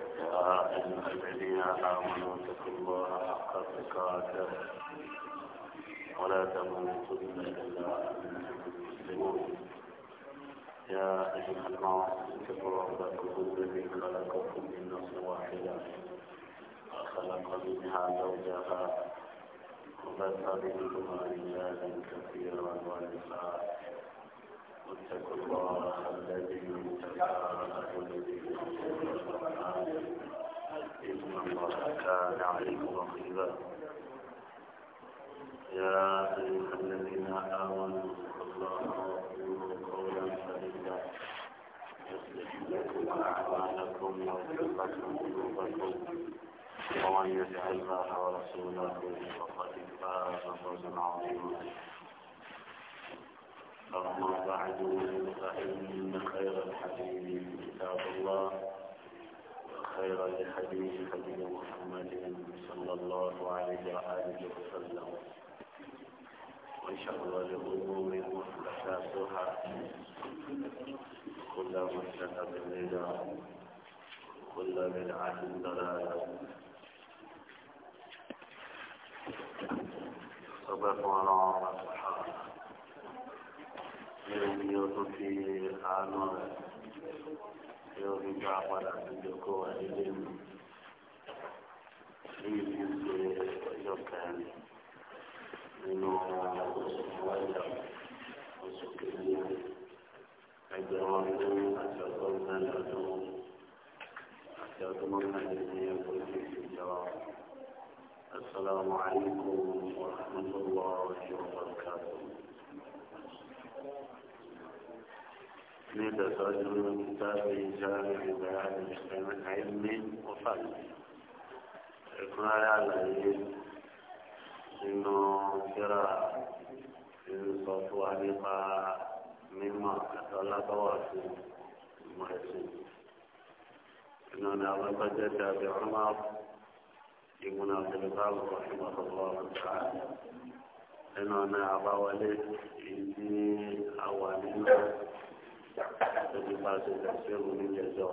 يا أيها الذين آمنوا اتقوا الله حق تقاته ولا تموتن إلا وأنتم مسلمون يا أيها الناس الذي خلقكم من نفس واحدة وخلق منها زوجها وبث منهما رجالا كثيرا ونساء واتقوا الله الذي تساءلون به الله كان عليكم رقيبا يا أيها الذين آمنوا اتقوا الله وقولوا قولا سديدا يصلح لكم أعمالكم ويغفر لكم ذنوبكم ومن يطع الله ورسوله فقد فاز فوزا عظيما أما بعد فإن خير الحديث كتاب الله وخير الحديث حديث محمد صلى الله عليه وآله وسلم وشر الأمور محدثاتها كل محدثة بدعة وكل بدعة ضلالة صدق على الله سبحانه من يوتي عنه tí ó fi gbà padà sí ìjókòó wa nílé mi ní ìlú ṣe ọjọ́ kẹrin nínú oṣù wájà oṣù kejì ẹgbẹ̀rún ọdún àti ọgọ́rùn mẹ́rin ọdún àti ọdún mọ́kànlá ní ẹgbẹ̀rún ìjọ السلام عليكم ورحمة الله وبركاته نيدة رجل من كتاب جامع بيان مجتمع علم وفن كنا يعلم إنه ترى إن صوت ولقى مما أتولى تواصل المحسن إننا نعم وقد بعمر ابن عبد البر رحمه الله تعالى إننا نعم أبا ولد إني أولي lórí bá ṣe tẹ̀sí omi jẹjọ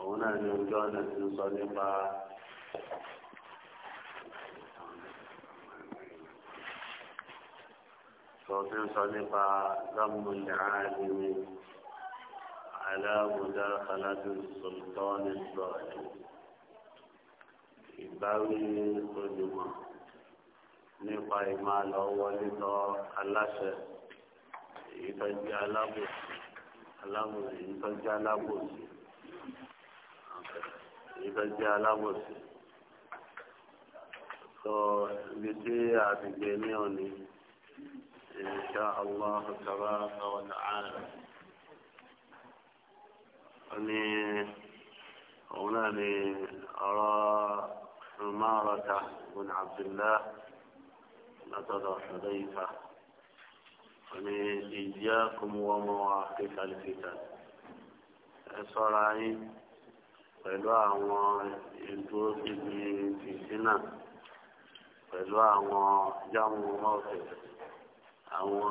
òun náà ni ojú ọ̀nà ti ń sọ nípa. Sọ̀tún ń sọ nípa lámú ìhàlìmí aláàbùdá aláàbù sọ̀tọ́ọ̀nì sọ̀rọ̀ ìbáwí olùmọ̀ nípa ìmáa lọ wọlé lọ aláṣẹ èyí tó alábòsí èyí tó jẹ́ alábòsí èyí tó jẹ́ alábòsí tó ibi tí a ti gbé ní òní insha Allah tabaraka wa ta'ala ni òun náà ni ọ̀rọ̀ Umarata bin Abdullah látọ̀dọ̀ Hudayfa ní ìyá kòmùwọ́mọ́ àfíríkà lẹ́fíkà ẹ sọ́ra yín pẹ̀lú àwọn ìdúró síbi tìsínà pẹ̀lú àwọn jáwọn mọ́ọ̀tẹ̀ àwọn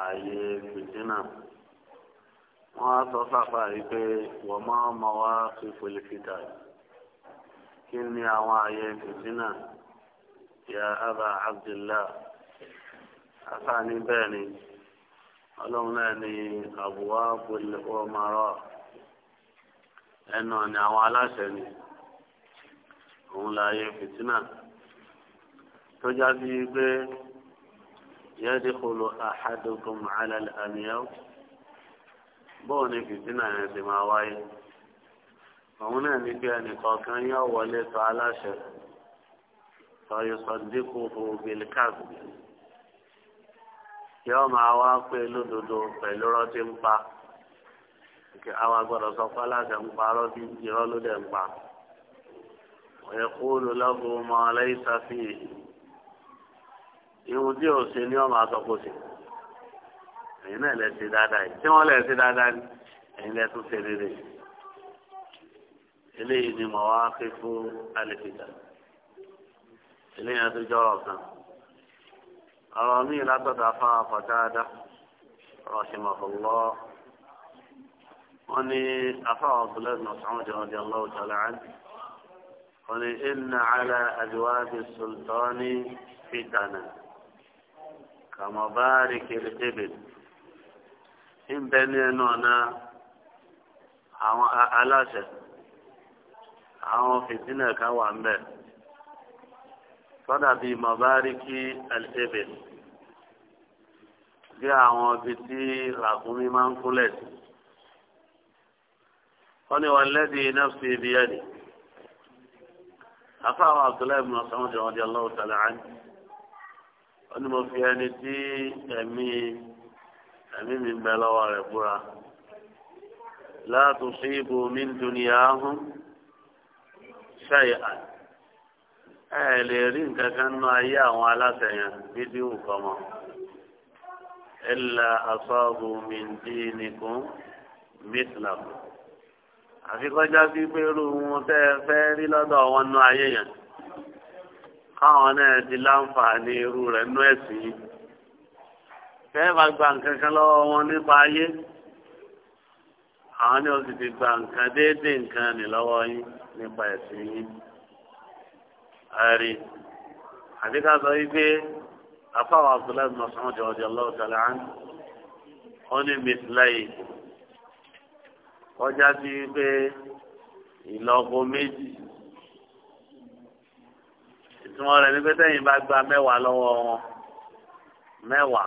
ààyè tìsínà wọ́n á sọ fàfà yìí pé wọ́n máa mọ wá sí pòlìfìtà kí ni àwọn ààyè tìsínà ya aba abdullah afá ní bẹ́ẹ̀ ni ọlọ́run náà ni àbúwá pòlìpọ̀ máa rọ̀ ẹnu ni àwọn aláṣẹ ni òun láàyè fìtínà tó já sí pé yẹ́dí kolo àhádógún alẹ́ àmìyáwó bóun ni fìtínà yẹn ti máa wáyé òun náà ní pé ẹnìkọ̀ọ̀kan yóò wọlé tó aláṣẹ tọ́yọ̀ sọ̀dínkù òbílkàbù yóò máa wá pé lódodo pẹ̀lú rọ́tí ń pa àwọn agbọ́dọ̀ sọ pé aláṣẹ ń pa rọ́tí irọ́ ló dẹ̀ ń pa ẹ̀kúlù lọ́gùn ọmọ aláì sáfìyè ihun tí ò ṣe ni ọmọ àtọkọsí ẹ̀yin náà lẹ ṣe dáadáa yìí tí wọ́n lẹ ṣe dáadáa ni ẹ̀yin lẹ tún ṣe rere eléyìí ni mọ̀ wá ké fún alẹ́ fìdá eléyìí á tún jọ̀rọ̀ kan. أرامي لا تدافع فتادة رحمه الله وني أفا عبد الله بن مسعود رضي الله تعالى عنه وني إن على أبواب السلطان فتنا كمبارك الإبل إن بنينا àwọn aláṣẹ àwọn fìtínà kan wà ń bẹ sọ́dà bíi mọ̀báríkì ẹ̀lẹ́bẹ̀ bí àwọn ibi tí ràkúnmí máa ń kúlẹ̀ sí. wọ́n ní wọn lẹ́dí nafsi ibi ẹ̀dì. afáwọn abdullahi bin ọ̀sán ọ̀dẹ̀ ọ̀dẹ̀ ọlọ́wọ́ tẹ̀lé án. wọ́n ní mo fi ẹni tí ẹ̀mí ẹ̀mí mi ń bẹ lọ́wọ́ rẹ̀ búra. la tusibu min dunyahum shay'an ẹ lè rí nǹkan kan nú ayé àwọn aláṣẹ yẹn fídíò kọmọ ẹlà asọ́ọ̀bù mi dí nìkún mìtìlám àfikọ́já sí pé irú wọn tẹ́ ẹ fẹ́ rí lọ́dọ̀ wọn nú ayé yẹn káwọn náà ti láǹfààní irú rẹ̀ nú ẹ̀sìn yìí fẹ́ẹ́ bá gba nǹkan kan lọ́wọ́ wọn nípa ayé àwọn ni ó sì ti gba nǹkan déédéé nǹkan nì yín nípa ẹ̀sìn yín ààrí àti ká sọ wípé afáwọ abdullahi masoud ọdí ọlọ́wọ́ tẹ̀lé án ó ní mìtìláyì ọjà sí wípé ìlọ́po méjì ìtumọ̀ rẹ̀ ní pé sẹ́yìn bá gba mẹ́wàá lọ́wọ́ wọn mẹ́wàá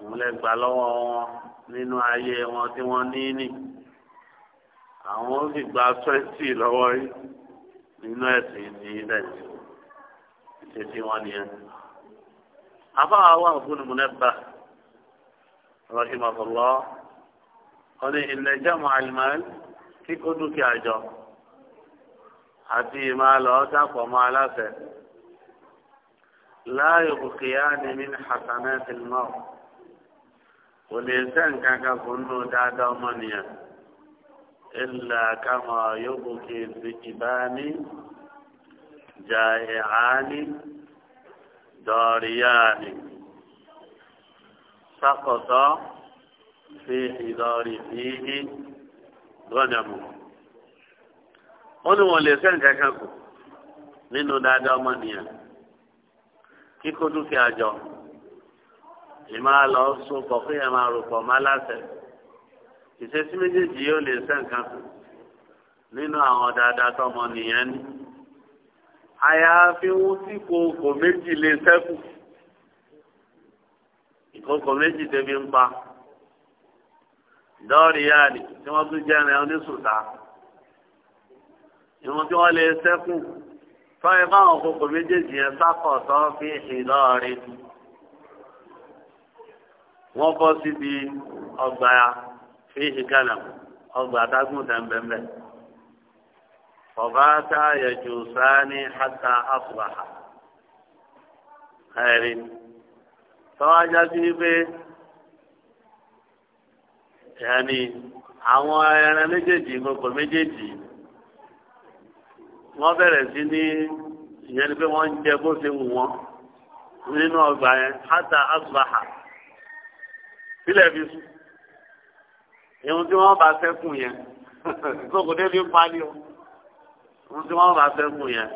òun lè lọ́wọ́ wọn nínú ayé wọn tí wọ́n ní nì àwọn ó sì gba twenty lọ́wọ́ yìí nínú ẹ̀sìn ní nàìjíríà ìṣesí wọn nìyẹn afáwọn àwọn òfin múnẹ́bà rahimahullah wọn ní ilẹ̀ jẹ́mu alimẹ́l kíkó dúkìá jọ àti ìmáa lọ dàpọ̀ mọ́ aláṣẹ láàyò kìíyá ni mí ní hasanẹ́ tìlmọ́ kò lè sẹ́ nǹkan kan kò nù dáadáa ọmọnìyàn ilà kama yóò kò kí ìbáni jai'ani dọ̀ríyáni sákọ̀tọ́ fi ìdọ̀rí fìhí lọ́dẹ̀mù. ó ní wọn lè fẹ́ nǹkan kan kù nínú dáadáa ọmọnìyàn kíkó dúkìá jọ ìmáa lọ sopọ̀ fún yẹn máa ròpọ̀ má láṣẹ ìṣesí méjèèjì yóò lè fẹ́ kù nínú àwọn dáadáa tọmọnìyàn ní àyàfi ohun tí kòkò méjì lè ṣẹ́kù ìkòkò méjì tẹ̀bi ń pa dọ́ọ̀rì yáàdì tí wọ́n tún jẹ́ ẹran oníṣùtà ìwọ̀n tí wọ́n lè ṣẹ́kù tọ́yẹ báwọn kòkò méjèèjì yẹn sákọ̀tọ́ fi ìlọrin wọ́n bọ́ síbi ọgbà fi ìkànnà ọgbà adágún tẹ̀m̀bẹ̀m̀bẹ̀. فبات yẹ̀jù حتى hàtà خير ẹ̀rí tọ́wájá sí pé yẹ́nì àwọn ẹran méjèèjì gbogbo méjèèjì wọ́n bẹ̀rẹ̀ sí ní ìyẹn ni pé wọ́n ń jẹ bó ṣe wù wọ́n nínú ọgbà yẹn hàtà àfùbàhà sílẹ̀ fi sùn. ìhun tí wọ́n bá sẹ́kù yẹn kókò débi ń pa o ohun tí wọ́n bá fẹ́ mú yẹn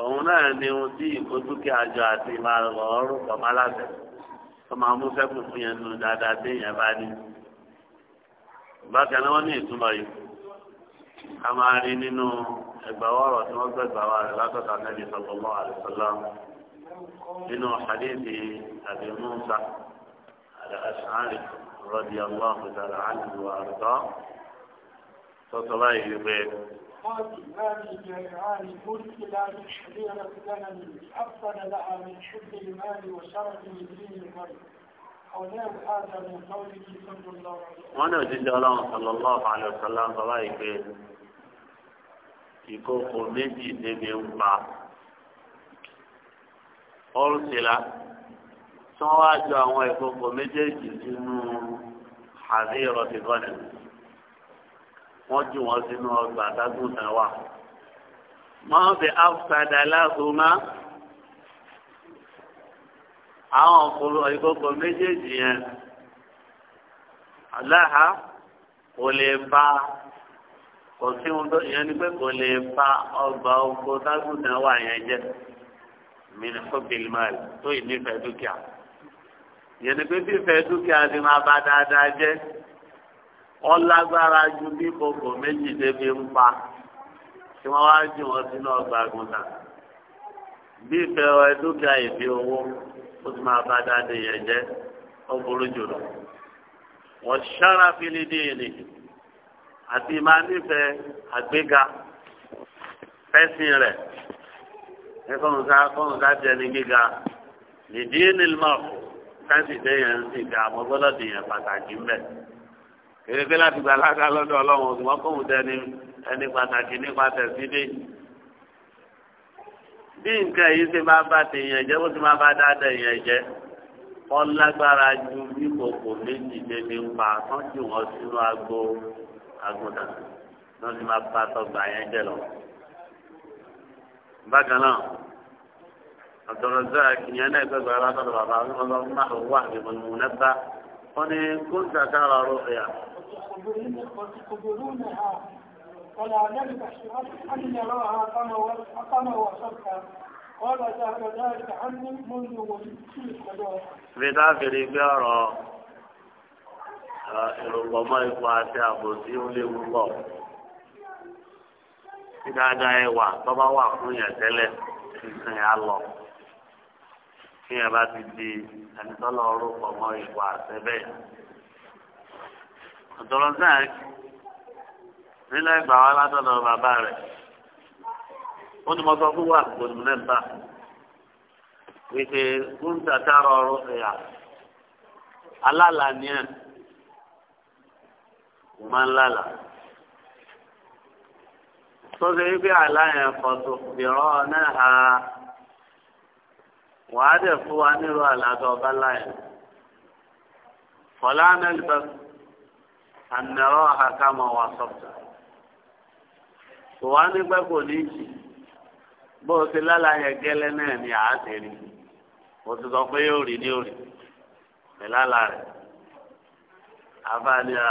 òun náà ni ohun tí ìkójúkẹ́ àjọ àti ìmọ̀ ọ̀rùn pọ̀ má láṣẹ tó máa mú fẹ́kùn fún yẹn nu dáadáa dé yẹn bá ní. bákan náà wọ́n ní ìtumọ̀ yìí a máa rí nínú ẹgbàwọ́ tí wọ́n gbẹ̀gbà wa rẹ̀ látọ̀tà nẹ́bí sallallahu alaihi wasallam nínú hadithi Abi Musa al-Ash'ari radiyallahu ta'ala anhu wa arda tó sọ báyìí wípé. قال هذه جميعان مرسلا من حبيرة الزمن أفضل لها من حب المال وشرف دين المرء wọ́n náà jíjẹ́ ọlọ́run sallallahu alaihi wasallam bàbá ìpè ìkókò méjì débi ń pa ọ̀rùsìlá tí wọ́n wá ju àwọn ìkókò méjèèjì sínú àdéhùrọ̀ ti wọ́n jù wọ́n sínú ọgbà àtàgùntàn wa. wọ́n fi afsada láhùnmá àwọn ọkùnrin ìkókò méjèèjì yẹn aláha kò lè ba kò sí ohun tó yẹn ni pé kò lè ba ọgbà oko tágùntàn wa yẹn jẹ mílíọ̀nù bílíọ̀nù tó yìí nífẹ̀ẹ́ dúkìá yẹn ni pé fífẹ́ dúkìá ti máa ba dáadáa jẹ́ ọlágbára ju bí kòkò méjì débi ń pa tí wọ́n wá jù wọ́n sínú ọgbà àgùntàn bí ìfẹ́rọ dúkìá ìfi owó ó ti máa bá dáadé yẹn jẹ́ ó burú jùlọ. wọ́n ṣára fili díìnì àti máa nífẹ̀ẹ́ àgbéga fẹ́sìn rẹ̀ ní kọ́nùká kọ́nùká jẹni gíga nìdí nílmọ̀ fẹ́sìn déyẹn ń sìn ká mọ́gbọ́dọ̀ dìyẹn pàtàkì ń bẹ̀ èrèké láti gba alága lọ́dọ̀ ọlọ́run òṣùwọ́n kóhùn dẹni ẹni pàtàkì nípa tẹ̀sídé. bí nǹkan yìí ṣe máa bá tèèyàn jẹ́ bó ti máa bá dáadáa èèyàn jẹ́ wọ́n lágbára ju bí kòkò méjì lèmi ń pa tán jù wọ́n sínú agbo àgùntàn náà ti máa bá tọgbà yẹn jẹ lọ. bákan náà àtọ̀rọ̀dá kìnìún náà gbẹ̀gbẹ̀ alátọ̀dọ̀ bàbá wọn lọ́wọ́ máa wà nínú nẹ́ta wọ́n ní kó وتقبلونها ولا نذبح أن نراها كما وصفها قال ذهب ذلك عني منذ وجدت بدافر بيارا ìrùgbọ̀mọ́ ipò àti ààbò tí ó léwu pọ̀ tí dáadáa ẹ tó bá wà fún yẹn tẹ́lẹ̀ nǹkan yẹn á lọ tí yẹn bá ti di ẹni tó lọ mọ́ ipò àṣẹ ọ̀dọ́rọ̀ sáàrì nílẹ̀ ìgbà wa látọ̀dọ̀ bàbá rẹ̀ ó ní mo sọ fún wa kò ní lẹ́nu bá wípé kúńtà tààrọ̀ ọ̀rọ̀ ẹ̀yà alálàáni ẹ̀ kò máa ń lálà tó ṣe wípé àlàyé fọ̀tò bìrọ̀ náà ha wàá dẹ̀ fún wa nírú àlàdọ̀ ọba láyé fọlá náà lè bẹ́ẹ̀. ànàrọ̀ àkàmọ̀ wà sọ̀tà kò wá nígbà kò ní jì bó ti lálàyé gẹ́lẹ́ náà ni àá ti rí o ti sọ pé yóò rí ní òrì ìlàlà rẹ̀ abáni à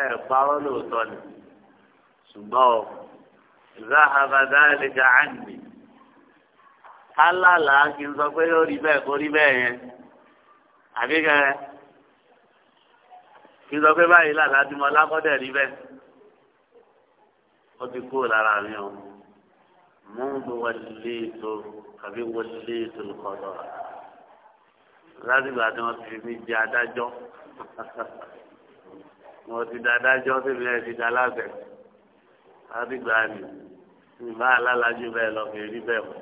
ẹ parọ́ lóòótọ́ ni ṣùgbọ́n o àbàdà kí n sọ pé báyìí lànà àdìmọ lákọdẹ rí bẹ́ẹ̀ ó ti kúrò lára mi o mò ń lo wọlé tó àbí wọlé tó lùkọdọ lásìgbà tí wọn ti fi jẹ adájọ́ wọn ti da adájọ́ síbi ẹ ti da lábẹ lásìgbà ni ìbá alálàájú bẹ́ẹ̀ lọ fi rí bẹ́ẹ̀ mọ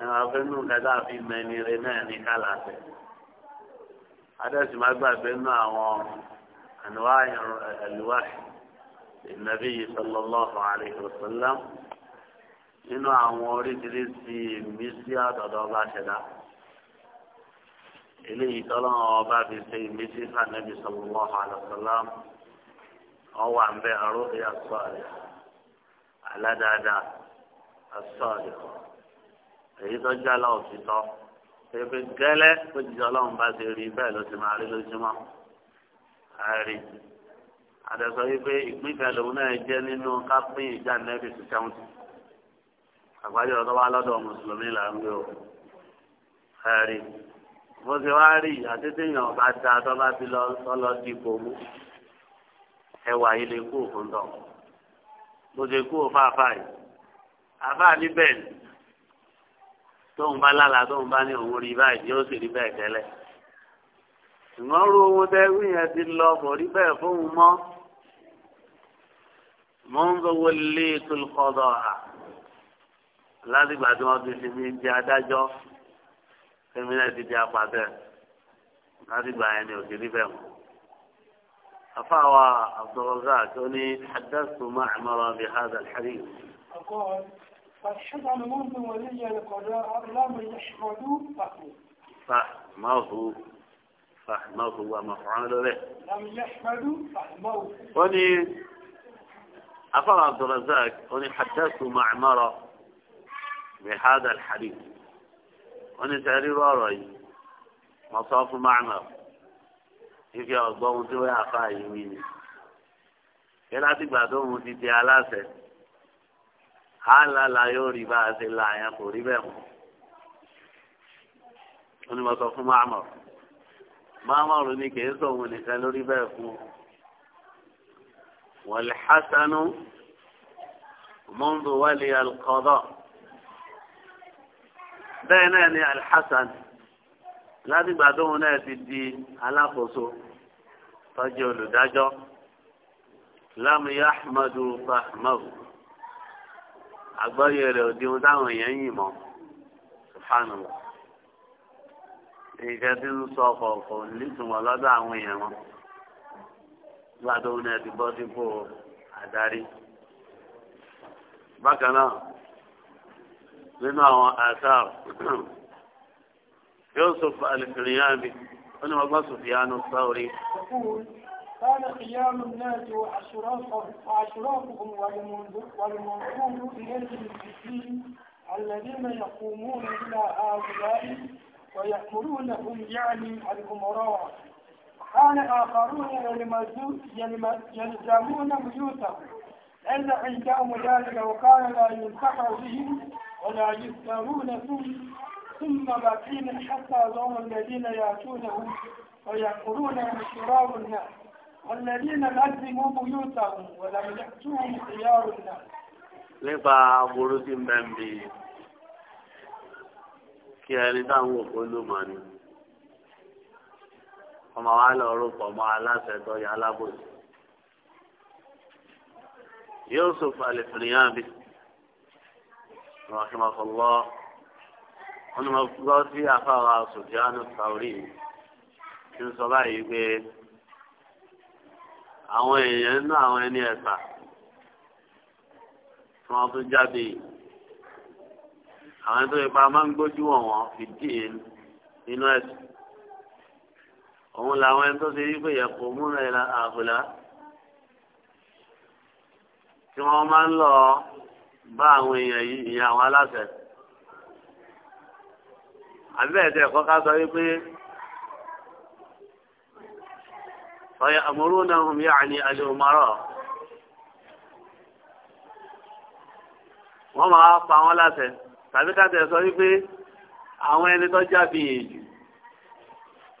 ẹ máa fẹ́ nù kẹta fi mẹni rẹ náà ní kálá bẹ́ẹ̀ adẹ́sì má gbàgbé nínú àwọn àníwá ẹ̀lúwà ìnàbí sallallahu alayhi wa sallam nínú àwọn oríṣiríṣi ìmísí àtọ̀dọ̀ ọba ṣẹ̀dá eléyìí tọ́lọ́wọ́n ọba fi ṣe ìmísí fànẹ́bí sallallahu alayhi wa sallam ọwọ́ àmbẹ́ àròkè àsọ̀rẹ̀ aládàáda àsọ̀rẹ̀ èyí tó jálá òtítọ́ pẹ̀lú gẹ́lẹ́ ó jíjẹ ọlọ́run bá ti rí bẹ́ẹ̀ ló ti máa rí lójúmọ́ àárí àdẹ̀sọ wípé ìpín kan lòun náà jẹ́ nínú kápín ìjà nẹ́ẹ̀fì sí sẹ́wọ̀ntì àgbájọ ọ̀dọ́ wa lọ́dọ̀ mùsùlùmí là ń gbé o àárí mo ti wá rí àtẹ́tẹ́yàn bá da tó bá ti lọ sọ́lọ́ di ìbomú ẹwà yìí lè kú òfin mo ti kú òfáàfáà àfáà níbẹ̀ ni tóun bá lálàá tóun bá ní òun rí báyìí yóò sì rí bẹ́ẹ̀ tẹ́lẹ̀ ṣùgbọ́n rú ohun tẹ́gbù yẹn ti lọ kò rí bẹ́ẹ̀ fóun mọ́ mọ́ ń gbowó lé tolukọ́dọ̀ à látìgbà tí wọ́n ti fi di adájọ́ fẹ́mílẹ̀ ti di apàtẹ látìgbà yẹn ni ò ti rí bẹ́ẹ̀ mọ́. أفاوى عبد الرزاق أني حدثت معمرا بهذا الحديث. فاشهد أن منذ ولي القضاء لم يشهدوا فقه فهمه فهمه ومفعول به لم يحمدوا فهمه وني أفر عبد الرزاق وني حدثت معمرة بهذا الحديث وني تعريب أرأي مصاف معمر يجي أرضون تبعي أخاي يميني يلا تبعدون تدي على àlàlà yóò rí bá a ṣe là yẹn kò rí bẹ́ẹ̀ mọ́. ó ní mo sọ fún Ma'mar Ma'mar ní kì í sọ òun nìkan lórí bẹ́ẹ̀ fún un. والحسن منذ ولي القضاء bẹ́ẹ̀ náà ni alḥasan látìgbà tóun náà ti di alákòóso tọ́jú olùdájọ́ lámìyá ahmadu fahmahu àgbọ́yé rẹ̀ ò ohun táwọn èèyàn ń yìn mọ́ subhanallah tí ń sọ kọ̀ọ̀kọ̀ nítumọ̀ lọ́dọ̀ àwọn èèyàn wọn nígbà tó ń ti bọ́ sípò àdarí bákan náà nínú àwọn àṣàr Yusuf al-Firyani ó ní wọ́n gbọ́ Sufyanu Thawri. كان قيام الناس وأشرافهم والمنظور إليهم في الدين الذين يقومون إلى هؤلاء ويأمرونهم يعني الأمراء كان آخرون يلزمون بيوتهم إلا عندهم ذلك وكان لا ينتفع بهم ولا يفترون ثم باقين حتى ظن الذين يأتونهم ويأمرونهم شراب الناس والذين لزموا بيوتهم ولم يأتوهم خيار الناس nípa aburú tí ń bẹ ń bi kí ẹni táwọn òkú ló mọ ni ọmọ wa lọ rúpọ mọ aláṣẹ tọyà alábòsí Yusuf alifiriyami rahimahulọ wọn ni mo gbọ́ sí afáwa sùdíánù sàórì tí ń sọ báyìí pé àwọn èèyàn nínú àwọn ẹni ẹ̀sà tí wọ́n tún jáde àwọn ẹni tó yẹ pa máa ń gbójú wọ̀ wọ́n fìdí nínú ẹ̀sìn òun làwọn ẹni tó ṣe wípé yẹ kó múra ẹ̀ àbùlá tí wọ́n máa ń lọ bá àwọn èèyàn yìí ìyẹn àwọn aláṣẹ àbí bẹ́ẹ̀ tẹ̀ ká sọ wípé. فيأمرونهم يعني الأمراء wọ́n máa pa wọ́n láṣẹ tàbí káàtẹ̀ sọ wípé àwọn ẹni tó jábí èjù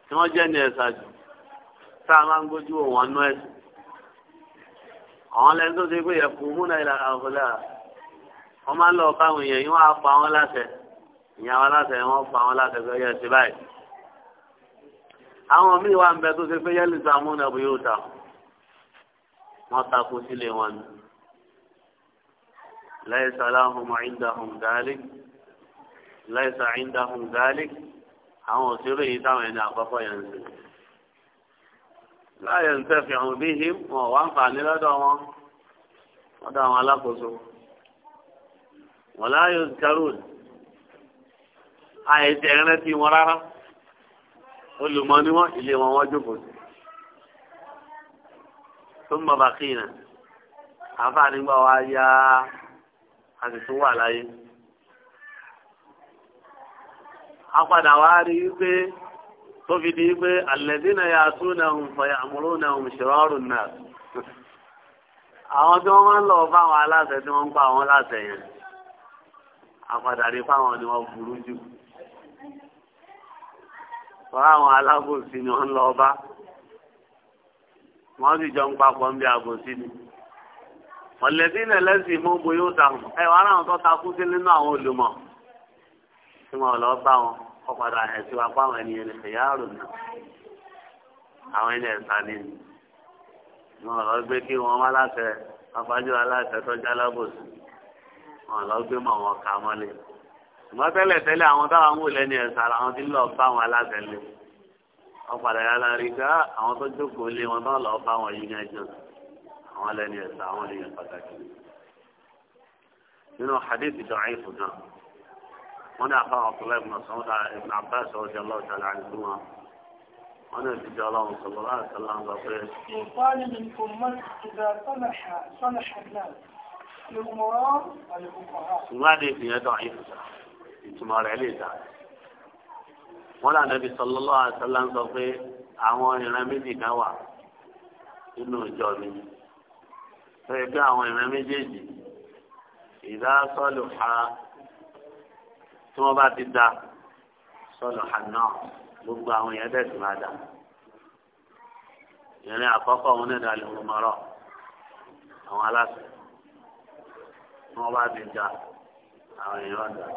tí wọ́n jẹ́ ní ẹ̀sà jù tá a máa ń gbójú wọn nú ẹ̀sùn àwọn lẹ́nu tó ṣe pé ẹ̀kú múnà ìlà àbúlà wọ́n máa ń lọ báwọn èèyàn yìí wọ́n á pa wọ́n láṣẹ ìyàwó aláṣẹ wọ́n pa wọ́n láṣẹ fẹ́ báyìí àwọn míì wà ń bẹ tó ṣe pé yẹ́lì sàmú náà bó yóò ta wọ́n takò sílé wọn ni láìsà aláhùn àìndàhùn gáálík láìsà àìndàhùn gáálík àwọn òṣèré yìí táwọn ẹni àkọ́kọ́ yẹn ń sè láyé ń tẹ́ fi bí him wọn wá ń fàní lọ́dọ̀ wọn lọ́dọ̀ àwọn alákòóso wọn láyé ń kẹrù àìsè ẹrẹ ti wọn rárá olùmọ̀ ni wọ́n ilé wọn wọ́n jókòó sí tó ń bọ̀ bàkì náà àǹfààní gbà wá yá a sì tún wà láyé. a wá rí i pé tó fi di pé alladhina ya'tunahum faya'murunahum shirarun nas àwọn tí wọ́n máa ń lọ bá àwọn aláṣẹ tí wọ́n ń pa àwọn aláṣẹ yẹn a rí i pé àwọn ni wọ́n burú jù ọ̀rọ̀ àwọn alábòsí ni wọ́n lọ bá wọ́n sì jọ ń papọ̀ ń bí àbòsí ni mọ̀lẹ́bí náà lẹ́sìn mú bo yóò dàrú ẹ wàá ràn tó ta kú sí nínú àwọn olùmọ̀ tí wọn lọ bá wọn kọ́ padà ẹ̀ sí wa fáwọn ẹni ẹni ẹ̀yà àrùn náà àwọn ẹni ẹ̀sà ni wọn lọ gbé kí wọn má láṣẹ afájú aláṣẹ tó jálábòsí wọn lọ gbé mọ̀ wọn kà mọ́lẹ̀ ṣùgbọ́n tẹ́lẹ̀ tẹ́lẹ̀ àwọn táwọn ń wò lẹ́nu ẹ̀sà àwọn tí ń lọ bá wọn alátẹ̀lé wọn padà yà lárí ká àwọn tó jókòó lé wọn tán lọ bá wọn yí ní ẹjọ́ àwọn lẹ́nu ẹ̀sà àwọn lè yàn pàtàkì nínú hadith ìjọ àìfù náà wọn náà fáwọn ọkùnrin ẹ̀gbọ́n sọ́wọ́n ta ibn Abbas ọjọ́ ọlọ́ọ̀ta láàrin fún wọn أنا الرجال صلى الله عليه وسلم يقال من أمة إذا صلح صلح الناس الأمراء الفقراء. ما دي في ضعيف ìtumọ̀ rẹ̀ lè dà wọn là nàbí sọlọlọ àṣàlá ń sọ pé àwọn ìran méjì kan wà nínú ìjọ mi sọ pé àwọn ìran méjèèjì ìdá sọlù ha tí wọn bá ti da sọlù ha náà gbogbo àwọn èèyàn tẹsí máa dà ìrìn àkọ́kọ́ òun náà dalẹ òun mọrọ àwọn aláṣẹ tí bá ti da àwọn èèyàn dà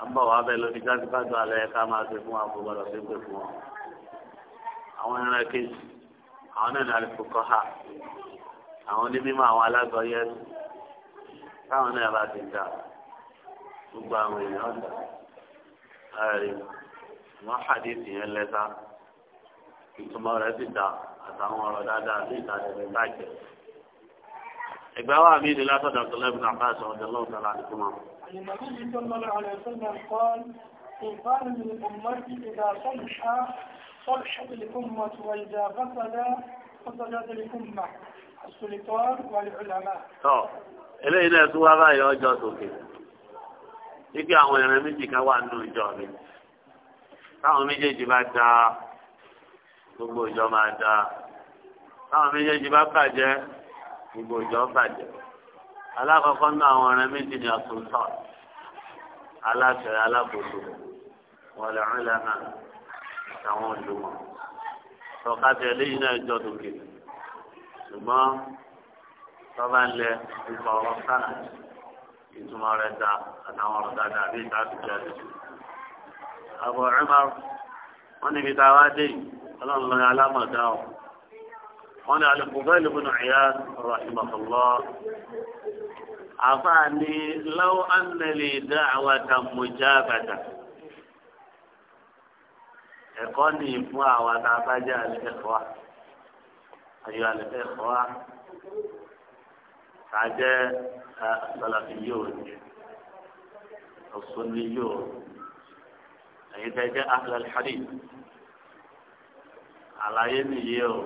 à ń bọ̀ wá bẹ́ẹ̀ lórí jáde-bájọ́ alẹ́ ká máa ṣe fún àbúrò lọ sí pé fún wọn. àwọn ẹran kejì àwọn náà ní alùpùpù ha àwọn onímọ̀ àwọn alágbọ̀yẹ táwọn náà bá ti dà gbogbo àwọn èèyàn dà ẹ̀rí wọ́n hàdíìsì yẹn lẹ́ta ìtumọ̀ rẹ̀ ti dà àtàwọn ọ̀rọ̀ dáadáa sí ìtàjẹ̀lẹ̀ bàjẹ́. ìgbà wa mi ni látọ̀dọ̀ tó lẹ́bùn àbáṣọ ọ̀dọ̀ lọ́wọ́ للنبي صلى الله عليه وسلم قال إنسان من الأمة إذا صلح صلحت الأمة وإذا فسد فسدت الأمة السلطان والعلماء. eléyìí náà tún wá báyìí ọjọ́ sókè ibi àwọn ìran méjì kan wà nínú ìjọ mi táwọn méjèèjì bá da gbogbo ìjọ máa da táwọn méjèèjì bá bàjẹ́ gbogbo ìjọ bàjẹ́ alákọ̀ọ́kọ́ náà àwọn ọ̀rẹ́ méjì ni àtúntọ̀ aláṣẹ alábòsò wọlé ọ̀rẹ́lẹ̀ náà àtàwọn olùmọ̀ tọ́kátẹ eléyìí náà jọ dòkè ṣùgbọ́n tọ́ba ń lẹ ipa ọ̀rọ̀ sáà ìtumọ̀ rẹ̀ dá àtàwọn ọ̀rọ̀ dáadáa bí ìta ti jẹ́ àbọ̀ ẹ̀mọ́rù wọ́n níbi tá a wá dé yìí ọlọ́run lọ́yà alámọ̀dá ọ̀ wọ́n ní alẹ́ kò bẹ́ẹ̀ àfààní lọ́wọ́ ànàlẹ́ dá àwọn kan ni fún àwọn tá a bá jẹ́ àlẹ́kọ̀ọ́ ayọ̀ àlẹ́kọ̀ọ́ tá a jẹ́ sọlọ́fì yóò ní ọ̀sùn ní yóò èyí tẹ́ jẹ́ ahlal hadith àlàyé nìyí o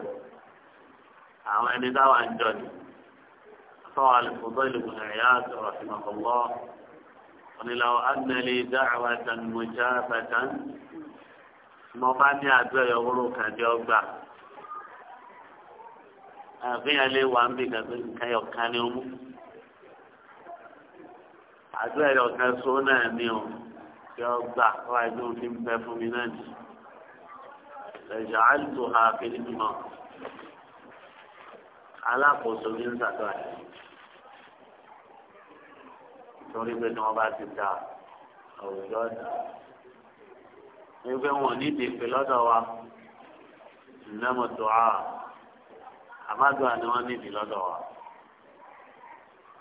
àwọn ẹni táwọn ń ni. قال الفضيل بن عياض رحمه الله قل لو أن لي دعوة مجابة mo bá ní àjọ ìyọ̀wòrò kan jẹ́ ọgbà àfihàn lè wà ń bì kan pé nǹkan ẹ̀yọ̀kan ni ó mú àjọ ẹ̀yọ̀kan so náà ni ó jẹ́ ọgbà wá ẹgbẹ́ òun ti ń bẹ fún mi náà jù lẹ́yìn àìsàn àfihàn mímọ́ alákòóso ní ń sàtọ́ àyè torí pé tí wọ́n bá ti dà àwùjọ dà wípé wọn ò ní ìdèpè lọ́dọ̀ wa ìnámọ̀tò a àmàdùn àni wọ́n ní ìdè lọ́dọ̀ wa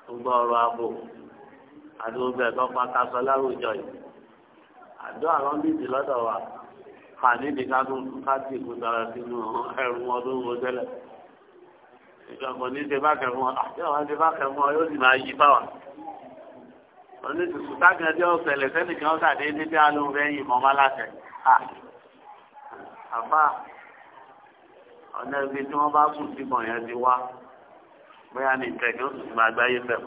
gbogbo ọ̀rọ̀ abo àti gbogbo ẹ̀kọ́ pàtàkì láwùjọ yìí àdó àwọn ní ìdè lọ́dọ̀ wa fàní ni ká tún ká tì kú dára sínú ẹrù wọn tó ń wo tẹ́lẹ̀ ìjọba ní ṣe bá kẹfún ọ àti àwọn ṣe bá kẹfún ọ yóò sì máa yí báwa oníṣùkú tágàdé ọ̀sẹ̀lẹ̀ sẹ́nìkan ọ̀sàdé níbi alóhùnfẹ́ yìí mọ́ má láṣẹ. àbá ọ̀nà ibi tí wọ́n bá kù sí mọ̀ yẹn ti wá bóyá ní ìtẹ̀kí ó sì ti máa gbáyé bẹ̀.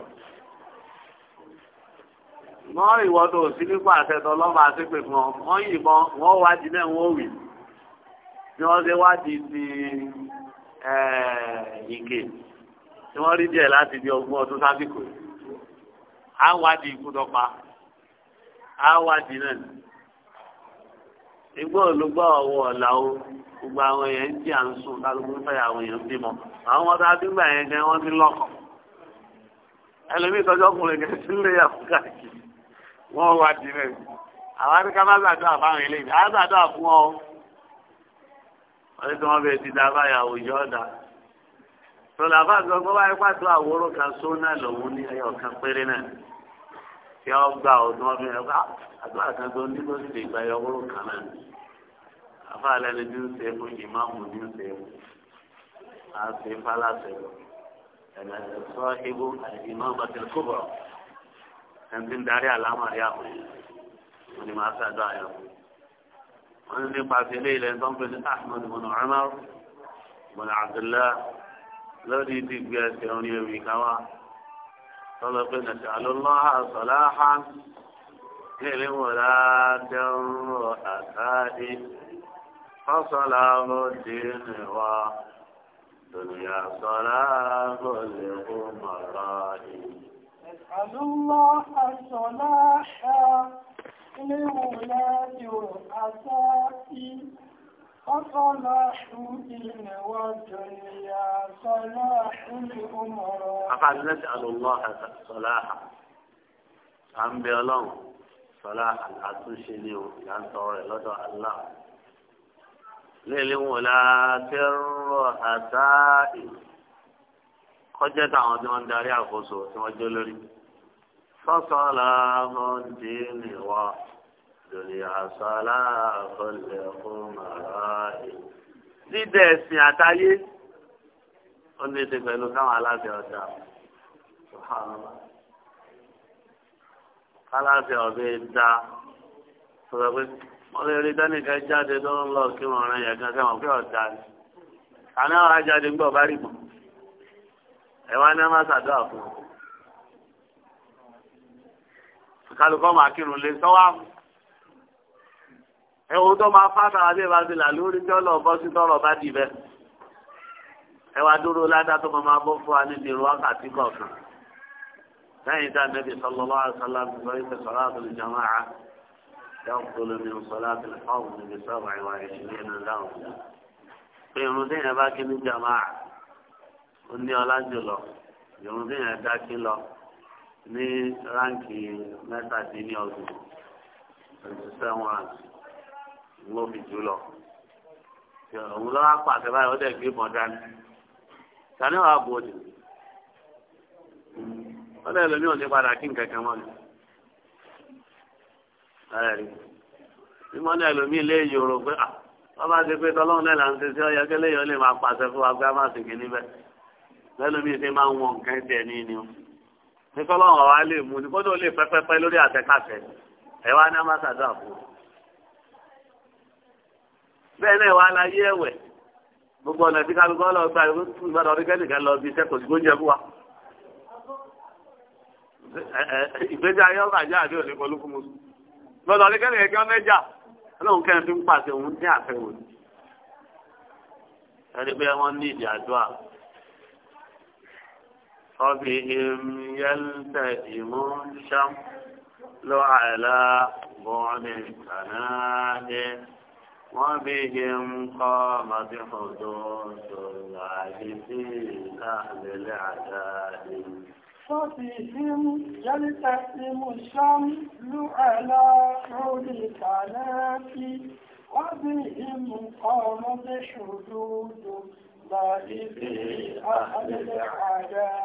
wọ́n ìwọ́n tó sí nípa àtẹ̀tọ̀ lọ́mọ àṣepè fún ọ wọ́n yìnbọn wọ́n wádìí náà wọ́n wì bí wọ́n ṣe wádìí ti ìgè tí wọ́n rí díẹ̀ láti di ogún ọdún sábìkù yìí awadi ikudọpa awadi náà igbó olùgbọ́ ọ̀wọ́ ọ̀la gbogbo àwọn èèyàn ń jí à ń sùn kálukú fẹ́ àwọn èèyàn ń bímọ àwọn ọmọdé adúgbò yẹn gan wọ́n ti lọ́kọ̀ ẹlòmíì tọ́jú ọkùnrin kan sí ilé yàtọ̀ káàkiri wọ́n wá di rẹ̀ àwọn adúgbò má gbàdúrà fáwọn eléyìí á gbàdúrà fún ọ wọ́n ti wọ́n bẹ ti dá báyà òòjọ́ ọ̀dà sọlá bá gbọ́ bá ipá tó àwòrò kan só náà lòun ní ẹyọ kan péré náà tí wọ́n gbà ọdún ọdún ẹ̀ka ah, àdúrà kan tó ní kó sì lè gba ẹyọ àwòrò kan náà àfa lẹni bí ó ṣe é fún ìmáàmù bí ó ṣe é fún àṣẹ fálásẹ ẹ̀nà sọ ibú ìmáàmù àti kóbọ̀rọ̀ ẹni tí ń darí àlámàrí àwọn èèyàn ni màá ṣàdọ̀ àyọ̀ wọ́n ní nípa sílé ilẹ̀ tó ń pè ní Ahmad bin Umar lórí dìgbì ẹsẹ̀ orin ewì kan wá tọ́lọ́ pé nàṣẹ àlọ́lá àṣọlá ha nílé wòlá dẹ́rù àtàdé fọ́sọ̀lá bòdì nìwá dùnìyà sọ̀lá bòlì kú mọ̀rọ̀ yìí. نسأل الله الصلاح لولاة Afáàlẹ́sì àlùmọ́ sọláhà, a ń bẹ ọlọ́run, sọláhà àtúnṣe ni o, ìyá ń tọrọ rẹ̀ lọ́dọ̀ Allah. Léèlé wọn láti rọ àtàì, kọjá táwọn tí wọ́n ń darí àkóso tí wọ́n jó lórí. Sọ́sọ́ làwọn dé nìwọ̀n àṣàlá àkọlẹ̀ fún màrá èyí. dídẹ̀ ẹ̀sìn àtayé ó ní ṣe pẹ̀lú káwọn aláṣẹ ọ̀dà aláṣẹ ọ̀bẹ da sọ̀rọ̀ pé wọ́n lè rí dánìkan jáde tó ń lọ kí wọ́n rán yẹn kan sẹ́wọ̀n pé ọ̀dà ni àná àwọn ajáde ń gbọ́ bá rí mọ́ ẹ̀wá ní wọ́n máa ṣàdúrà fún un kálukọ́ máa kírun lé sọ́wọ́ àmú ẹ̀wọ̀n tó máa fáta àbí ẹ̀wà ti là lórí tí ọlọ́ bọ́ sí tọrọ bá dì bẹ́ẹ̀ ẹ̀wà dúró ládá tó máa bọ́ fún wa níbi irú wákàtí kọ̀ọ̀kan lẹ́yìn tá nẹ́bí sallallahu alaihi wasallam sọ ìfẹ́ salatul jama'a yaqulu min salatil qawm níbi sọ́ọ̀bà ìwà ìṣẹ̀lẹ̀ náà dáhùn pé irun tí yẹn bá kí ní jama'a ó ní ọlá jùlọ irun tí ló fi lọ òun lọ́wọ́ pàṣẹ báyìí ó dẹ̀ gbé mọ́ sani wàá bò ó dì dẹ̀ lómi ò ní padà kí nǹkan kan mọ́ ni mímọ́ náà lómi lé yòrò pé ti pé náà là ń ṣe sí ọyọ kí lè máa pàṣẹ fún wa pé a máa sì kí níbẹ̀ mi máa ń nǹkan tiẹ̀ ní ni ní ọ̀wá lè mú ni kó tó lè pẹ́pẹ́pẹ́ lórí ẹ̀ wá ní a fún un. bẹ́ẹ̀ náà wà láyé ẹ̀wẹ̀ gbogbo ọ̀nà tí kálukú lọ gba ìgbàdàn ọdún kẹ́nìkan lọ bí iṣẹ́ kò sí gbóúnjẹ fún wa. ìgbésí ayé ọ̀gá jẹ́ àbí òní pẹ̀lú fún mi. ìgbàdàn ọdún kẹ́nìkan kí wọ́n mẹ́jà ọlọ́run kẹ́rin fi ń pàṣẹ òun ní àfẹ́wò ni. ẹni pé wọ́n ní ìdí àdúrà. ọbì ìmìyẹ́lẹ́tẹ̀ ìmúṣàm lọ́ àìlá bọ́ọ̀nì kànáà وبهم قامت حدوث العاجزين أهل العداء فبهم يلتئم الشمل على عود الكناف وبهم قامت حدوث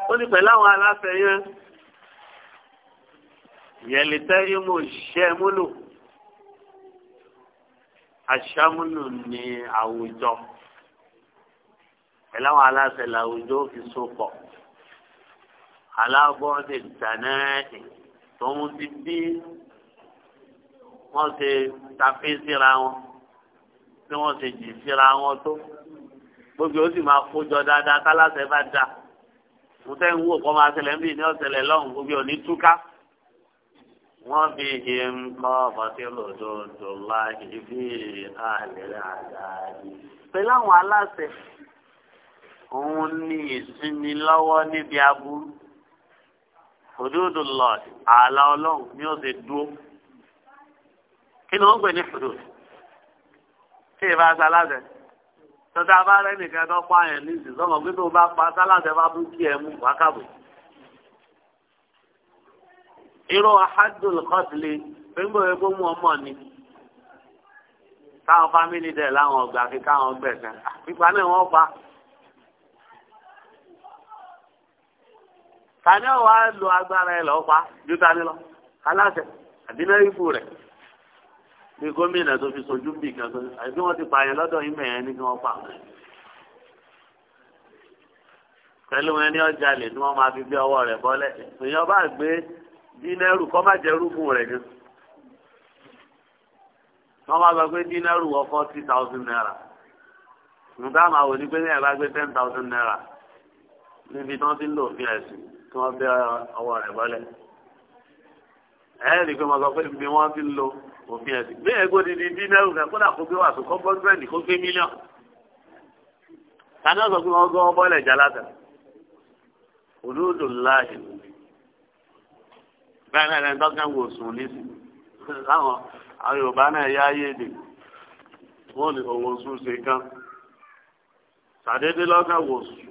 Ó ní pẹ̀lú àwọn aláfẹ́ yẹn, yẹ̀lẹ̀tẹ́ ìmú ṣẹ́ múlò aṣámúlò ní àwùjọ pẹ̀lú àwọn aláṣẹ làwùjọ fi sopọ̀ alábọ́ọ̀dẹ̀ tànáàtì tòun ti bí wọ́n ṣe tafé síra wọn tí wọ́n ṣe jì síra wọn tó gbogbo ó sì máa kójọ dáadáa káláṣẹ bá dáa mo fẹ́ ń wò kọ́ máa ṣẹlẹ̀ ń bì ní ọ̀ṣẹ̀lẹ̀ lọ́hùn gbogbo ò ní túká wọ́n bí i ń kọ́ bọ́tílòdòdò láì bí àlèrè àdáyé. pẹ̀lú àwọn aláṣẹ òun ní ìsinmi lọ́wọ́ níbi aburú òdòdó lọ ààlà ọlọ́run ni ó ti dúró kí ni wọ́n pè ní fòdòdó tí ìbá sáláṣẹ tọ́ta bá rẹ́ nìkan tó pààyàn ní ìsìn sọ́mọ pé tó bá pa sáláṣẹ bá bú kí ẹ mú wákàbọ̀ irú ahadul kọ́tìlì pẹ̀lú ẹgbẹ́ mú ọmọ ni káwọn fámìlì dẹ̀ láwọn ọgbà fi káwọn gbẹ̀sẹ̀ pípa náà wọ́n pa. tani ọ̀ wá lo agbára ẹ lọ́ọ́ pa ju tani lọ aláṣẹ àdínárìfù rẹ̀ bí gómìnà tó fi sojú bì kan tó àti wọn ti pààyàn lọ́dọ̀ yín mẹ́rin ní kí wọ́n pa àwọn pẹ̀lú wọn ní ọjà lè ní wọ́n máa fi bí ọwọ́ rẹ̀ bọ́lẹ̀ èèyàn bá gbé dínẹ́rù kọ́ má jẹ́ rúgùn rẹ̀ gan. wọ́n máa sọ pé dínẹ́rù wọ forty thousand naira. nǹkan àmà wò ní pé ní ẹ̀rọ gbé ten thousand naira níbi tí wọ́n ti ń lò fún ẹ̀sìn tí wọ́n bẹ ọwọ́ rẹ̀ bọ́lẹ̀. ẹ̀ẹ́dì pé mo sọ pé ibi wọ́n ti ń lo òfin ẹ̀sìn bí ẹ̀gbọ́n ti di dínẹ́rù kan kódà kó gbé wàásù kó bọ́ńdúrẹ́ẹ̀dì kó gbé mílíọ̀n. tani ọ̀sọ̀ pé wọ́n gbọ́ bọ́ọ̀lẹ̀ jálátà òdòdó láàyè lóbi bẹ́ẹ̀ náà ẹni tọ́kàn wò sùn nísì láwọn àwọn náà yá ayé dè wọ́n ní òwò sùn ṣe kan sàdédé lọ́kàn wò sùn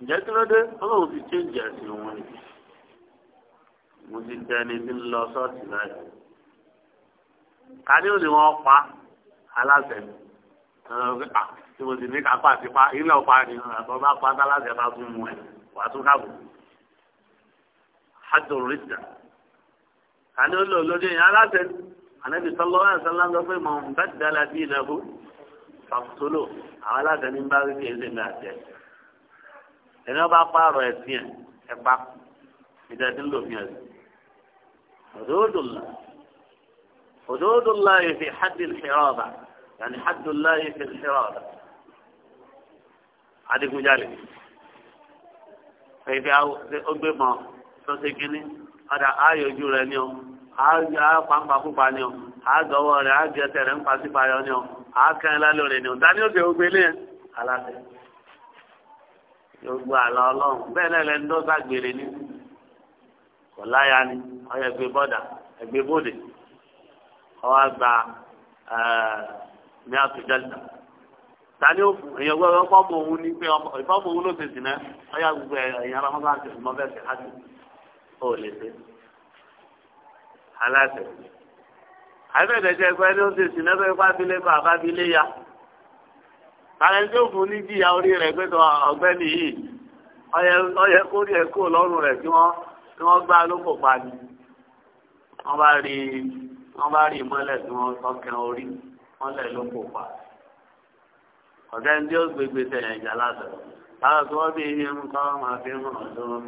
ǹjẹ́ kí ló dé ọlọ́run ti ché ìjà sí wọn ni mo ti tẹ ẹni lọ sọ́ọ̀tì láyọ̀ kàdé òní wọn pa aláṣẹ tí mo sì ní kápá àti ilé ọ̀pá ni àbọ̀ bá pa aláṣẹ bá tún mú ẹ wàá tún káàbọ̀ hajjul ridda àní olóòlódé yẹn aláṣẹ ànábì sallallahu alaihi wasallam sọ pé man baddala dinahu fàkùtòlò àwọn aláṣẹ ní bá rí kí ẹsẹ̀ náà jẹ ẹni wọn bá pààrọ̀ ẹ̀sìn ẹ̀ ẹ̀pá ìdẹ́sí ń lò fi ẹ̀sìn òdòdòlà òdòdòlà yìí fi hajj al-hiraba yàní hajj al-hiraba fi al adigunjalè fèèfé ó gbé mọ́. tọ́sí kínní ọ̀dà ààyòjú rẹ̀ ni ọ àpampa púpa ni ọ àgọ́wọ́ rẹ̀ àgẹ́tẹ̀ rẹ̀ ń pasípayọ ni ọ àákẹ́ńlá lórí ni ọ dání ó ti gbé lé aláṣẹ gbogbo ni kò ni ọyọ bòdè gba tani o èyàn gbọ́dọ̀ fọ́ọ̀mù òun ní pé ìfọ́ọ̀mù òun ló ti sìn náà ọyọ gbogbo èyàn ọlọ́mọ bá ti sùn mọ́ bẹ́ẹ̀ sẹ́ ó lè dé aláṣẹ àbẹ̀dẹ̀jẹ̀ pé ní ó ti sìn lẹ́gbẹ̀ẹ́ fábílé kọ́ àfábílé ya ààrẹ tí ó fún ní jìyà orí rẹ̀ pé tó ọ̀gbẹ́ni yìí ọyẹ kó rí ẹ kó lọ́rùn rẹ̀ tí wọ́n tí wọ́n gbá lóko pa ni wọ́n bá rí wọ́n bá rí ìmọ́lẹ̀ tí wọ́n tọ́kẹ́ orí wọ́n lẹ̀ lóko pa ọ̀gá ẹni tí ó gbégbé tẹ̀yẹ̀ ìjà lásán láwọn tí wọ́n bí irun kọ́ máa fi ń ràn lóhun.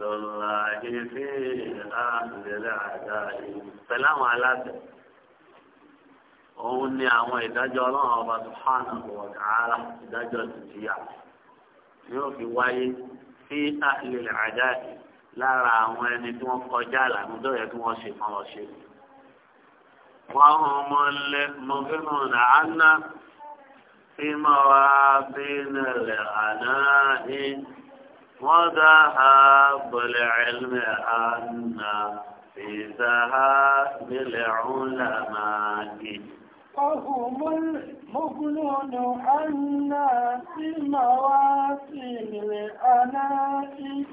لله في أهل العداء سلام عليكم òun ni àwọn ìdájọ́ ọlọ́run ọba subhanahu wa ta'ala ìdájọ́ tìjìyà yóò fi wáyé sí ahlil àdáì lára àwọn ẹni tí wọ́n kọjá àlànà tó yẹ kí wọ́n ṣe fún ọ ṣe. wọ́n hàn ọmọ ilé mọ̀fínà nàánà tí mo wá nílẹ̀ àná ní. وذهاب العلم أن في ذهاب العلماء فهم المغنون عنا في مواسم الأناء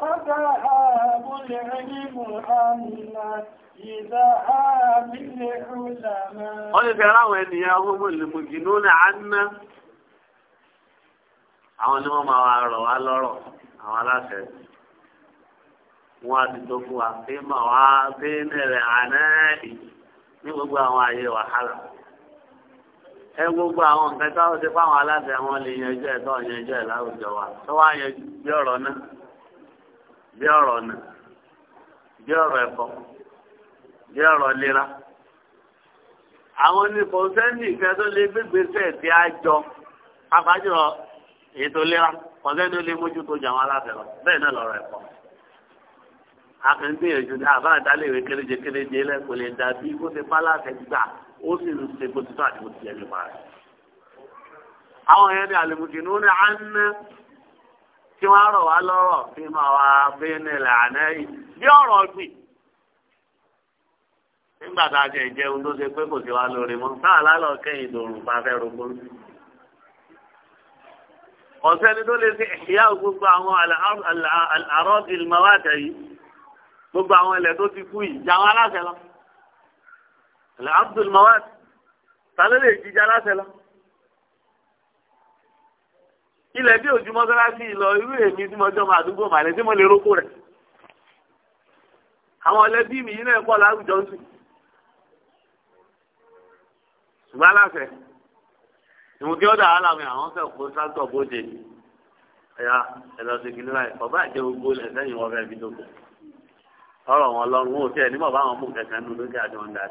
وذهاب العلم عنا Wọ́n ti fẹ́ra àwọn ènìyàn ọmọ ìlúmùgínú ní àánà, àwọn ni wọ́n máa wà àwọn aláṣẹ wọn á ti tó fún wa pé mà wá pé nẹ̀rẹ̀ ní gbogbo àwọn àyè wàhálà ẹ gbogbo àwọn nǹkan táwọn ti fáwọn aláṣẹ wọn lè yanjú tó yanjú wa tó wá yanjú bí náà bí náà bí bí àwọn tó lè kọ̀ọ̀sẹ́ni ó lé mójútó jà wọn aláṣẹ lọ bẹ́ẹ̀ náà lọ́rọ̀ ẹ̀kọ́ akẹ́gbẹ̀yẹ̀jú ní àbá àdáléwé kéréje kéréje lẹ́kọ̀ọ́ lè dà bí kó ṣe pálásẹ̀ gbà ó sì ń ṣe bó ti tó àti bó ti yẹn nípa rẹ̀. àwọn yẹn ní àlùmùkìnnú ní àná tí wọ́n á rọ̀ wá lọ́rọ̀ fi máa wá bí nílẹ̀ àná yìí bí ọ̀rọ̀ gbìn. nígbà tá a jẹ ìjẹun tó ṣe pé kò sí wa lórí mọ́ ọ̀sẹ́ni tó lè fi ìyá gbogbo àwọn àrọ́dì ìmọ̀wádẹ́ yìí gbogbo àwọn ilẹ̀ tó ti kú yìí jàwọn aláṣẹ lọ abdul mawad tàló lè jíjà aláṣẹ lọ ilẹ̀ bí ojú mọ́sálásí lọ irú èmi tí mo jọ máa dúgbò màlẹ́ tí mo lè rókò rẹ̀ àwọn ọlẹ́bí mi yìí náà pọ̀ láwùjọ ń sùn ṣùgbọ́n aláṣẹ. ìwọ̀n ọ ọ̀dà ala àwọn fẹ́ kó tractor bóde ẹ̀yà ẹ̀lọ́sìn kìnìún báyìí ọba àjẹ gbogbo ilẹ̀ sẹ́yìn wọn fẹ́ fi ọ̀rọ̀ wọn lọ́rùn wọn ò àwọn mú kẹ̀kẹ́ lókè àwọn náà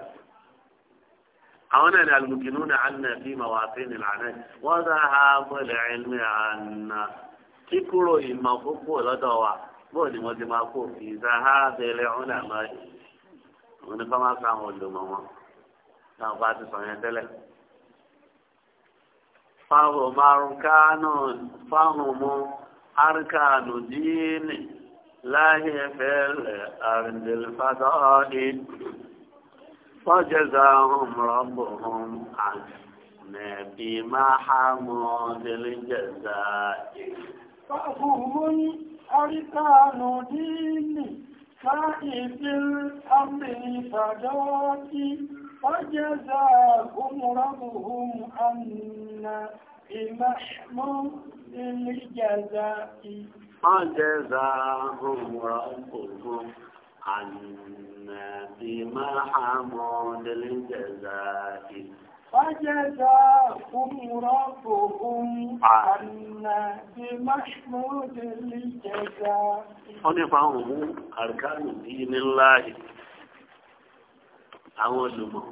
ní àná sí ní dá ha mọ́lẹ̀ ẹ̀mí àná kíkúrò ìmọ̀ púpọ̀ lọ́dọ̀ wa bóò ni máa ha bẹ̀rẹ̀ فهم أركان فهم أركان دين الله في الأرض الفضائل فجزاهم ربهم عن بما حمود الجزاء فهم أركان دين الله في الأرض الفضائل وجزاهم ربهم أن بمحمود الجزاء وجزاهم ربهم عنا بمحمود الجزاء فجزاهم ربهم عنا بمحمود الجزاء فهمه أركان دين الله àwọn olùmọ̀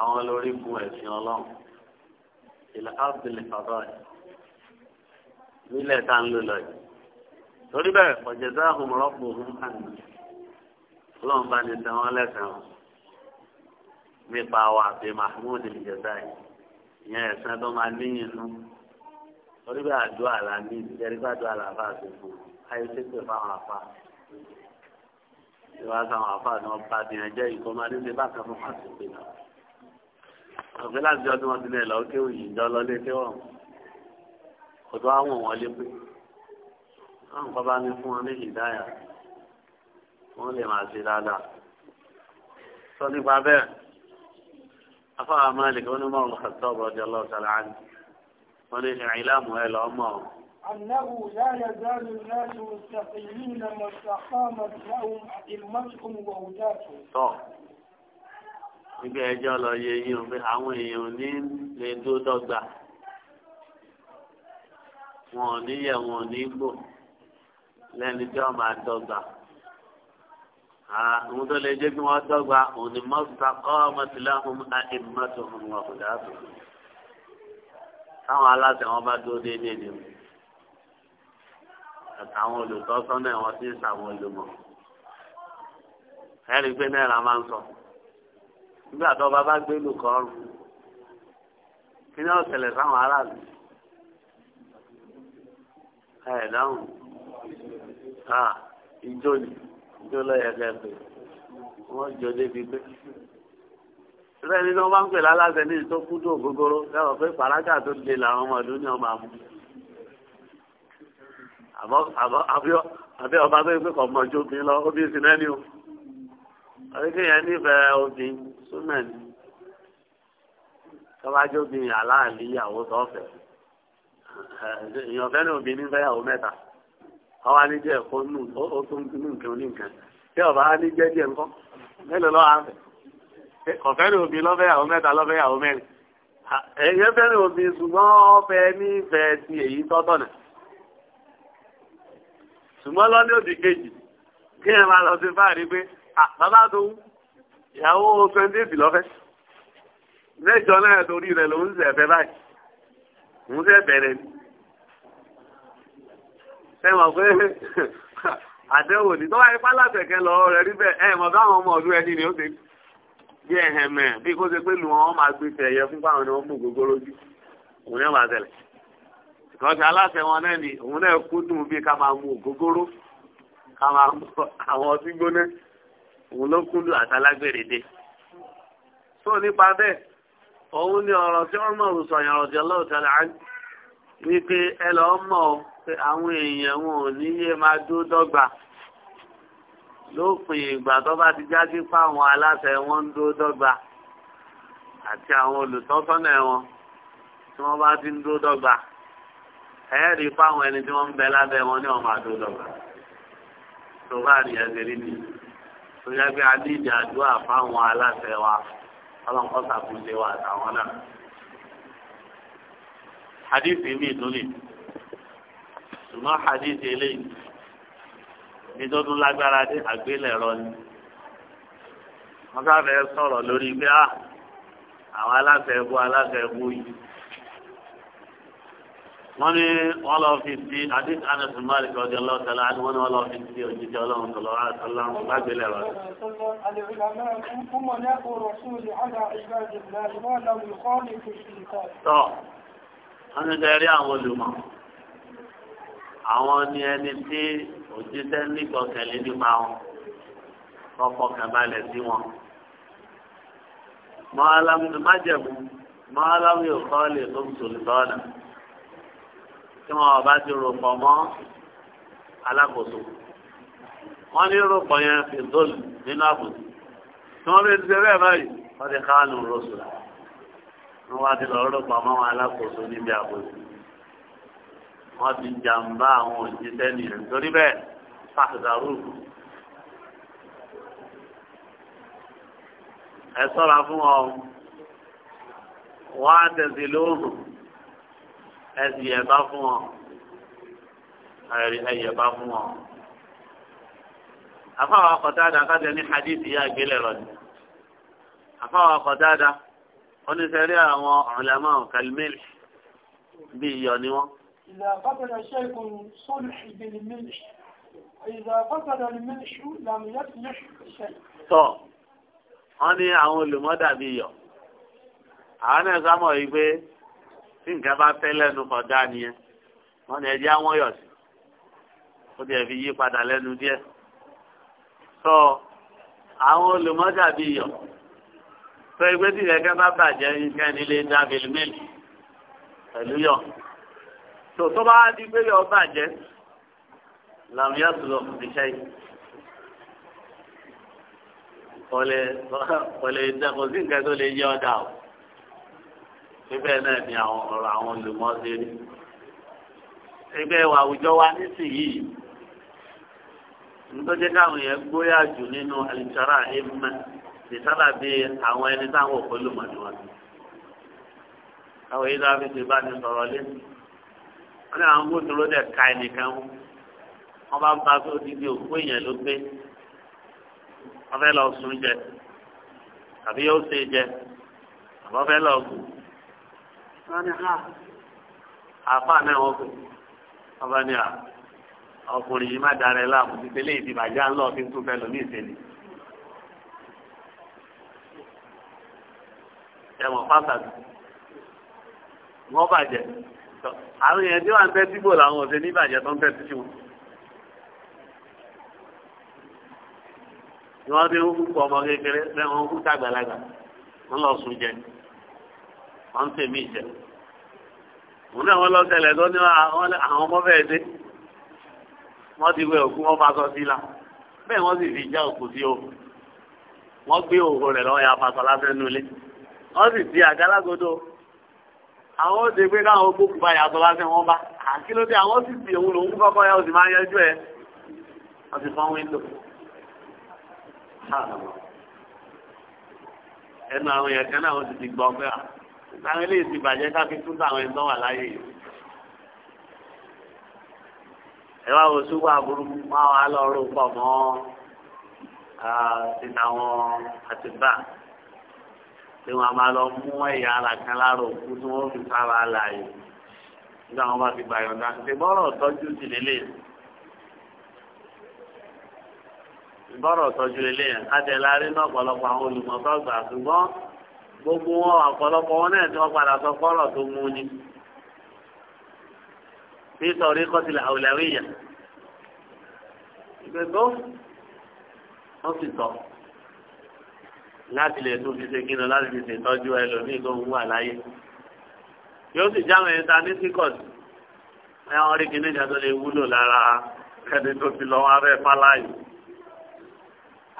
àwọn olórí bu ẹ̀sìn ọlọ́run ìlà ábìlì bàbá rẹ̀ nílẹ̀ tá ń lò lọ yìí torí bẹ́ẹ̀ ọ̀jẹ̀dá ọmọrọ́pọ̀ ọ̀hún àná ọlọ́run bá ní sẹ́wọ́n lẹ́sẹ̀wọ̀n nípa wa àti mahmood ìjẹ̀dá yìí ìyẹn ẹ̀sán tó máa níyìn nú torí bẹ́ẹ̀ àdúrà là ní ìjẹ́rìí bá àdúrà là bá àti fún àyè sépè fáwọn àfa ìwà sáwọn àfa ni wọn bá bìnrin jẹ ìkọmọ nílé bákan fún pàṣípè náà ọ̀gbẹ́ láti jọ tí wọ́n ti lẹ̀ lọ kí òyì ìjọ lọ lé tí wọ́n kò tó àwọn wọn lé pé àwọn kan bá ní fún wọn ní ìdáyà wọ́n lè máa ṣe dáadáa sọ nípa bẹ́ẹ̀ afáwọn amáyẹlẹ kí wọ́n ní mọ̀rún kàtọ́ ọ̀bọ̀dé ọlọ́ọ̀tàlá ni wọ́n ní ìrìn ìlàmù ẹ̀ lọ́mọ́ ọ̀hún. أنه لا يزال الناس مستقيمين ما استقامت لهم أئمتهم وهداتهم. Ibi ẹjọ́ lọ yẹ yín o pé àwọn èèyàn ní lè dó dọ́gba. Wọn ò ní yẹ wọn ò ní gbò lẹ́ni tí wọ́n máa dọ́gba. Àwọn tó lè jẹ́ kí wọ́n dọ́gba òun ni mọ́sàkọ́ ọmọtìláhùn àìmọ́tò ọmọ ọ̀dà tó. Táwọn aláṣẹ wọn bá dúró déédéé ni o àtàwọn olùtọ́sọ́nà wọn ti ń sàwọn olùmọ̀ ẹ̀rí pé náírà máa ń sọ nígbà tó bá bá gbé lù kọ́rùn kí ni ọ̀sẹ̀lẹ̀ sáwọn aráàlú ẹ̀ dáhùn ìjọ ni ìjọ lọ́yẹ̀ kẹ́kẹ́ wọ́n jọ débi pé ìrẹ́ni tí bá ń pè lálásẹ̀ ní ìtókùtò ògógóró lẹ́wọ̀n pé pàrágà tó le làwọn ọmọ ìlú ni wọ́n máa àbí ọba tó yẹ pé kò mọ ojú obìnrin lọ obìnrin sì náà ni o àbíkéyàn nífẹ̀ẹ́ obìnrin súnmọ̀ ni tọ́wájú obìnrin aláàlí ìyàwó tọ́fẹ̀ èèyàn fẹ́ràn obìnrin fẹ́yàwó mẹ́ta ọwọ́ aníjẹ́ ẹ̀kọ́ nù ó tún nù nǹkan oníkan tí ọba aníjẹ́ díẹ̀ ńkọ́ mélòó lọ́wọ́ àfẹ́ ọ̀fẹ́ràn obìnrin lọ́fẹ́yàwó mẹ́ta lọ́fẹ́yàwó mẹ́rin èèyàn fẹ́ràn obìnrin ṣùgbọ́n ọ̀fẹ́ nífẹ̀ẹ́ ti èyí ṣùgbọ́n lọ́ní òdì kejì kí ẹ máa lọ sí fáàrí pé bàbá tó wú ìyàwó twenty lọ́fẹ́ mẹ́jọ náà torí rẹ̀ ló ń sẹ̀fẹ́ báyìí òun sẹ̀ bẹ̀rẹ̀ ni ẹ mọ̀ pé àtẹ̀wò ní tọ́wọ́ ipá látẹ̀kẹ́ lọ rẹ̀ rí bẹ́ẹ̀ ẹ mọ̀ báwọn ọmọ ọdún ẹni ni ó ti bí ẹ̀hẹ̀mẹ̀ bí kó ṣe pé lù wọn máa gbé tẹ̀yẹ fún báwọn ni wọ́n mú gbogbo lójú òun yẹn máa tẹ̀lẹ̀ tọ́sí aláṣẹ wọn náà ni òun náà kú dùn bí ká máa mu ògógóró ká máa mu àwọn ọtí gbóná òun ló kú lù àtàlágbèrè dé. tó nípa bẹ́ẹ̀ òun ni ọ̀rọ̀ tí wọ́n mọ̀ ọ́ sọ̀yìn ọ̀rọ̀ tí ọlọ́run tẹ̀lé á wípé ẹ lọ́ọ́ mọ̀ ọ́ pé àwọn èèyàn wọn ò ní yé máa dúró dọ́gba lópin ìgbà tó bá ti jáde fáwọn aláṣẹ wọn ń dúró dọ́gba àti àwọn olùtọ́sọ́nà wọn tí wọ́n bá ti ń dúró dọ́gba ẹ̀ẹ́rì fáwọn ẹni tí wọ́n ń bẹ lábẹ́ wọn ní ọmọ àdúgbò tó bá rí ẹsẹ̀ rí ni tó yẹ pé adíjà àdúrà fáwọn aláṣẹ wa ọlọ́nkọ́ sàkúnṣe wa àtàwọn náà. hadithi mi tún ni ṣùgbọ́n hadithi eléyìí ní tó tún lágbára dé àgbélẹ̀rọ ni wọ́n sáfẹ́ sọ̀rọ̀ lórí pé ah, àwọn aláṣẹ ẹ̀kú aláṣẹ ẹ̀kú yìí wọ́n ní wọ́n lọ fi sí adis anas malik ọdí ọlọ́wọ́ tẹ̀lé àti wọ́n ní wọ́n lọ fi sí òjijì ọlọ́run tọ̀lọ́ àtọ́lá lágbélé rẹ̀. tọ́ wọ́n ní dẹ́rí àwọn olùmọ̀ àwọn ni ẹni tí òjíṣẹ́ nígbọ̀kẹ̀lé nípa wọn kọ́kọ́ kẹbalẹ̀ sí wọn. mọ́ alámú májẹ̀mú mọ́ alámú yóò kọ́ lè tó ń tòlítọ́ tí wọn bá ti rò pọ̀ mọ́ alákòóso wọn ní rò pọ̀ yẹn fi dóòlù nínú àbùsùn tí wọn bẹ ti ṣe bẹ́ẹ̀ báyìí wọn ti ká nù rọṣù rà wọn wá ti lọ rò pọ̀ àwọn alákòóso níbi àbùsùn wọn ti jàǹbá àwọn òṣìṣẹ́ nìyẹn torí bẹ́ẹ̀ fàṣẹdàrú ẹ ṣọ́ra fún ọ wọn á tẹsí lóòrùn ẹsì yẹ bá fún ọ ẹyẹ bá fún ọ. afáwọn akọ̀dáadà kájọ ní hadith yá gbélé rọ ni afáwọn akọ̀dáadà oníṣẹ́rí àwọn ọ̀làmọ́ kàlmíl bí iyọ̀ ni wọ́n. ìlà bàbá ṣẹ́gun sólù ìbìlì mílì ìlà bàbá mílì ṣú làmìyàn ti yẹ ṣẹ́yìn. tọ́ wọ́n ní àwọn olùmọ́dà tí nǹkan bá fẹ́ lẹ́nu kọjá nìyẹn wọ́n ní ẹjẹ́ àwọn yọ̀ sí ó ti ẹ̀ fi yí padà lẹ́nu díẹ̀ sọ àwọn olùmọ́jà bí yọ̀ sọ ẹgbẹ́ tí kẹ̀kẹ́ bá bàjẹ́ iṣẹ́ nílé dábìlì mélòó pẹ̀lú yọ̀ tó tó bá di pé yọ̀ bàjẹ́ làwọn yọ̀ tó lọ fi ṣe yìí kọ̀lẹ̀ kọ̀lẹ̀ ìdàkọ̀sí nǹkan tó lè yẹ ọ̀dà o síbẹ̀ náà ni àwọn ọ̀rọ̀ àwọn olùmọ́sí rí ẹgbẹ́ ìwà àwùjọ wa nísìnyìí nítorí káwọn yẹn gbóyà jù nínú àlùjára ẹ̀mẹ́ ìsábà bí àwọn ẹni táwọn òkú lùmọ̀ọ́nù wọn. àwọn yìí dábì ti bá ní sọ̀rọ̀ lé wọn ní àwọn gbóòtú ló dẹ̀ ka ẹnìkan wọn wọn bá bá tó dídí òkú èèyàn ló gbé wọn fẹ́ lọ sùn jẹ tàbí yóò ṣe jẹ àbọ̀ fẹ́ lọ gùn wọ́n ní ha ah, àfa náà wọ́n pè ọba ní à ah, ọkùnrin yìí má darẹ̀ láàmú títí lè di bàjá ńlọ fi tún fẹ́ lómi ìṣẹ̀lẹ̀. ẹ̀wọ̀n pàtàkì wọ́n bàjẹ́ àwọn èèyàn tí wọ́n ń tẹ́tí bò làwọn ọ̀sẹ̀ ní ìbàjẹ́ tó ń tẹ́tí sí wọn. ni wọ́n ti ń kú ọmọ kékeré lẹ́wọ̀n ń kú tàgbàlagbà wọ́n lọ sùn jẹ ni wọ́n ń tèmi jẹ òun náà wọ́n lọ sẹlẹ̀ tó ní àwọn ọmọ bẹ́ẹ̀ dé wọ́n ti wẹ òkú wọ́n fasọ sí la bẹ́ẹ̀ wọ́n sì fi já òkú sí o wọ́n gbé òkú rẹ̀ lọ́wọ́ ya fasọ lásán nulẹ̀ wọ́n sì di àgálágodo àwọn òde pé káwọn gbókù bá yàtọ̀ lásán wọn bá àkílódé àwọn sì di òun lòun kọ́kọ́ yà ó sì máa yẹjú ẹ wọ́n ti fọ́n wíńdò ẹnu àwọn yẹn kan náà wọ́n ti ti gbọ́ pé à táwọn eléyìí ti bàjẹ́ ká fi tún táwọn ẹni tó wà láyé yìí. ẹ wá wo ṣùgbọ́n aburú máa wà lọ́rùn pọ̀ mọ́ sínú àwọn àtìgbà tí wọ́n máa lọ mú ẹ̀yà ara kan lára òkú tí wọ́n fi sára láàyè nígbà wọn bá fi gbàyànjá ìbọ̀rọ̀ tọ́jú sí lélẹ̀ ìbọ̀rọ̀ tọ́jú lélẹ̀ adẹ̀lárí náà pọ̀lọpọ̀ àwọn olùmọ̀tọ́gbà ṣùgbọ́n gbogbo wọn ọ̀pọ̀lọpọ̀ wọn náà tí wọ́n padà sọ fọ́rọ̀ tó mú ni fi sọ̀rí kọ́sílẹ̀ àwùláwìyà ìgbẹ́gbọ́ wọ́n sì tọ̀ láti lè tún fi ṣe kíni láti fi ṣètọ́jú ẹlòmíì tó ń wà láyé yóò sì jáwọn ẹ̀ta ní síkọ̀tì ẹ̀wọ̀n rí kíní ìjà tó lè wúlò lára ẹni tó ti lọ wá fẹ́ fáláyìí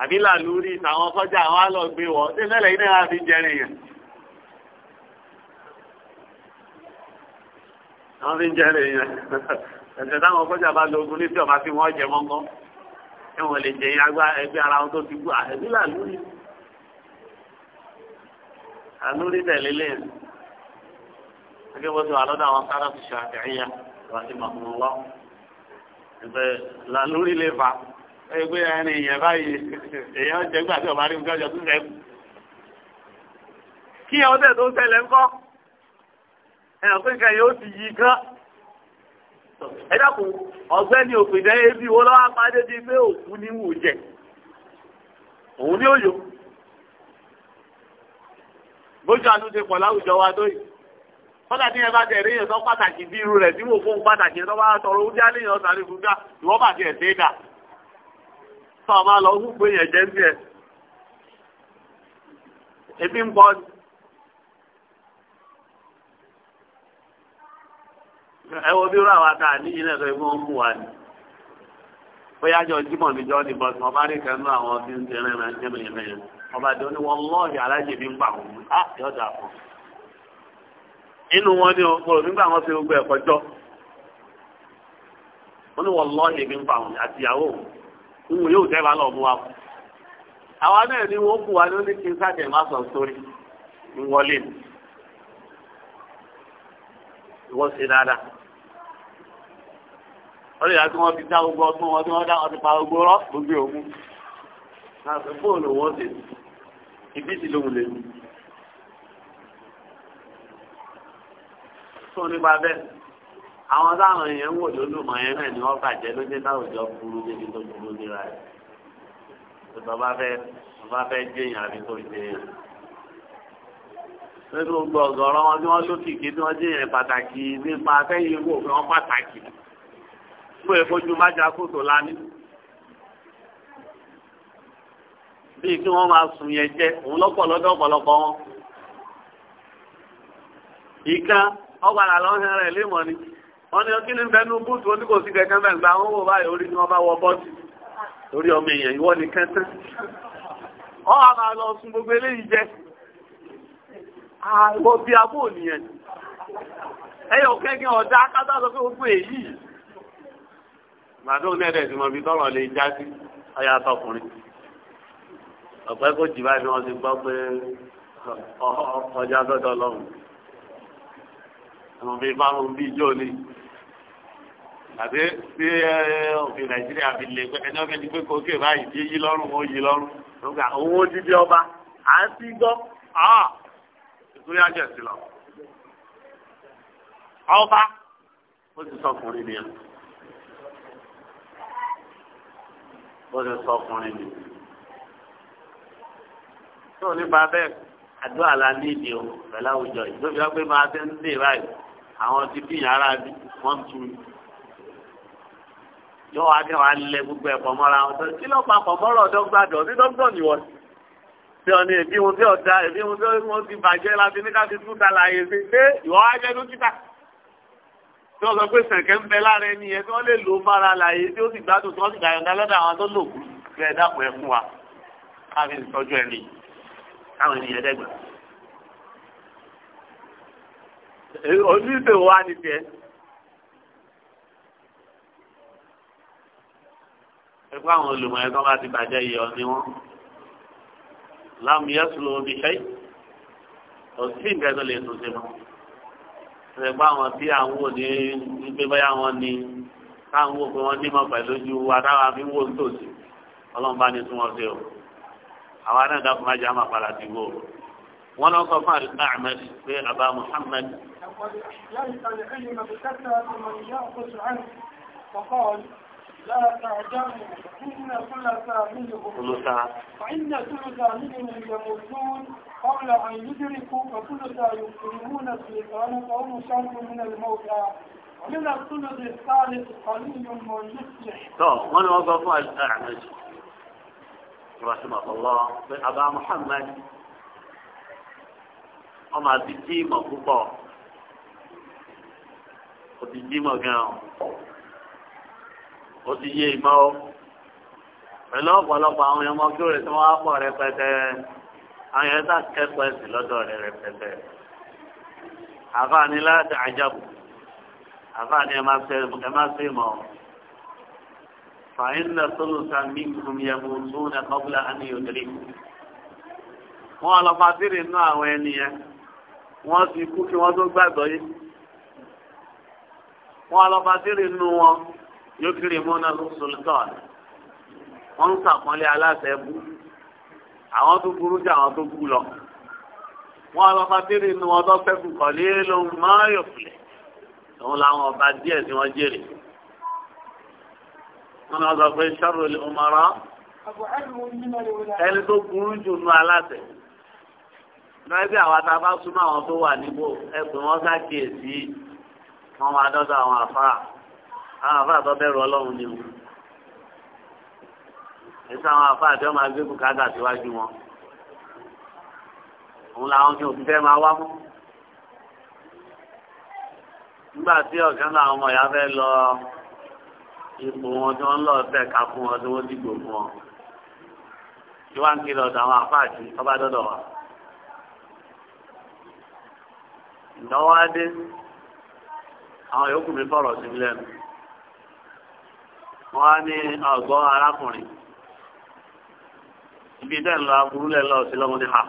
àbí làlúrí tàwọn sọ́jà wọn lọ gbé wọ ṣé fẹ́lẹ̀ iná wa fi jẹrin yẹn. wọ́n fi jẹrin yẹn ẹ̀sẹ̀ táwọn sọ́jà bá lo ogun níbi ọ̀ma fi wọ́n jẹ mọ́ngọ́ ẹ wọ́n lè jẹyìn agbá ẹgbẹ́ ara wọn tó ti gbó àbí làlúrí. àlúrí tẹ̀lé lẹ́yìn akébọ̀tò àlọ́dọ̀ àwọn sára fi ṣàfihàn yẹn wàá ti mọ̀ fún wọn. ẹ̀sẹ̀ ẹgbẹ́ ẹni ìyẹn báyìí èèyàn jẹ gbàtí ọba rí nǹkan jọ tún sẹ́kù. kí ọdẹ tó ṣẹlẹ̀ ńkọ́ ẹ̀yàn pé nǹkan yóò ti yí gán. ẹ dákun ọ̀gbẹ́ni òpìdẹ́ ebi wo lọ́wọ́ apádé bíi pé òkú ní wù jẹ òun ní òyò. bójú àánú ti pọ̀ láwùjọ wa tó yìí kọ́dà tí bá tẹ̀ rí sọ pàtàkì bí irú rẹ̀ tí mo fún pàtàkì yẹn tó bá tọrọ oúnjẹ àléyàn sàrí fún gbà ìwọ́n bàtì ẹ̀ sí ìdá tó ọmọ lọ wú pé yẹn jẹ́ sí ẹ̀ ebi ń bọ́ ẹ wo bí rú àwọn ata àníyí náà sọ pé wọ́n mú wa ni bóyá jọ jímọ̀ níjọ́ ni bọ́sì wọn rí kan àwọn tí ń tẹ̀lé ọba tó ní wọn lọ́ọ̀dì alájẹ bí ń pa òun á fún inú wọn ni nígbà wọn fi gbogbo ẹ̀kọ́ jọ wọn ń yóò dẹ́ba lọ mú wa kù. àwa náà ni wọ́n bù wá ní oníkì sáàdẹ̀ má sọ sórí ń wọlé mi. wọ́n ṣe dáadáa. wọ́n lè dá tí wọ́n fi dá gbogbo ọdún wọn tí wọ́n dá ọtí pa gbogbo rọ́ gbogbo ògùn. láti fóònù wọ́n ṣe ibi tí lóhùn lè mú. sọ nípa bẹ́ẹ̀ àwọn táwọn èèyàn ń wò lólùmọ̀ yẹn náà ni wọ́n bàjẹ́ ló dé láwùjọ burú débi tó burú níra ẹ̀ tó tọ́ bá fẹ́ bá fẹ́ jẹ́ èèyàn àbí tó jẹ́ èèyàn. nínú gbọ̀ngàn ọ̀rọ̀ wọn tí wọ́n lókìkí tí wọ́n jẹ́ èèyàn pàtàkì nípa fẹ́yìn wò fún wọn pàtàkì fún ìfojú májà kòtò lání. bíi kí wọ́n máa sùn yẹn jẹ́ òun lọ́pọ̀ lọ́dọ̀ ọ̀pọ̀lọpọ̀ wọn. ìkan ọgbàlà lọ́hìn rẹ̀ lémọ̀ ni wọ́n ní kí ní bẹnu búùtù ó ní kò sí kẹ̀kẹ́ mẹ́rin gba àwọn owó báyìí orí ni wọ́n bá wọ bọ́ọ̀tì torí ọmọ èèyàn ìwọ ni kẹ́tẹ́ ọ́ a máa lọ sun gbogbo eléyìí jẹ àwọ̀ bí abó nìyẹn ẹyọ kẹ́kẹ́ ọ̀dá akátá sọ pé gbogbo èyí màdó nẹ́ẹ̀dẹ̀ tí mo fi tọrọ lè já sí ọyà tọkùnrin ọ̀pẹ́ kò jì báyìí wọ́n ti gbọ́ pé ọjà gbọ́dọ̀ lọ́hùn-ún ọmọ mi fáwọn bíi jóni àti tí òfin nàìjíríà fi lè pé ẹni ọkẹ́ ti pé kókè báyìí tí yí lọ́rùn ó yí lọ́rùn lóga owó dídí ọba à ń sí gbọ́ ìtúrí àjẹsí lọ. ọba ó ti sọkùnrin ni ó ti sọkùnrin ni. tó nípa bẹ́ẹ̀ àdúrà la ní ìdí o pẹ̀lú àwùjọ yìí ló fi wá pé máa ti ń dè báyìí àwọn ti bí yàrá bí wọ́n tu ni yóò wá ní lẹ gbogbo ẹ̀pọ̀ mọ́ra wọn tó kí ló pa pọ̀ mọ́rọ̀ dọ́gbàdọ̀ ní dọ́gbọ̀n ni wọ́n tí ọ ní ẹbí wọn tí ọ̀dà ẹbí wọn tí wọ́n ti bàjẹ́ láti ní káfí tún ṣàlàyé sí pé ìwọ wá dókítà tí wọ́n sọ pé sẹ̀kẹ́ ń bẹ lára ẹni yẹn tí wọ́n lè lò fara láyé tí ó sì gbádùn tí wọ́n sì gbàyànjá lọ́dọ̀ àwọn tó lò kú bí ẹ dàpọ̀ wa káfí ìtọ́jú ẹ̀ káwọn ènìyàn dẹ́gbẹ̀ẹ́. oníṣòwò wa ni tiẹ̀ ẹ̀kọ́ àwọn olùmọ̀ ẹ̀kọ́ bá ti bàjẹ́ ìyọ̀ ni wọ́n láàmú yẹ́sùlù omi ṣe òsì nǹkan tó lè tún ṣe mọ́ ẹ̀kọ́ àwọn tí àwọn òní wípé bóyá wọn ni káwọn wò pé wọ́n nímọ̀ pẹ̀lú ju adáwa fi wò ń tòsí ọlọ́run bá ní tún wọn ṣe o àwọn náà dákun má jẹ́ àmà padà ti wò wọn lọ sọ fún àdìsá ahmed pé àbá muhammed. أقول لا يسأل العلم بكثرة من يأخذ عنه فقال لا تعجبوا إن كل ثامنهم كل يموتون قبل أن يدركوا فثلثا يكرمون في شر من الموتى ومن الثلث الثالث قليل من يصلح. رحمه الله أبا محمد اما ati àti jíìmọ̀ púpọ̀ ó ti yé ìmọ̀ o pẹ̀lú ọ̀pọ̀lọpọ̀ àwọn ọmọ kí rẹ̀ tí wọ́n á pọ̀ rẹpẹtẹ àwọn yẹn tá kẹ́kọ̀ọ́ ẹ̀sìn lọ́dọ̀ rẹ̀ rẹpẹtẹ àfààní láti àjàbù àfààní ẹ máa fẹ́ mọ́ fàáyín lọ sólù sàmì kùmìyàmù tó nà kọ́bùlà á ní òdìrí wọn lọ fàtírì inú àwọn ènìyàn wọn ti kú kí wọn tó gbàgbọ́ yìí wọn lọ fàtírì inú wọn yókèrè mọ́nà sultan wọ́n ń sàpọ́nlé aláṣẹ bú àwọn tó burú jẹ́ àwọn tó bú lọ. wọ́n á lọ fa tèrè nu ọdọ́ fẹ́kù kọ̀lé lóhun máyọ̀ filẹ̀ òun làwọn ọba díẹ̀ tí wọ́n jèrè. wọ́n lọ sọ pé sọ́rọ̀ lè ọmọrọ́ ẹni tó burú jù nu aláṣẹ. lọ́wọ́ bí àwa ta bá súnmọ́ àwọn tó wà níbò ẹ̀sùn wọn sá kíyèsí wọn máa dọ́dọ̀ àwọn àfáà àwọn àfa àtọ́ bẹ̀rù ọlọ́run ni o èso àwọn àfa àti ọmọ agbé bùkátà síwájú wọn òun làwọn kí òfin fẹ́ máa wá mú nígbà tí ọ̀kan náà àwọn ọmọ ìyá fẹ́ lọ ipò wọn tí wọ́n lọ tẹ̀ka fún wọn tí wọ́n dìgbò fún wọn tí wọ́n kiri ọ̀dọ̀ àwọn àfa àti ọba dọ́dọ̀ wa. ìnáwó adé àwọn yòókù mi fọ̀rọ̀ sí lẹ́nu wọn á ní ọgbọ́n arákùnrin ibi tẹ́ ń lọ aburú lẹ́ lọ sí lọ́mọdé ha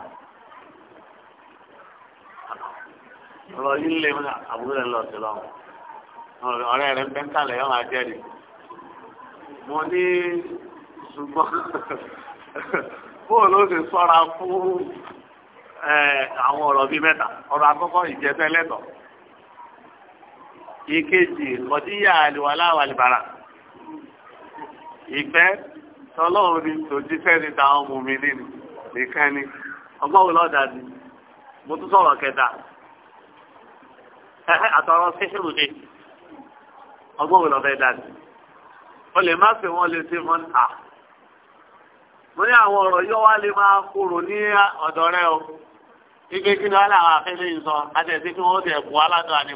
ọ̀rọ̀ yìí lè mú aburú lẹ́ lọ sí lọ́mọ ọ̀rẹ́ rẹ̀ ń bẹ́ ń kálẹ̀ yọ̀ máa jẹ́rìí mo ní ṣùgbọ́n bóòlù ó sì sọ́ra fún àwọn ọ̀rọ̀ bíi mẹ́ta ọ̀rọ̀ àkọ́kọ́ ìjẹsẹ́ lẹ́tọ̀ọ́ ìkejì kọ̀díyà àlùwalá àwàlìbàrà. ìfẹ́ tọ́lọ́run ni tòjíṣẹ́ ni táwọn ọmọ mi nínú nìkan ni lọ́dà ni mo tún sọ̀rọ̀ kẹta àtọ̀rọ̀ sísìrù ni ọgbọ́n wo o lè má fi wọn lè ṣe wọn à mo ní àwọn ọ̀rọ̀ yóò wá o ike kí ni wọn làwọn afẹ́fẹ́ yìí sọ àti ẹ̀sìn kí wọ́n ti ẹ̀kú aládùn ni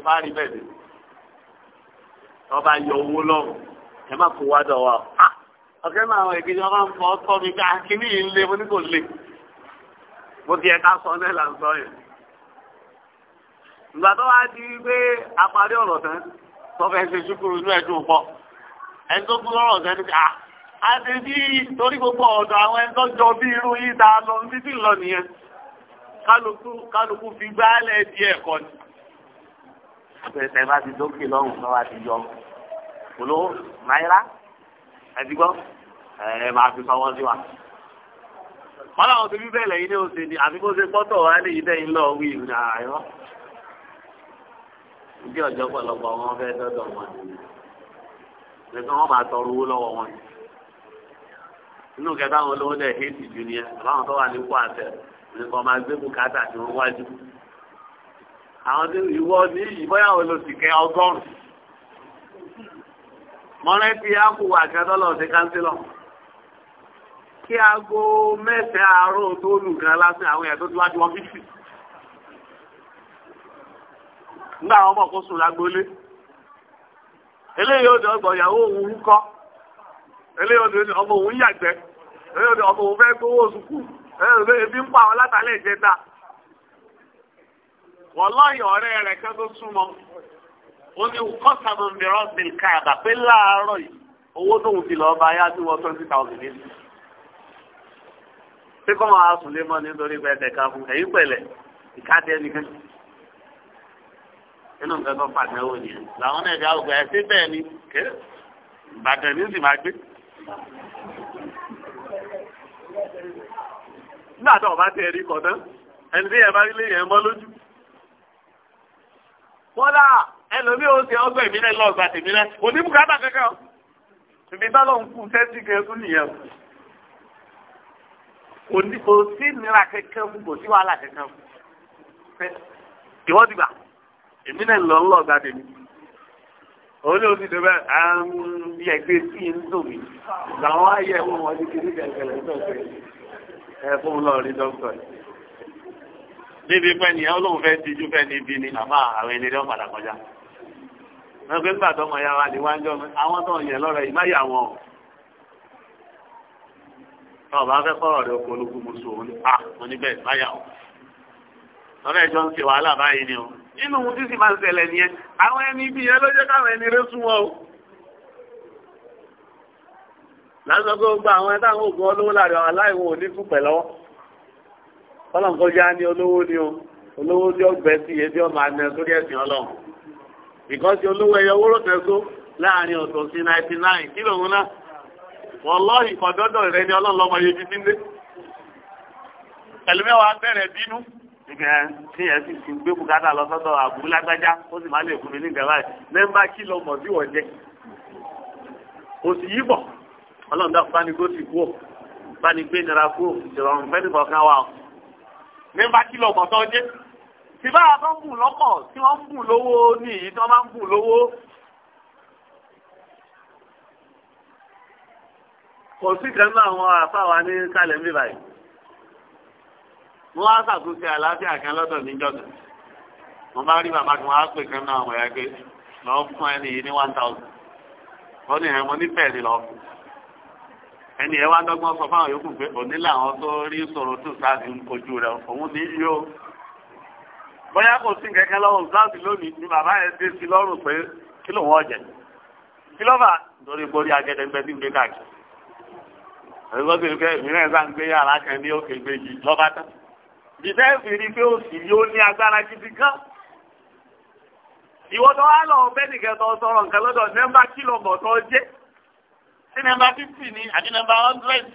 ọba yọ owó lọ́wọ́ ẹ má kó wá ọ̀kẹ́ náà àwọn ìbí ọmọ ń fọ́ tọ́ mi ká kí ní ilé mo ní kò lè mo ti ẹ̀ka sọ náà là ń sọ yẹn. ìgbà tó wá di pé apárí ọ̀rọ̀ tán tó fẹ́ ṣe ṣúkúrú inú ẹ̀dùn pọ̀ ẹni tó kúrò ọ̀rọ̀ tán ní ká a ti bí torí gbogbo ọ̀dọ̀ àwọn ẹni tó jọ bí irú yìí ta lọ ní títí lọ nìyẹn kálukú fi gbálẹ̀ di ẹ̀kọ́ ni. àpẹẹsẹ bá ti dókè lọ́rùn lọ́wọ́ àti yọ olówó náírà ẹ̀dígbọ́. ẹ máa fi bí ní ni àbí ṣe pọ́tọ̀ wá ní ìdẹ́ yìí lọ ìrìn àárọ̀. ìdí ọ̀jọ́ pọ̀lọpọ̀ wọn fẹ́ dọ́dọ̀ wọn wọn tọrọ owó lọ́wọ́ wọn inú kẹta dẹ̀ tó wà ní máa gbé bùkátà tí wọ́n wájú. àwọn ìwọ ní ìbọ́yà ọgọ́rùn-ún á wà kẹ́tọ́ lọ sí kí aago mẹ́sẹ̀ àárọ̀ tó àwọn tó ti wá nígbà àwọn ọmọ kò sùn lágbólé eléyìí ó di ìyàwó òun ń eléyìí ó ọmọ òun yàgbẹ́ eléyìí ó ọmọ òun fẹ́ eléyìí ń pa àwọn látàlẹ́ ìjẹta ọ̀rẹ́ rẹ̀ tó súnmọ́ ó ní tí kọ́ máa sùn lé mọ́ nítorí pé ẹsẹ̀ ka fún ẹ̀yìn pẹ̀lẹ̀ ìkáàdé ẹnìkan nínú nǹkan tó pàṣẹ wò làwọn náà ẹ̀ka òkè ni ní sì máa gbé. nígbà tó o bá tán ẹni tí yẹn bá rí yẹn lójú. ṣe ọgbẹ́ kankan bá lọ́n kú kò kò sí ìnira kankan fún kò sí wàhálà kankan fún ìwọ́n ti gbà èmi náà lọ ń lọ gba tèmi òun ní oṣù tẹ́lẹ̀ tí ń dùn mí làwọn ayẹ wọn wọn ti kiri kẹ̀kẹ́lẹ́ sọ̀tẹ̀ ẹ fún lọ rí níbi pẹ́ ni ọlọ́run fẹ́ ti jú fẹ́ níbi ni àmọ́ àwọn ènìyàn padà kọjá wọn pé nígbà tó mọ̀ ya ni wá jọ àwọn tó ń yẹ lọ́rọ̀ ìmáyà wọn ọba fẹ́ kọ́rọ̀ rẹ oko olúkúmuṣu òun a ah, oníbẹ̀ báyà o lọ́dọ̀ ẹjọ́ ń ṣe wàhálà báyìí ni o nínú ohun tí sì máa ń ṣẹlẹ̀ nìyẹn àwọn ẹni ibi yẹn ló jẹ́ káwọn ẹni rẹ sún wọn o lásán kó gba àwọn ẹ̀dá àwọn òògùn olówó láàrin àwọn aláìwò òní fún pẹ̀lọ́wọ́ ọlọ́run kọjá ní olówó ni o olówó tí ó gbẹ sí iye tí ó máa nẹ sórí ẹ̀sìn ọlọ́run ìkọ́sí olówó ẹyọ owó rò tẹ́só láàrin ọ̀tọ̀ sí 99 kí lòun náà wọ́n lọ́ ìkọ̀dọ́dọ̀ rẹ ni ọlọ́lọ́mọ yẹbi ti ń dé ẹlòmẹ́wàá bẹ̀rẹ̀ bínú nígbà tí ẹ sì ti gbé bùkátà lọ sọ́dọ̀ àbúrú lágbájá ó sì máa lè fún mi ní ìgbàlá yìí mẹ́mbà kí lọ mọ̀ sí wọ̀nyẹ. òsì yìí bọ̀ ọlọ́run dá bá ní kó sì kú ò bá ní gbé nira kú ò ìrọ̀rùn fẹ́ẹ́ nìkan kan wà ó. mẹ́mbà kí lọ mọ̀ sọ́ jẹ́. kò sí kan náà àwọn àfáwa ní kálẹ̀ níbà yìí wọ́n á ṣàtúnṣe àlàáfíà kan lọ́dọ̀ níjọ́dọ̀ wọ́n bá rí bàbá kan wọ́n á pè kan náà wọ̀nyá pé fún ẹni yìí ní one thousand wọ́n ní ẹ̀wọ̀n ní pẹ̀lú lọ́ọ́ fún ẹni ẹ wá dọ́gbọ́n sọ fáwọn yòókù pé òní làwọn tó rí sọ̀rọ̀ tó sáàsì ń kojú rẹ̀ òun ní yóò bóyá kò sí kẹ̀kẹ́ lọ́wọ́ sáàsì lónìí ni bàbá yẹn dé sí lọ́rùn pé kí ló wọ́n jẹ kí ló fà borí agẹdẹgbẹ tí gbé káàkiri àbíkọ́sí ìlú kẹ́rin mìíràn sá ń gbé yàrá kan ní òkè gbèjì lọ́ba tán bìtẹ́ ìfìrí pé òsì yóò ní agbára gidi gan ìwọ tó wá lọ bẹ́ẹ̀ nìkan tó sọ̀rọ̀ nǹkan lọ́dọ̀ nẹ́mbà kìlọ̀ mọ̀ tó jẹ́ sí nẹ́mbà fífì ni àti nẹ́mbà hundred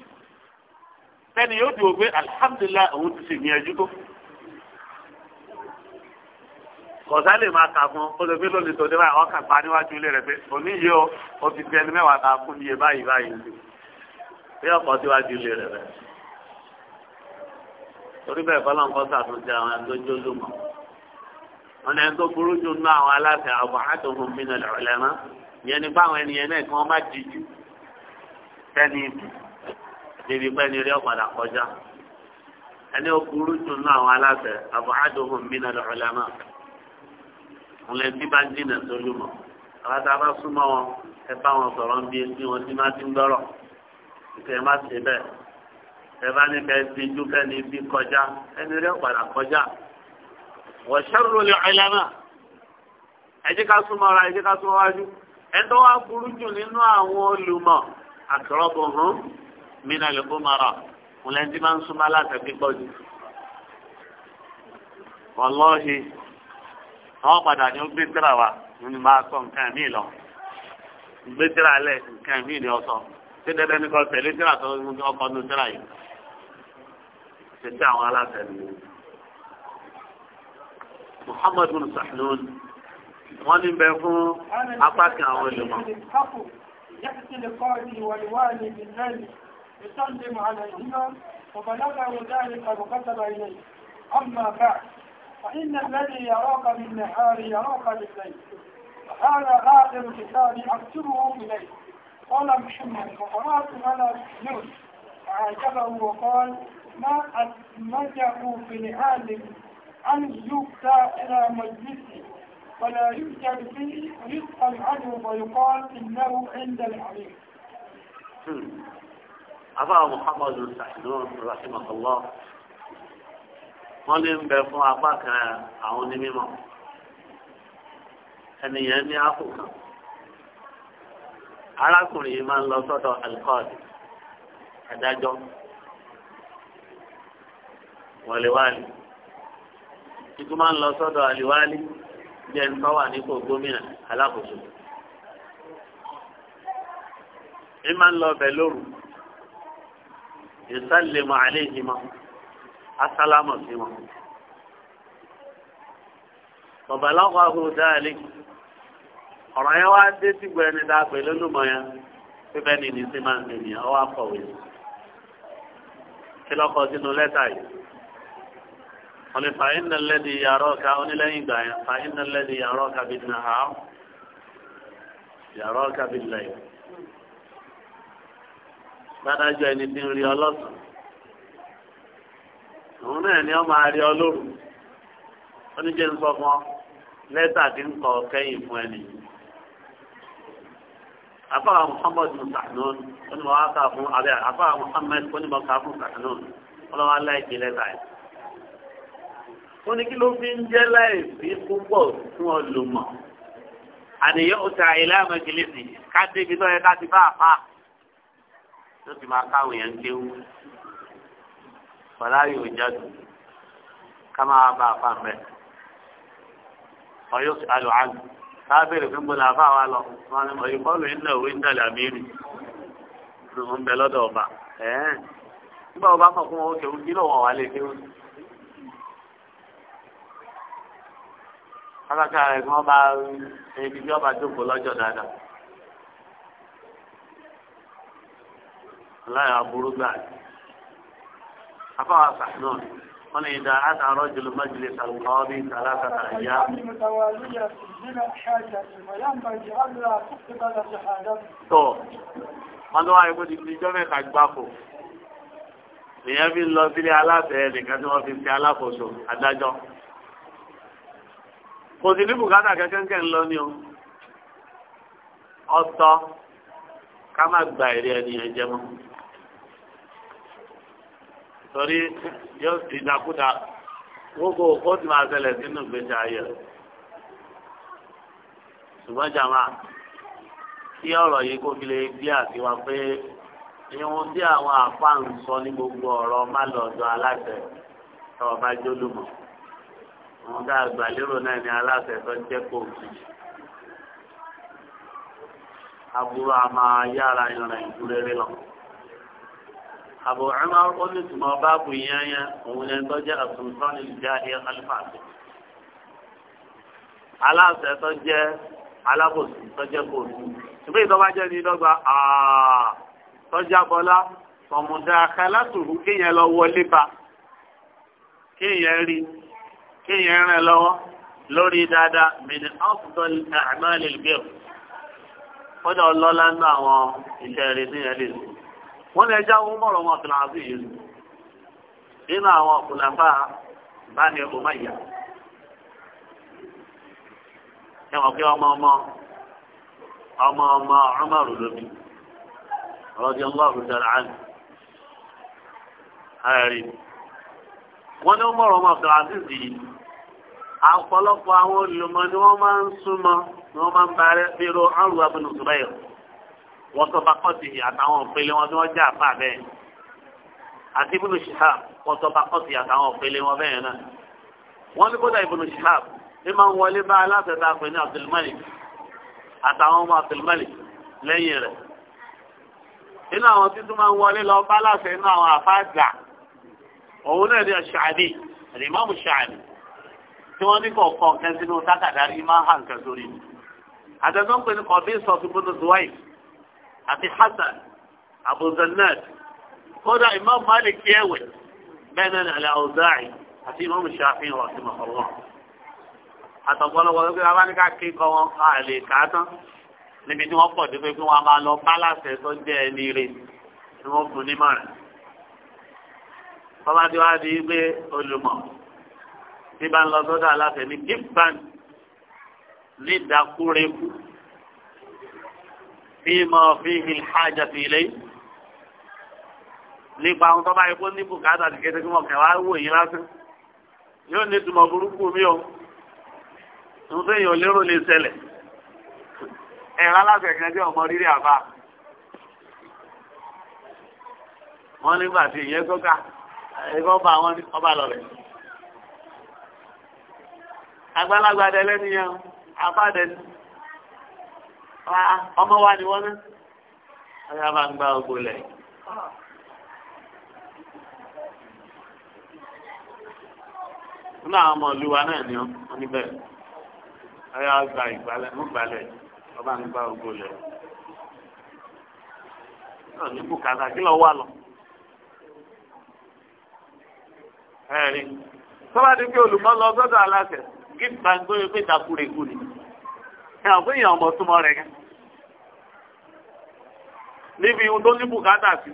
sẹ́ni yóò dùn pé alihamudulila òun ti ṣègbìyànjú tó kọ̀sá lè máa kà fún ó lè fi lónìí tó dé báyìí ọkàn pa níwájú ilé rẹ̀ pé bí ọkọ̀ síwájú ilé rẹ̀ rẹ̀ torí bẹ́ẹ̀ kọ́ lọ́nkọ́ sàtúnṣe àwọn ẹni tó jó lùmọ̀ wọn ẹni tó burú jù nínú àwọn aláṣẹ àwọn àtòkùn bínú ìrọ̀lẹ́ mọ́ ìyẹn ni báwọn ènìyàn náà kí wọ́n má dìjú sẹ́ni ibù débi pẹ́ni rí ọ̀padà kọjá ẹni ó burú jù nínú àwọn aláṣẹ àwọn àtòkùn bínú ìrọ̀lẹ́ mọ́ wọn lè ti bá dínà tó lùmọ̀ àwọn tá a bá súnmọ́ wọn ẹ bá wọn sọ̀rọ̀ ń bí etí wọn tí má ti ń gbọ́rọ̀. ìpè má ṣe bẹ́ẹ̀ ẹ̀fà ní kẹ́ ti ju kẹ́ni bí kọjá ẹni rẹ̀ padà kọjá wọ́n ṣẹ́rù lè ẹlẹ́mà ẹ̀jẹ̀ ká súnmọ́ ra ẹ̀jẹ̀ ká súnmọ́ wájú ẹ̀ńtọ́ wá burú jù nínú àwọn olùmọ̀ àkọ́rọ́bù hàn mìíràn lè kó mara wọn tí máa ń jù àwọn padà ní ó wa ní sọ nǹkan mí lọ gbé tíra lẹ̀ nǹkan nke ni ọ sọ. ṣé dandan ní kan tẹ̀lé síra tó ọkọ̀ ọdún síra yìí ṣe sí àwọn aláṣẹ nìyẹn. Muhammadu Sahlun wọ́n ní bẹ fún apá kan àwọn ènìyàn. يقتل القاضي والوالي بالليل يسلم عليهما وبلغه ذلك وكتب إليه أما بعد فإن الذي يراك بالنهار يراك بالليل وهذا آخر كتاب أكتبه إليه قال محمد فقرأت على يونس فعاتبه وقال ما أسمته في العالم أن يؤتى إلى مجلسه ولا يوجد فيه رزق العدو ويقال إنه عند العليم. أبا محمد السحنون رحمه الله wọ́n lè ń bẹ fún apá kan àwọn onímọ̀ ẹnìyàn ní kan arákùnrin yìí máa ń lọ sọ́dọ̀ alikọ́ọ̀dì adájọ́ wọléwálì ikú máa ń lọ sọ́dọ̀ àlìwálì jẹ́ ń tọ́wà nípò gómìnà alákòóso ní máa ń lọ bẹ̀ lóru ìsàlẹ̀mọ̀ àléhìmọ̀ asálámọ̀ sí wọn. ọ̀bàlá wà hù dáàlì. ọ̀rọ̀ yẹn wá dé gbọ́ ẹni dáa pẹ̀lú olùmọ̀ ya, pípẹ́ ní sí máa ń ọ wá kọ̀wé kí lọ́kọ̀ sínú lẹ́tà yìí wọ́n ní fàáyín yàrá ọ̀ka onílẹ́yìn ìgbà yẹn fàáyín náà yàrá ọ̀ka bíi nà á yàrá ọ̀ka bíi lẹ́yìn ẹni tí ń rí ọlọ́sàn òun náà ni ọ máa rí ọlọ́run ń sọ fún ọ afáwà muhammadu sàánún ó ní mo wá kà fún abẹ́ afáwà muhammadu ó ní mo kà fún sàánún ọlọ́wà láìpẹ́ lẹ́tà ẹ̀. ó ní kí ló fi ń jẹ́ láìsí púpọ̀ fún ọlùmọ̀ àníyàn ó ilé àmọ́jìlẹ̀ sí ká débi lọ́yẹ bá àfà tó ti máa káwọn èèyàn kéwú bọ̀lá yóò ká máa bá àfà mẹ́ ọ̀yọ́ àlọ́ àlù kábèrè fún bọ́lá fáwa lọ wọn ni ọ̀yìn bọ́ọ̀lù iná òwe ń dàlẹ̀ àmírì ń bẹ lọ́dọ̀ ọba ẹ̀ẹ́n nígbà ọba mọ̀ fún wọn kéwù kí lọ́wọ́ wà lè kéwù. alákà rẹ̀ kí wọ́n bá ebi tí wọ́n jókòó lọ́jọ́ dáadáa. aláya burú gbà àfáwà sàánù. قال إذا أتى رجل مجلس القاضي ثلاثة أيام متوالية من الحاجة وينبغي ألا تقبل شهادته. wọ́n lọ́wọ́ àìkú ti fi jọ́mẹ́ ká gbáko èèyàn fi lọ sílé aláṣẹ nìkan tí wọ́n fi ṣe alákòóso adájọ́ kò sí ní bùkátà kẹ́kẹ́kẹ́ ń lọ ní o ọ̀tọ̀ ká má gba èrè ẹnìyàn jẹ mọ́ torí yóò ìdàkúdà gbogbo ó ti máa ṣẹlẹ̀ sínú ìgbésí ayé rẹ̀ ṣùgbọ́n jàmá kí ọ̀rọ̀ yìí kó fi lè gbé àtiwá pé ìwọ̀n tí àwọn àpá ń sọ ní gbogbo ọ̀rọ̀ má lọ ọ̀dọ̀ aláṣẹ tọ́wọ́ bá jólùmọ̀ wọn dá àgbà lérò náà ní aláṣẹ tó jẹ́ kóòtù aburú a yára ìrìn ìdúró lọ. Abu Umar onítùmọ̀ báàbù yányá òun lẹ́nu tó jẹ́ àtúntàn ìjà ẹ̀ alifàṣẹ. aláṣẹ tó jẹ́ alábòsí tó jẹ́ kòtù ṣùgbọ́n ìtọ́ bá jẹ́ ní dọ́gba tó jẹ́ abọ́lá ọ̀mùdá akálátùrú kéèyàn lọ wọlé ba kéèyàn rí kéèyàn rìn lọ́wọ́ lórí dáadáa min afdal a'mal al-birr kódà ọlọ́lá ń lọ àwọn ìṣẹ̀rẹ̀ níyẹn lè sùn. wọ́n lè já owó mọ̀rọ̀ wọn yìí nínú àwọn ọ̀pọ̀lọpá bá ní Umayya ẹ wọ́n pé ọmọ ọmọ ọmọ ọmọ Umaru lóbi radiyallahu ta'ala anhu ààrin wọ́n ní ọmọ ọmọ Abdul Aziz yìí ọ̀pọ̀lọpọ̀ àwọn olùmọ̀ ni wọ́n máa ń súnmọ́ ni wọ́n máa ń bí ro arúgbó abúlé wọ́n sọ bá kọ́sì àtàwọn òpele wọn tí wọ́n já àpá bẹ́ẹ̀ àti ibùdó shihab wọ́n sọ bá kọ́sì àtàwọn òpele wọn bẹ́ẹ̀ náà wọ́n ní kódà ibùdó shihab ní máa ń wọlé bá aláṣẹ tá a pè ní abdulmalik àtàwọn ọmọ abdulmalik lẹ́yìn rẹ̀ inú àwọn títún máa ń wọlé lọ bá aláṣẹ inú àwọn àfáàgbà òun náà ní ṣàdí àdìmọ́mù ṣàdí tí wọ́n ní kọ̀ọ̀kan kẹ́sínú tákàdá máa hàn kẹ́sórí àtẹ̀tọ́ ń ní kọ̀ọ̀bí sọ̀tún àti hasan abuzanad kódà imam malik yẹwẹ bẹ́ẹ̀ náà ní al-Awza'i àti imam shafi'i wà sí mọ̀kànlá àtọ̀pọ̀lọpọ̀ ló gbé wa bá ní ká kí kọ́ wọn a lè kà á níbi tí wọ́n pọ̀ dé pé kí wọ́n máa lọ bálàsẹ̀ tó jẹ́ ẹni rè ni wọ́n fún nímọ̀ràn bọ́lá tí wàá di pé olùmọ̀ tí bá ń lọ sọ́dọ̀ aláfẹ́ ní gígbàn ní ìdákúrekú fíìmọ̀ fíìmì hajj fi ilé nípa àwọn tó bá yẹ kó ní bùkátà ti kété kí wọn kẹwà wò yín lásán yóò ní ìtumọ̀ burúkú mi o nítorí èèyàn lérò lè ṣẹlẹ̀ ẹ̀rọ aláṣẹ̀kẹ́ jẹ́ ọmọ rírì àbá wọn nígbà tí ìyẹn sọ́kà ẹ̀kọ́ bá wọn ọba lọ rẹ̀ àgbàlagbà dẹ lẹ́nìyàn afá dẹni. Ah, ọmọ wa ni wọ́n ná ọyá máa ń gbá ogbó nínú àwọn ọmọ ìlú wa náà ni wọ́n níbẹ̀ ọyá gba ìgbálẹ̀ mú gbalẹ̀ ọba ń gbá ogbó lẹ̀. náà ní bùkátà kí lọ wà lọ. ẹ̀rí sọ́ba ti lọ sọ́dọ̀ aláṣẹ pé ni ẹ̀ ọ̀gbìn yẹn ọmọ súnmọ́ rẹ̀ níbi ihun tó ní bùkátà sí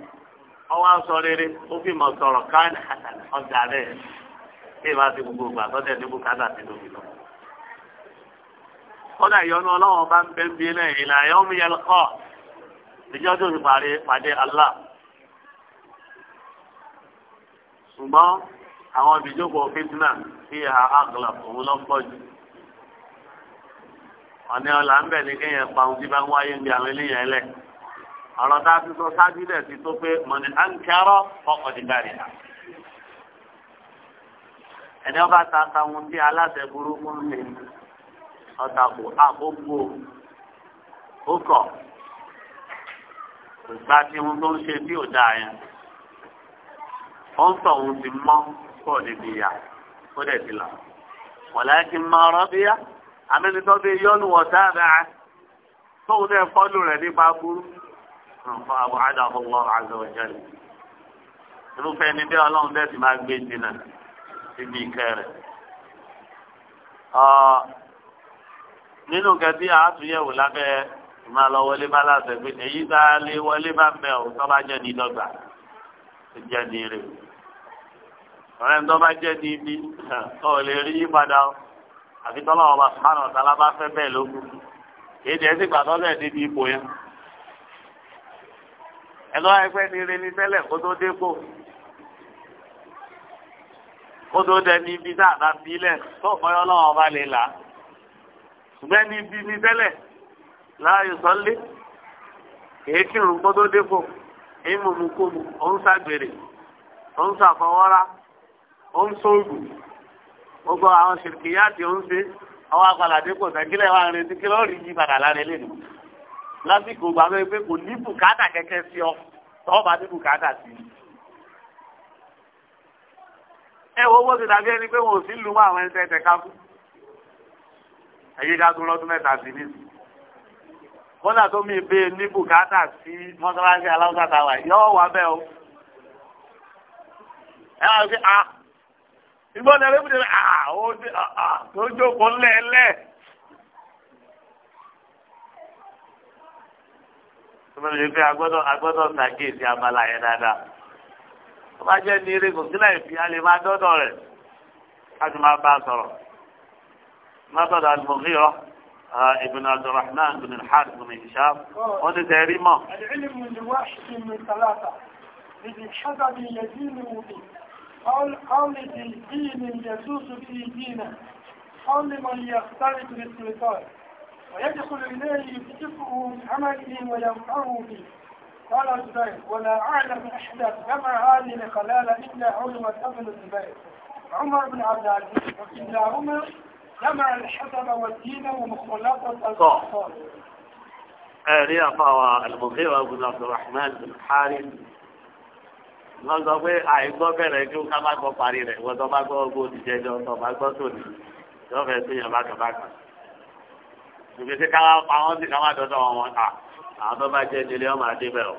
ọwọ́ aṣọ rere ó fi mọ̀ sọ̀rọ̀ káàdì ọjà rẹ̀ kí ìbá ti gbogbo ìgbà tó tẹ̀ ní bùkátà sí lóbi lọ. kọ́dà ìyọnu ọlọ́wọ́n bá ń bẹ́ ń bí náà ìlà yọ mú yẹn kọ́ ìjọ tó ti parí pàdé Allah. ṣùgbọ́n àwọn ìbíjókòó fitna fi ha àgùlà òun lọ pọ̀ jù ọ̀nà ọ̀là ń bẹ̀ ní kéèyàn pa ohun tí bá ń wáyé ń bí àwọn eléyàn ẹlẹ́ẹ̀ ọ̀rọ̀ tá a ti sọ sáájú dẹ̀ ti tó pé mọ̀nì à ń kẹ́rọ̀ ọkọ̀ ti dárì náà. ẹni ọba ta táwọn tí aláṣẹ burúkú ń lè ọ̀tà kò àkókò ó kọ̀ ìgbà tí wọn tó ń ṣe bí òdà yẹn ó ń sọ òun ti mọ́ pọ̀ níbi ìyá ó dẹ̀ ti là wọ̀láyàkí máa rọ́ bíyá àmì ní bí yọ́nù wọ̀ dáadáa tóun dẹ̀ fọ́lù rẹ̀ nípa burú nǹkan àbúhádà ọlọ́ àzọ̀jẹ́lì irúfẹ́ ni bí ọlọ́run tẹ̀sí máa gbé jìnnà síbi ìkẹ́ rẹ̀ nínú kẹtí àátúnyẹ̀wò lábẹ́ ìmọ̀lọ́wọlé bá láṣẹ pé èyí tá a lé wọlé bá bẹ̀ ọ́ tó bá jẹ́ ní dọ́gba tó jẹ́ ní rè ọ̀rẹ́ tó bá jẹ́ ní ibi ọ̀ lè rí yípadà àfi tọ́lọ́wọ́ bá sùpánà ọ̀tá lábá fẹ́ bẹ́ẹ̀ lógún èdè ẹ̀sìn gbàtọ́ bẹ́ẹ̀ débi ẹ̀tọ́ ẹgbẹ́ ni rẹ ni tẹ́lẹ̀ kó tó dé kó kó tó dẹ ní ibi tá a bá fi lẹ̀ tó fọyọ́ lọ́wọ́ bá lè là á ṣùgbọ́n ní ibi ní tẹ́lẹ̀ láàyè sọ́lé kìí kírun kó tó dé kó èyí mò ń kó mu ó ń ṣàgbèrè ó ń ṣàfọwọ́rá ó ń sóògùn gbogbo àwọn ṣìrìkìyà tí ó ń ṣe àwọn àgbàlá dé kò sẹ́kílẹ̀ wà ń retí kí lọ́ọ̀rì yí padà lára ẹlẹ́nu lásìkò gbàgbé pé kò ní bùkátà kẹ̀kẹ́ sí ọ tọ́ bá ní bùkátà sí i. ẹ wo owó ti dàbí ẹni pé wọn ò sí lu mọ àwọn ẹsẹ ẹsẹ kákú ẹyí dágún lọ́dún mẹ́ta sí ní sí kódà tó mi bẹ ní bùkátà sí mọ́sálásí aláwùsá tàwa yọ wà bẹ́ẹ̀ o ẹ wá sí a ah, ìgbọ́dọ̀ ẹgbẹ́ mi a ah, ó ah, jókòó lẹ́ẹ̀lẹ́ẹ̀. tọ́lá lè fi agbọ́dọ̀ agbọ́dọ̀ ṣàkíyèsí abala yẹn dáadáa tó bá jẹ́ ní eré gòkìlá ìfi a lè máa dọ́dọ̀ rẹ̀ a ti máa bá a sọ̀rọ̀ mọ́tọ́dọ̀ al-Mughira ah, ibn Abdurrahman ibn al-Harith ibn Hisham wọ́n ti tẹ̀ rí mọ́. قول من يختلط بالسلطان ويدخل إليه فكره من عمله وينفعه فيه. قال الزبير ولا أعلم أحدا كما هذه الخلالة إلا علم ابن الزبير عمر بن عبد العزيز وكلاهما جمع الحسب والدين ومخلطة الأطفال ẹ̀rí àfàwà àlùmọ̀fẹ́wà ọ̀gbìn abdulrahman bin harim wọ́n sọ pé àìgbọ́ bẹ̀rẹ̀ kí ká má gbọ́ parí rẹ̀ wọ́n tó bá gbọ́ ogún òdìjẹ́jọ́ tó bá gbọ́ tòní yóò sí yàrá ìgbésẹ̀ ká wá pa wọ́n sí ká má dọ́dọ̀ wọn wọn à àwọn tó bá jẹ́ ìdílé ọmọ adé bẹ̀rẹ̀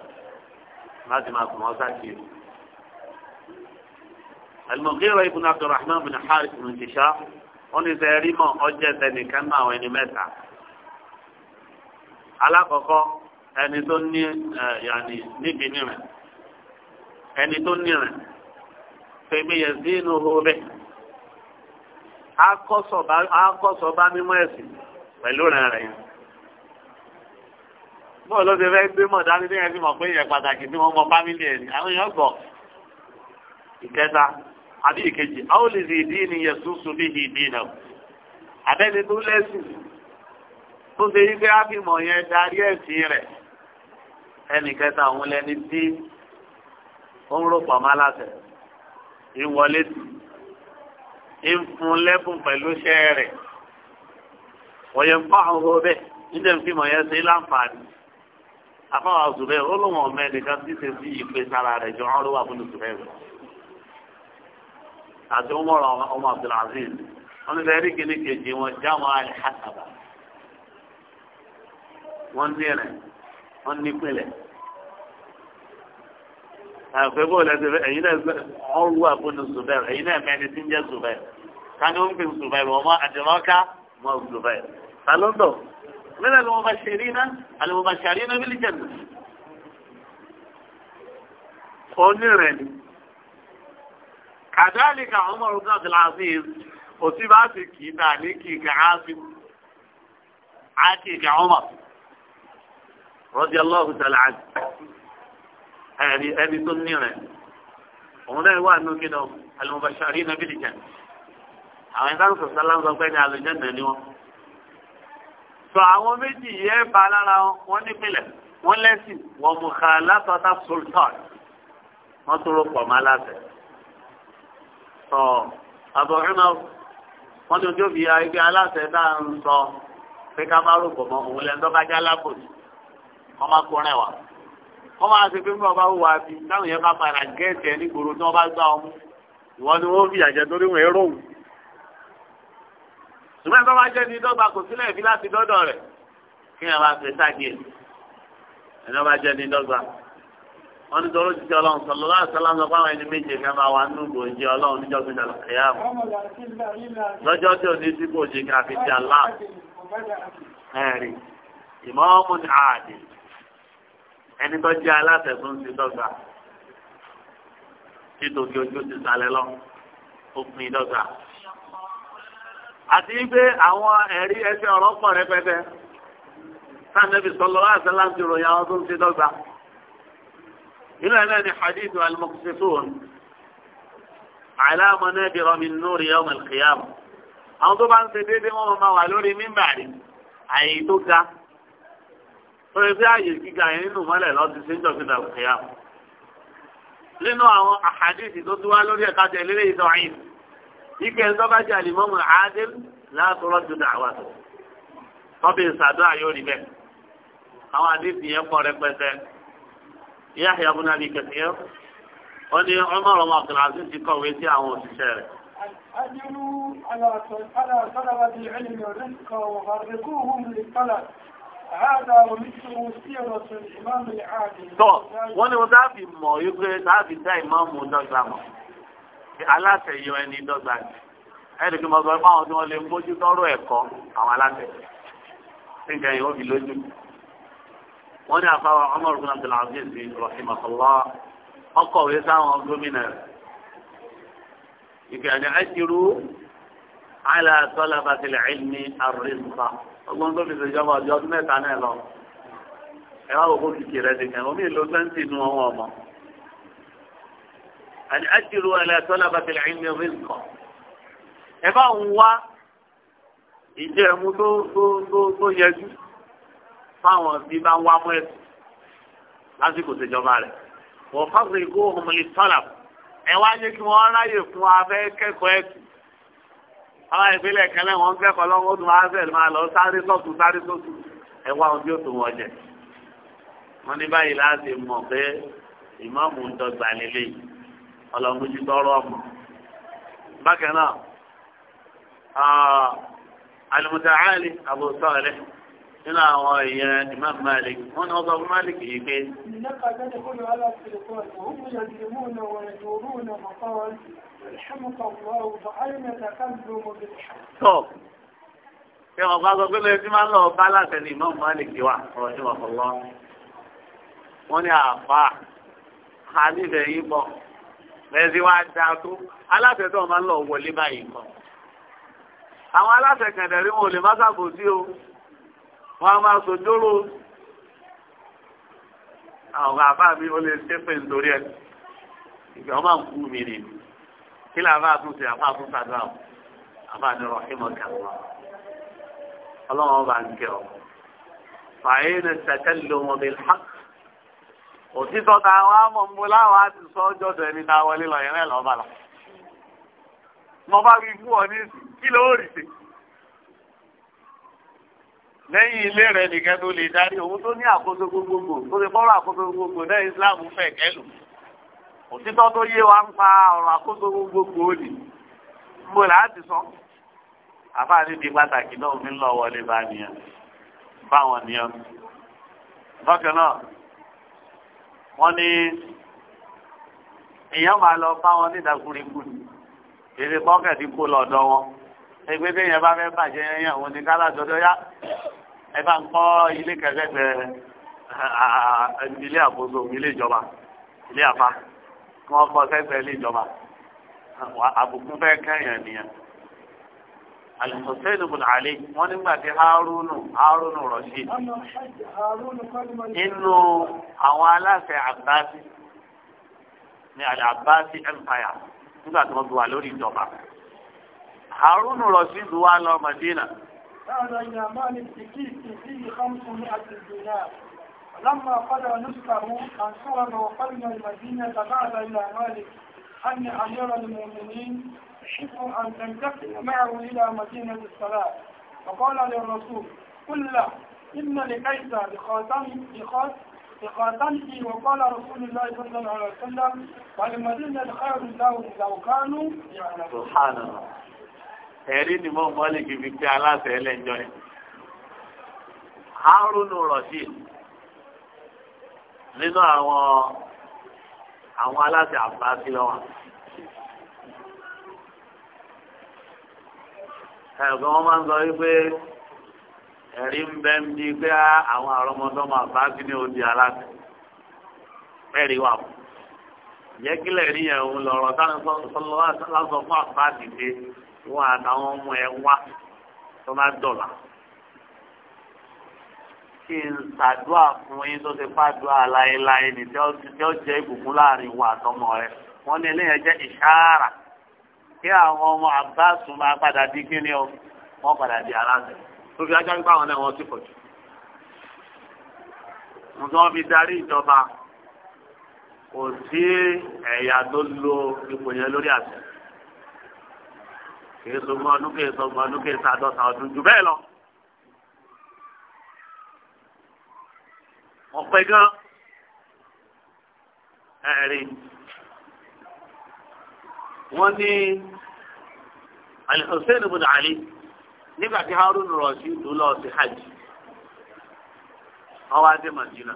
láti máa kùn wọ́n sákìrì. المغيرة بن عبد الرحمن بن حارث بن هشام wọn ìfẹ́ rí mọ̀ ọjọ́ ẹnìkan náà àwọn ẹni mẹ́ta alákọ̀ọ́kọ́ ẹni tó ní yàní níbi nírẹ̀ ẹni tó nírẹ̀ fèmí yẹn sí inú hóbẹ́ akọ́sọ̀ bá mímọ́ ẹ̀sìn pẹ̀lú rẹ̀ rẹ̀ yẹn. bọ́ọ̀ ló ṣe fẹ́ gbé mọ̀ dání ní ẹ̀sìn mọ̀ pé ìyẹn pàtàkì tí wọ́n mọ fámìlì ẹ̀ ní àwọn èèyàn gbọ́. ìkẹta àbí ìkejì àwọn olè sì dín ní yẹsùsù bí ìdí náà. àbẹ́ni tó lẹ́sìn tó ṣe yí pé ábìmọ̀ yẹn darí ẹ̀sìn rẹ̀ ẹnì kẹta òun lẹni tí ó ń rò pọ̀ mọ́ aláṣẹ ìwọlé ń fún lẹ́bùn pẹ̀lú iṣẹ́ rẹ̀ wọ̀nyẹn fún àwọn ọmọ bẹ́ẹ̀ níjẹ́ fi mọ̀ yẹn ṣe láǹfààní afáwọn àzùbẹ́ olóhùn ọmọ ẹnìkan tí ṣe sí ìpè sára rẹ̀ jọ ọrọ̀ wà fún ìṣúná ẹ̀rọ àti umar ọmọ abdulaziz wọn ní bẹ́ẹ̀ rí kíní kejì wọn jáwọn alihasaba wọn ní ẹ̀rẹ̀ wọn ní pínlẹ̀ àfẹ́ bó lẹ́sẹ̀ fẹ́ ẹ̀yin náà ọrọ̀ wà fún ìṣúná ẹ̀rọ ẹ̀yin náà mẹ́rin tí ń jẹ́ ṣùbẹ́ ká ní ó ń pè ṣùbẹ́ ọmọ àdìrọ́ká mọ́ ṣùbẹ́ ẹ̀rọ alọ́dọ̀ mẹ́rin ló máa ṣe rí náà àlùmọ́ máa ṣe àríyànjú bí lìjẹ̀ náà. onírẹ̀ ni kàdáàlì ka ọmọ ọdún abdulaziz òsì bá ti kì í náà ní kì í ka áfin ákì ka ọmọ radiyallahu ta'ala anhu ẹni ẹni tó nírẹ̀ òun náà wà nínú kí náà àlùmọ́ máa ṣe àríyànjú bí lìjẹ̀ náà àwọn ìdáhùn sọ̀tà láǹzọ̀ pé ní àlùjẹ́ náà ni wọ́n sọ àwọn méjì yẹ bá lára wọn nípìnlẹ̀ wọn lẹ́sìn wọn mú ká látọ̀tà sultan wọn tó rọpò má láṣẹ. sọ àbọ̀rìnà wọn tó jóbi ayé aláṣẹ náà ń sọ pé ká má rọpò mọ òun lẹ́ńdọ́ kájá lábòsí wọn má kó rẹwà wọ́n máa ṣe pé bí wọ́n bá wà bí táwọn yẹn bá padà gẹ́ẹ̀tì ẹ̀ nígboro tí wọ́n bá gbá ọmú ìwọ ni wọ́n fi àjẹ́ torí wọn èrò òun ṣùgbọ́n tó bá jẹ́ ní dọ́gba kò sílẹ̀ fi láti dọ́dọ̀ rẹ̀ kí ni a máa fi sáàgì ẹ̀ ẹni tó bá jẹ́ ní dọ́gba. wọ́n ní tọ́lọ́ jíjẹ́ ọlọ́run sọ lọ́la sọ́lá ń sọ fáwọn ẹni méje kí a máa wà nínú gbòǹjẹ ọlọ́run níjọ́ fi dàlọ́ kẹ́yà mọ́. lọ́jọ́ tí o ní sí gbòǹjẹ kí a fi ti àlá. ẹ̀rì ìmọ̀ọ́mù ni àdì ẹni tó jẹ́ aláṣẹ ti dọ́gba títòkì ojú ti sálẹ̀ lọ àti wípé àwọn ẹ̀rí ẹsẹ̀ ọ̀rọ̀ pọ̀ rẹpẹtẹ sanabi sọlọ láti láti ròyìn àwọn tó ń ṣe dọ́gba inú ẹ̀ náà ni hadith al-muqsitun àìláàmọ́ náà bí rọmi nùrí yawm al-qiyam àwọn tó bá ń ṣe déédéé wọn máa wà lórí mímbàrí àyè tó ga torí bí àyè gíga yẹn nínú mọ́lẹ̀ lọ́dún sí ìjọba ìdàgbà al-qiyam nínú àwọn àhàdìsì tó tún wá lórí ẹ̀ka tẹ̀lé lẹ́yìn àyè ike ń sọ́ba jẹ́ alimọ́mù adil látọ̀rọ̀ ju dàwa tó wọ́n fi ṣàdúrà yóò rí bẹ́ẹ̀ àwọn àdìsí yẹn pọ̀ rẹpẹtẹ Yahya ibn Abi Kathir wọ́n ní ọmọ ọ̀rọ̀ ọmọ ọ̀kùnrin àti ti kọ̀wé sí àwọn òṣìṣẹ́ rẹ̀. أجروا على طلبة العلم والرزق وغرقوهم للطلب هذا ومثله سيرة الإمام العادل. wọ́n ní wọ́n sáà fi mọ̀ yí pé sáà fi dá aláṣẹ yọ ẹni dọ́gba ni ẹni kí mo sọ fún àwọn tí wọ́n lè mójú tọ́rọ̀ ẹ̀kọ́ àwọn aláṣẹ nǹkan yìí ó fi lójú. wọ́n ní àfáwà Umar ibn Abdul Aziz rahimahullah ọkọ̀wé sáwọn gómìnà rẹ̀ ìkànnì àjírú ala talabati al-ilmi ar-rizqa ọgbọ́n tó fi ṣèjọba ọjọ́ ọdún mẹ́ta náà lọ ẹ wá wò ó kìkì àti àjùrò ẹlẹ́tọ́lá bàtà ìlànà rìnkọ̀. ẹ bá ń wá ìjẹ́ ẹ̀mú tó tó tó tó yẹjú fáwọn tí bá ń wá mú ẹ̀sùn lásìkò ìṣèjọba rẹ̀. wọ́n fásitì kó ọmọlẹ̀ tọ́lá ẹ wá ní kí wọ́n ráyè fún abẹ́ kẹ́kọ̀ọ́ ẹ̀sùn. àwọn ìpínlẹ̀ kẹlẹ́ wọn kẹ́kọ̀ọ́ lọ́wọ́ tó máa fẹ́ máa lọ sáré sọ́tún sáré sọ́tún ẹ wá ohun tí ó tó wọ́n jẹ. wọ́n ní báyìí láti mọ̀ pé ìmọ̀ọ́mù ọlọ́mọdé tọrọ ọmọ bákan náà alimutaali abu sọọlẹ nínú àwọn èèyàn imam malik wọn ni wọn sọ fún malik yìí pé. tọ́ ṣé wọn bá sọ pé lóye tí máa ń lọ bá láti ní imam malik wà ọ̀rọ̀ sí wọn fọlọ́ wọn ni àfa àníbẹ̀ yìí bọ̀ lẹ́sìn wá dáa tó aláṣẹ tó máa ń lọ wọlé báyìí kan àwọn aláṣẹ kẹ̀dẹ̀rí wọn ò lè má ṣàbòsí o wọn a máa sojóró àwọn àbá mi ó lè ṣépè nítorí ẹ ìgbà wọn máa ń kú mi nìyí kí lè àbá àtúnṣe àbá àtúnṣe àdúrà o àbá ni rọ̀hìmọ̀ kàwọ́ ọlọ́run ọba ń kẹ́ ọ fàáyé ní sàkẹ́lì lọ́wọ́ bẹ́ẹ̀ hàkì òtítọ́ ta wá mọ̀ ń bo láwọn àti sọ ọjọ́ tó ẹni ta wọlé lọ yẹn náà lọ́ọ́ bàlá. mo bá fi fún ọ ní kí ló rì sí. lẹ́yìn ilé rẹ̀ nìkan tó lè darí òun tó ní àkóso gbogbogbò tó lè bọ́rọ̀ àkóso gbogbogbò náà Islam fẹ̀ kẹ́lù. òtítọ́ tó yé wa ń pa ọ̀rọ̀ àkóso gbogbogbò òdì ń bo láti sọ. àfáàní di pàtàkì náà fi ń lọ wọlé bá nìyẹn báwọn nìyẹn. bákan náà wọ́n ní èèyàn máa lọ bá wọn nídàkúrẹ́kù èrè pọ́kẹ̀tì kó lọ́dọ̀ wọn ẹgbẹ́ tí èèyàn bá fẹ́ bàjẹ́ yẹn òun ní kálásọdọ́ yá ẹ bá ń kọ́ ilé kẹsẹ̀gbẹ́ ilé àkóso ilé ìjọba ilé àfa kí wọ́n kọ́ sẹ́gbẹ́ ilé ìjọba àbùkù fẹ́ kẹ́yìn nìyẹn alhussein ibn ali wọ́n nígbà tí harunu harunu rashid inú àwọn aláṣẹ abbasi ní al-abbasi empire nígbà tí wọ́n bí wà lórí ìjọba harunu rashid wà lọ madina. هذا يمان التكيس فيه خمسمائة دينار لما قضى نصفه انصرم وقلنا المدينة بعد إلى مالك أن أمير المؤمنين شئتم أن تنتقل معه إلى مدينة الصلاة فقال للرسول قل لا إن لقيس بخاتم بخاتم بخاتمه وقال رسول الله صلى الله عليه وسلم فالمدينة خير لهم لو كانوا يعلمون سبحان الله ẹ̀rí ni mọ́ mọ́lìkì fi pé aláṣẹ ẹlẹ́jọ́ ẹ̀ harunu rashid nínú àwọn àwọn aláṣẹ àbáṣí ẹ̀gbọ́n wọn máa ń sọ wípé ẹ̀rí ń bẹ́ ń di pé àwọn àrọ́mọdọ́mọ àbáàbí ní odi aláṣẹ ẹ̀rí wà fún jẹ́ kí lẹ́rí yẹn òun lọ́rọ̀ lásán fún àbáàbí pé wọn àtàwọn ọmọ ẹ wá tó bá dọ̀là kí n ṣàdúrà fún yín tó ti fàdúrà láéláé ní tí ó jẹ́ ìbùkún láàrin wa àtọmọ rẹ wọ́n ní eléyẹn ìṣáàrà kí àwọn ọmọ àbáṣù máa padà di kíni o wọ́n padà di aláṣẹ tó fi ajá wípé àwọn náà wọ́n ti pọ̀ jù. nǹkan wọn fi darí ìjọba kò sí ẹ̀yà tó lo ipò yẹn lórí àṣẹ kìí sọgbọn ọdún kìí sọgbọn ọdún kìí sàdọ́ta ọdún jù bẹ́ẹ̀ lọ. ọ̀pẹ gan-an wọ́n ní alhussein ibn ali nígbà tí harun rọ̀ṣì tó lọ sí hajj wọ́n wá dé madina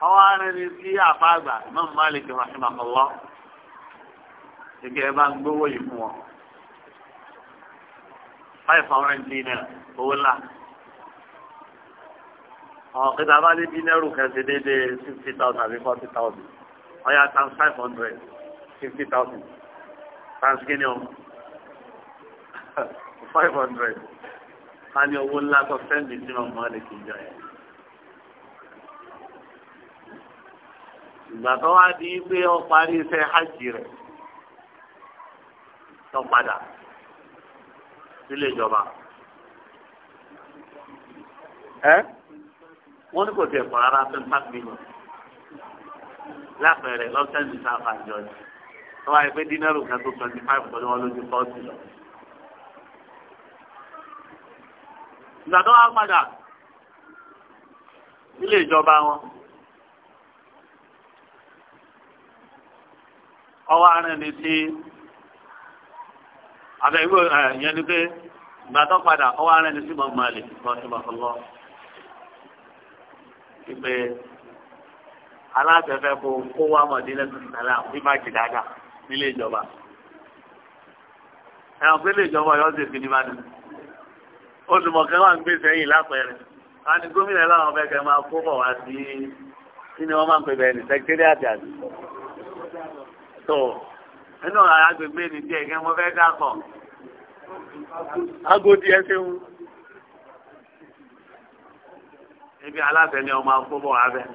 wọ́n wá rẹ́ni sí àfáàgbà imam malik rahimahullah gẹ́gẹ́ ẹ bá ń gbówó yìí fún wọn five hundred dinar owó ńlá àwọn bá ní dínẹ́rù kẹsì déédéé sixty thousand àbí forty thousand ọ̀yà times five hundred fifty thousand times kí ni ọ five hundred a ní owó ńlá tó sẹ́ńdì sí ọmọ rẹ̀ kì yẹn. ìgbà tó wá di pé ó parí iṣẹ́ hajj rẹ̀ tó padà sílé ìjọba. ẹ wọ́n ní kò tiẹ̀ kọ́ rárá tó ń tàbí lápẹẹrẹ lọ́sẹ̀ ní sáfà jọjì tó wáyé pé dínárù kan tó twenty five pẹ̀lú wọn lójú fọ́ọ̀tì lọ. ìgbà tó wá padà nílé ìjọba wọn ọwọ́ arìn ni ti abẹ́ ìwé ni pé ìgbà tó padà ọwọ́ arìn ni sí mọ̀ mọ́lẹ̀ lọ́sibọ̀ aláṣẹfẹ kó kó wá mọ̀dínlẹ̀ tìtàlá bí má jì dáadáa nílé ìjọba ẹ̀wọ̀n pé ilé ìjọba yóò ṣe fi ní bá dùn oṣù mọ̀kẹ́wà ń gbé sẹ́yìn lápẹẹrẹ wọn ni gómìnà láwọn fẹ́ kẹ́ máa kó bọ̀ wá sí kí ni wọ́n máa ń pè bẹ́ẹ̀ ní sẹ́kítẹ́rìàtì àti tó nínú agbègbè ní díẹ̀ kí wọ́n fẹ́ dákọ̀ agodi ẹsẹ̀ wù ibi aláṣẹ ni ọmọ akóbọ̀ abẹ́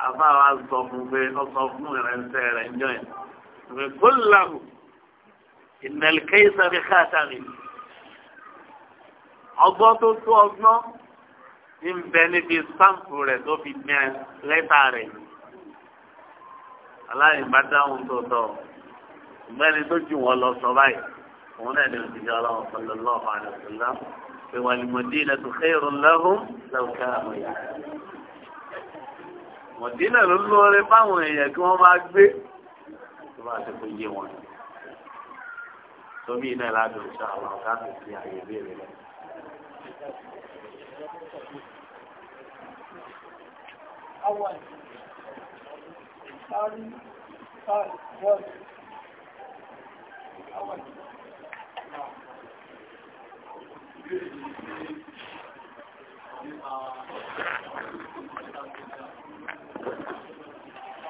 àfa wa sọ fún pé ọsọ fún ìrẹsẹ rẹ ń jọyìn ìwé kólàmù ìnàlìkẹ́ ìsàbí káàtàmì ọgbọ́n tó tó ọgbọ́n ń bẹ níbi sáǹpù rẹ̀ tó fi ní lẹ́tà rẹ̀ aláìní bá dáhùn tó tọ̀ ìgbẹ́ni tó jù wọ́n lọ sọ báyìí òun náà ní òṣìṣẹ́ ọlọ́run sallallahu alaihi wasallam pé wal madinatu khairun lahum law kanu ya'lamun mọ̀dínà ló lóore báwọn èèyàn kí wọ́n máa gbé tó bá ti kó yé wọn tóbi iná ìlàdùn ìṣọ àwọn ọ̀gá tó fi àyè béèrè lọ. Thank you.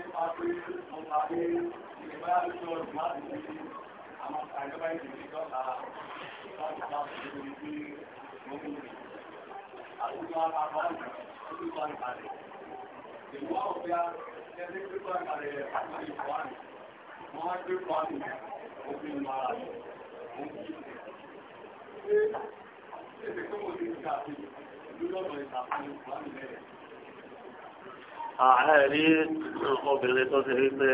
Ìgbésẹ̀ tó wọ́n ti ń gbà sí ìlú lọ́dọ̀ ìtàkùn ìgbàlù mẹ́rin àárí obìnrin tó ti rí pé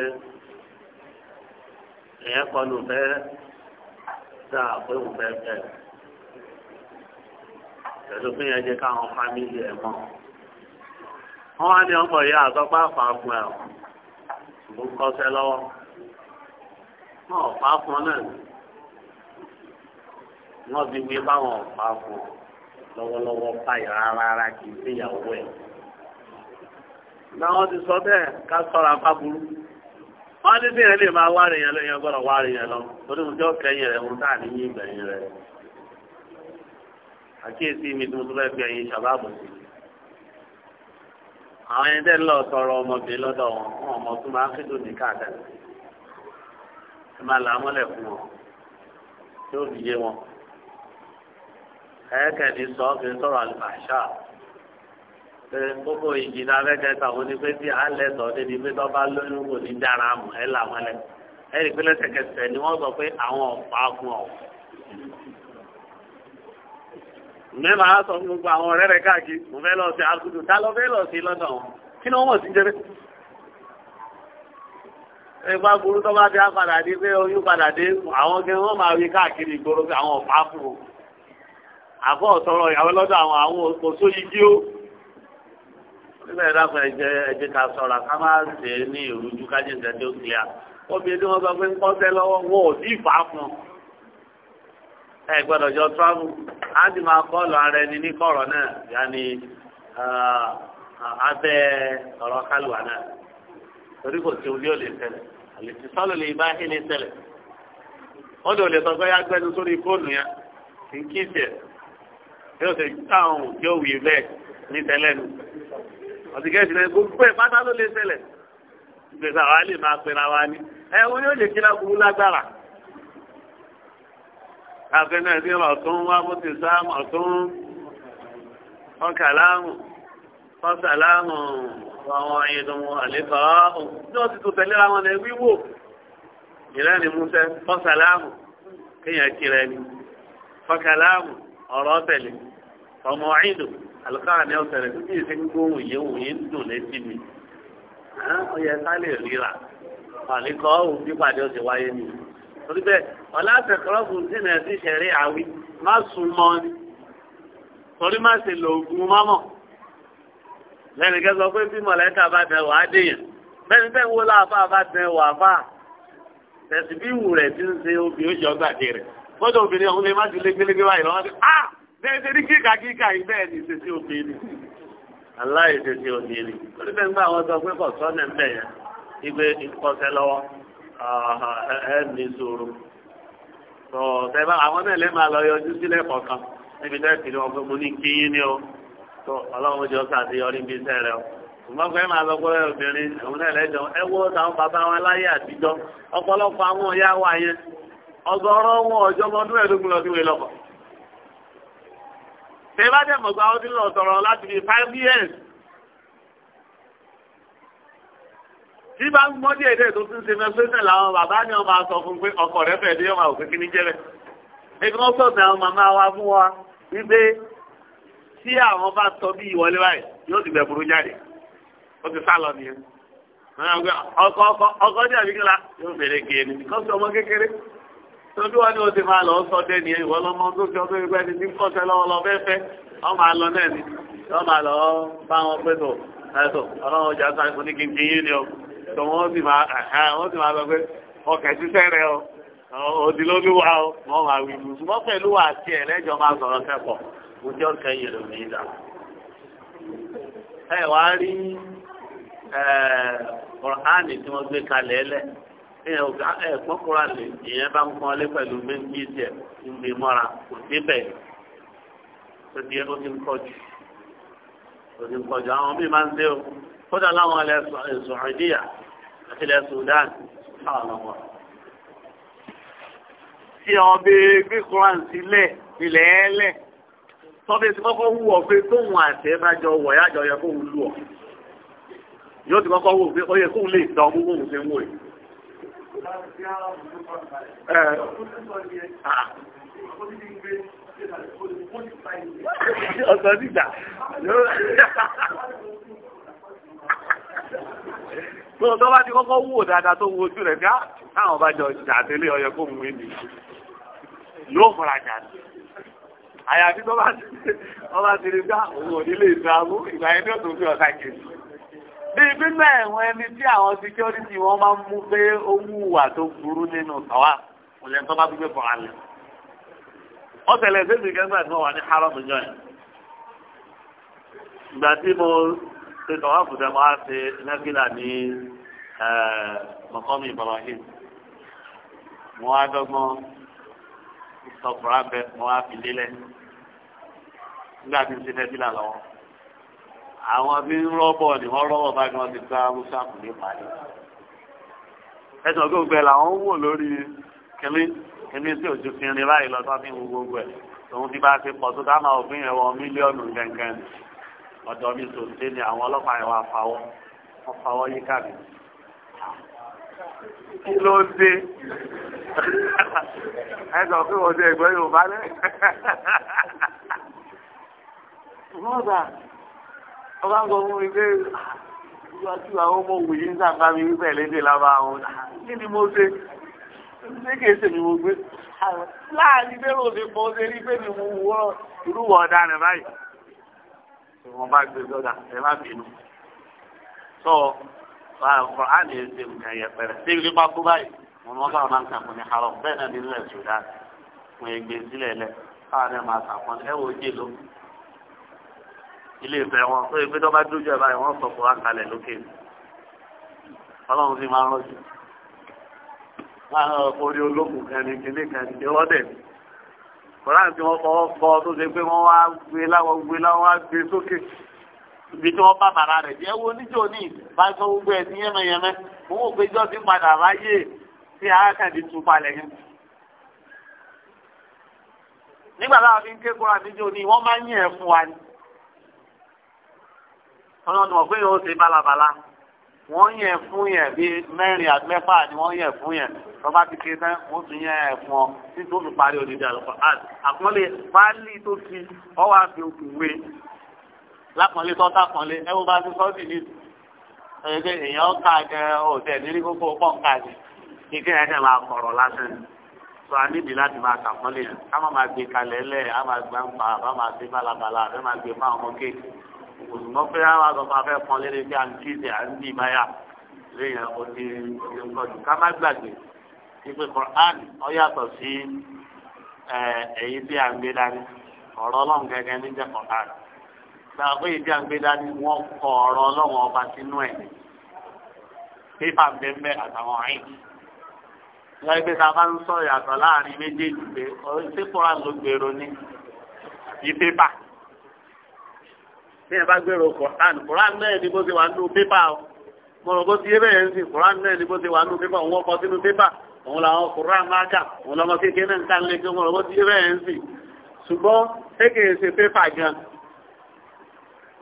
èèyàn kan ló fẹ́ dá pé òun fẹ́ bẹ̀ pẹ̀lú pé yẹn jẹ́ káwọn fámìlì ẹ̀ mọ̀ wọ́n wá ní ọkọ̀ yìí àtọ́pá fàákùn ẹ̀ ló ń kọ́sẹ́ lọ́wọ́ wọn ò fà fún ọ náà wọ́n ti wí báwọn ò fún lọ́wọ́lọ́wọ́ báyìí rárá kì í sí ìyàwó ẹ̀ làwọn ti sọ bẹ́ẹ̀ ká sọ̀rọ̀ àpapọ̀rú wọ́n ní bí yẹn máa wá rẹ̀ yẹn yẹn gbọ́dọ̀ wá rẹ̀ yẹn lọ torí mo rẹ̀ mo tá ní yín gbẹ̀yìn rẹ̀ àkíyèsí mi tó fẹ́ fi ẹ̀yin ṣàbábọ̀ sí àwọn ẹni tẹ́ lọ tọrọ ọmọbìnrin lọ́dọ̀ wọn fún ọmọ tó máa kédò ní káàkiri ẹ máa là á mọ́lẹ̀ fún wọn tí fi yé wọn ẹ̀ẹ́kẹ̀ẹ́ni sọ gbogbo ìjì náà fẹ́kẹ́ tàwọn onígbé tí à ń lẹ́tọ̀ọ́ débi pé tọ́ba lóyún kò ní dára mọ̀ ẹ́ là wọlé ẹ̀rí pé lẹ́sẹ̀kẹsẹ̀ ni wọ́n sọ pé àwọn ọ̀pá fún ọ̀. mi máa sọ fún gbogbo àwọn ọ̀rẹ́ rẹ̀ káàkiri mo fẹ́ lọ sí akudu ta lọ fẹ́ lọ sí lọ́dọ̀ wọn kí ni wọ́n mọ̀ sí jẹ́rẹ́. ìgbà burú tọ́ba ti á padà dé pé oyún padà dé àwọn gẹ́gẹ́ wọ́n máa wí káàkiri ìgboro pé àwọn ọ̀pá fún o àbọ̀ ọ̀tọ̀rọ̀ nígbà yẹn dákun ká sọ̀rọ̀ ká má ṣe ní ìrújú kájí nǹkan tó kíá obìnrin tí wọ́n sọ ń kọ́sẹ́ lọ́wọ́ wọn ò sí ìfà fún un ẹ gbọ́dọ̀ jọ máa kọ́ ara ẹni ní kọ̀rọ̀ náà yanni abẹ́ ọ̀rọ̀ kálùwà náà torí kò sí ojú ò lè tẹ̀lẹ̀ àlètí sọ́lù lè bá hí lè tẹ̀lẹ̀ ó yá gbẹ́nu sórí fóònù kí yóò ọ̀sìnkẹ́ ìṣẹ̀lẹ̀ gbogbo ẹ̀ pátá ló lè ṣẹlẹ̀ gbèsè àwa lè máa pera wa ní ẹ wọn yóò lè kíra burú lágbára àfẹnà ìdíyàn ọ̀tún wá bó ti sáàmù ọ̀tún ọkàlámù ọsàlámù àwọn ìdùnnú àlékọ́ ní wọ́n ti tó tẹ̀lé ra wọn lẹ wíwò ìrẹ́ni músẹ́ ọsàlámù kéèyàn kíra ẹni ọkàlámù ọ̀rọ̀ tẹ̀lé ọmọ ìdùnnú àlùkára ọ̀sẹ̀ rẹ̀ bí èsì gbóhùn yìí yìí ń dùn létí mi ó yẹ ríra àlékọ́ òun pípàdé ọ̀sẹ̀ wáyé mi torí bẹ́ẹ̀ ọ̀làtẹ̀kọ́rọ́gùn tí nà sí ṣẹ̀rí àwí má sùn mọ́ ni torí má ṣe lo oògùn mọ́mọ́ lẹ́nu kẹ́ sọ pé bí mọ̀lẹ́ta bá tẹ̀ wàá dèèyàn bẹ́ẹ̀ni bẹ́ẹ̀ wo láàfà bá tẹ̀ wàá fà tẹ̀sí bí wù rẹ̀ ti ń ṣe obì jọ gbàdé rẹ̀ fọ́tò obìnrin ọ̀hún lè má ti lé gbélégbé báyìí lọ́wọ́ bẹ́ẹ̀ ní kika kika yìí bẹ́ẹ̀ ní ìṣesí obìnrin obiri obìnrin oníbẹ̀ ń gbà wọ́n sọ pé kò sọ́nà ń bẹ̀ yẹn ìkọsẹ̀ lọ́wọ́ ẹ̀ sòrò tó tẹ́lá àwọn náà lè máa lọ yọjú sílẹ̀ kọ̀ọ̀kan níbi o ọlọ́run jọ bí iṣẹ́ rẹ o máa lọ tẹ́lá dẹ̀ mọ̀gbà ọdún lọ sọ̀rọ̀ láti fi five years. tí bá ń mọ́ díẹ̀ díẹ̀ tó ti ń ṣe menstruation làwọn bàbá ni wọ́n sọ fún pé ọkọ rẹ̀ fẹ̀ dé ọmọ òkè kí ní jẹ́ bẹ́ẹ̀. ebi wọ́n àwọn màmá wa fún wa wípé tí àwọn bá sọ bí ìwọlé báyìí yóò ti bẹ̀ burú jáde ó ti sá lọ nìyẹn. ọkọ ọkọ ọkọ ní àbíkíla yóò fèrè kéènì kọ́sì ọmọ kékeré. tóbi ọnụ ni o ti máa lọ sọ dẹni ẹ ìwọ lọmọ tó fi ọdún ọ náà ni ọ máa lọ bá wọn tó ẹ̀tọ́ fún ní kí n ọ tó wọ́n sì máa lọ pé ọ wọ́n máa wí ṣùgbọ́n pẹ̀lú àti máa sọ̀rọ̀ ojú ọ̀kẹ́ ló ẹ̀gbọ́n kura lè ìyẹn bá ń pọ́n lé pẹ̀lú méjì tiẹ̀ ń mọ́ra kò débẹ̀ tó di ó ti ń kọjú ó ti ń kọjú àwọn míì máa ń dé o kódà láwọn ilẹ̀ Saudiya eh, àti ilẹ̀ Sudan káwọn ọmọ. tí àwọn bí gbé kuran sílẹ̀ ilẹ̀ ẹlẹ̀ tọ́bí ti kọ́kọ́ wù ọ́ pé tóun àti ẹ bá jọ wọ̀ yájọ yẹ kóun lù ọ́ yóò ti kọ́kọ́ wù pé ó yẹ kóun lè dán Eh. ọ̀sán dídà tó bá ti kọ́kọ́ wò dáadáa tó wo ojú rẹ̀ bí ah, táwọn bá jọ jàdélé ọyọ kó mú èdè yóò fara jàdé àyàfi tó bá ti rí bí àwọn onílé ìdáàbò ìgbà ẹni ọ̀tún fi ọ̀sán kejì bí ìpínlẹ̀ ẹ̀wọ̀n ẹni tí àwọn security wọn máa ń mú pé ó wùwà tó burú nínú tọ́wà kò lẹ́nu tó bá gbé bọ̀ alẹ̀. wọ́n tẹ̀lé ṣéṣì kẹ́gbà tí wọ́n wà ní haram jọ yẹn. ìgbà tí mo ṣe tọ́wà fùdẹ́ mo ṣe nẹ́fìlà ní mọ̀kọ́mì Ibrahim. mo á dọ́gbọ́n sọ̀kùnrin abẹ mo á fi lélẹ̀ nígbà tí mo ṣe nẹ́fìlà lọ́wọ́ àwọn bí ń rọ́bọ̀ ni wọ́n rọ́bọ̀ bá ní ti gba rúṣàkù ní ìpàdé ẹ̀sùn ọgọ́ gbẹ làwọn wò lórí kínní tí òjò fi rin báyìí lọ sọ́fín wo gbogbo ẹ̀ tòun ti bá ti pọ̀ tó dáhùn òfin ẹ̀wọ̀n mílíọ̀nù gẹ̀ǹgẹ̀ǹ ọ̀dọ̀ mi tó dé ni àwọn ọlọ́pàá yẹn wà fáwọ́ wọ́n fáwọ́ yí kàbí kí ló dé ẹ̀sùn ọgọ́ òde ẹ̀gbẹ́ Yorùbá lẹ́ ọba ń sọ fún mi pé ìwájú àwọn ọmọ òwòye ń sàǹkà mi wípé ẹlẹ́dẹ̀ lábá àwọn kí ni mo ṣe ṣé kìí ṣe ni mo gbé láàrin bẹ́ẹ̀ ò ní mọ ṣe rí pé ni mo wọ irúwọ̀ ọ̀daràn báyìí tí wọ́n bá gbé sọ́dà ẹ má bínú. sọ ọ̀rán lè ṣe nǹkan yẹpẹrẹ tí ìlú bá kú báyìí mo mọ báwọn máa ń sàkó ní harọ bẹ́ẹ̀ náà nílẹ̀ Sudan mo ègbè sílẹ̀ lẹ̀ káwọn ẹ̀ máa sàkó ẹ̀ wò ó jè lóko ilé ìfẹ́ wọn tó yẹ pé tó bá dójú ẹ̀ báyìí wọ́n sọ fún wa kalẹ̀ lókè ọlọ́run sì máa ń rọ́jú máa ń orí ológun kẹni kìíní kẹni ìrọ́dẹ̀ kòrán tí wọ́n fọwọ́ fọ tó ṣe pé wọ́n wá gbé láwọn gbé láwọn wá gbé sókè ibi tí wọ́n bá bàrà rẹ̀ jẹ́ wo níjọ́ ní bá sọ gbogbo ẹ̀ sí yẹmẹyẹmẹ wọn ò péjọ́ sí padà ráyè sí arákàndí tú palẹ̀ yẹn nígbà táwọn fi ń ké kóra níjọ́ ní wọ́n máa ń yẹ̀ fún wa ni wọ́n mọ̀ yóò ṣe bálabàla wọ́n yẹ̀ fún yẹ̀ bí mẹ́rin àti ni wọ́n yẹ̀ fún yẹ̀ tọ́ba ti ké tán wọ́n tún yẹ̀ fún ọ tí tó fi parí odidi àlùfáàlì àpọ́nlé páálí tó ti ọwọ́ àfi òkú wé lápọ́nlé tọ́ta pọ́nlé ẹ bá ti sọ́ọ́sì ní ẹgbẹ́ èèyàn ká jẹ òtẹ̀ nílí kókó pọ̀ ń ká jẹ kíkẹ́ ẹ̀jẹ̀ máa kọ̀rọ̀ lásán sọ àníbi láti máa ṣàpọ́nlé yẹn ká má máa gbé kalẹ̀ lẹ̀ òṣùgbọ́n pé àwọn àgbàfà fẹ́ pọn lé lẹ́gbẹ́ àǹtí ìṣe à ń bì máyà lẹ́yìn òde ìkọjú ká má gbàgbé ìpè Quran ó yàtọ̀ sí èyí tí à ń gbé dání ọ̀rọ̀ ọlọ́run gẹ́gẹ́ ní jẹ́ Quran gbà pé ìdí à ń gbé dání wọ́n kọ ọ̀rọ̀ ọlọ́run ọba sínú ẹ̀ pépà bẹ́ẹ̀ àtàwọn ọ̀rìn wọ́n gbé ta bá ń sọ ìyàtọ̀ láàrin méjèèjì pé ọ̀rọ̀ sí Quran ló gbèrò ní bí bí ẹ bá gbèrò koran koran náà ni bó ṣe wà nínú pépà o mo rò bó ti yé bẹ́ẹ̀ ń sìn koran náà ni bó ṣe wà nínú pépà òun ọkọ sínú pépà òun làwọn koran máa kà òun lọmọ kékeré náà ń ká lé kí mo rò bó ti yé bẹ́ẹ̀ ń sìn ṣùgbọ́n kékeré ṣe pépà gan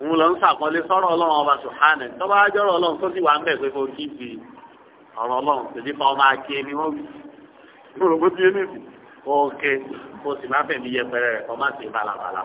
òun lọ ń sàkọlé sọ́rọ̀ ọlọ́run ọba sùhánẹ̀ tọ́ba ajọ́rọ̀ ọlọ́run tó sì wà ń bẹ̀ pé fún kí fi ọ̀rọ̀ ọlọ́run tèmi fa ọmọ akíye ni wọ́n wí mo rò bó ti yé nìyí òkè kó sì má fẹ̀mí yẹpẹrẹ rẹ̀ kọ́ má sì balabala.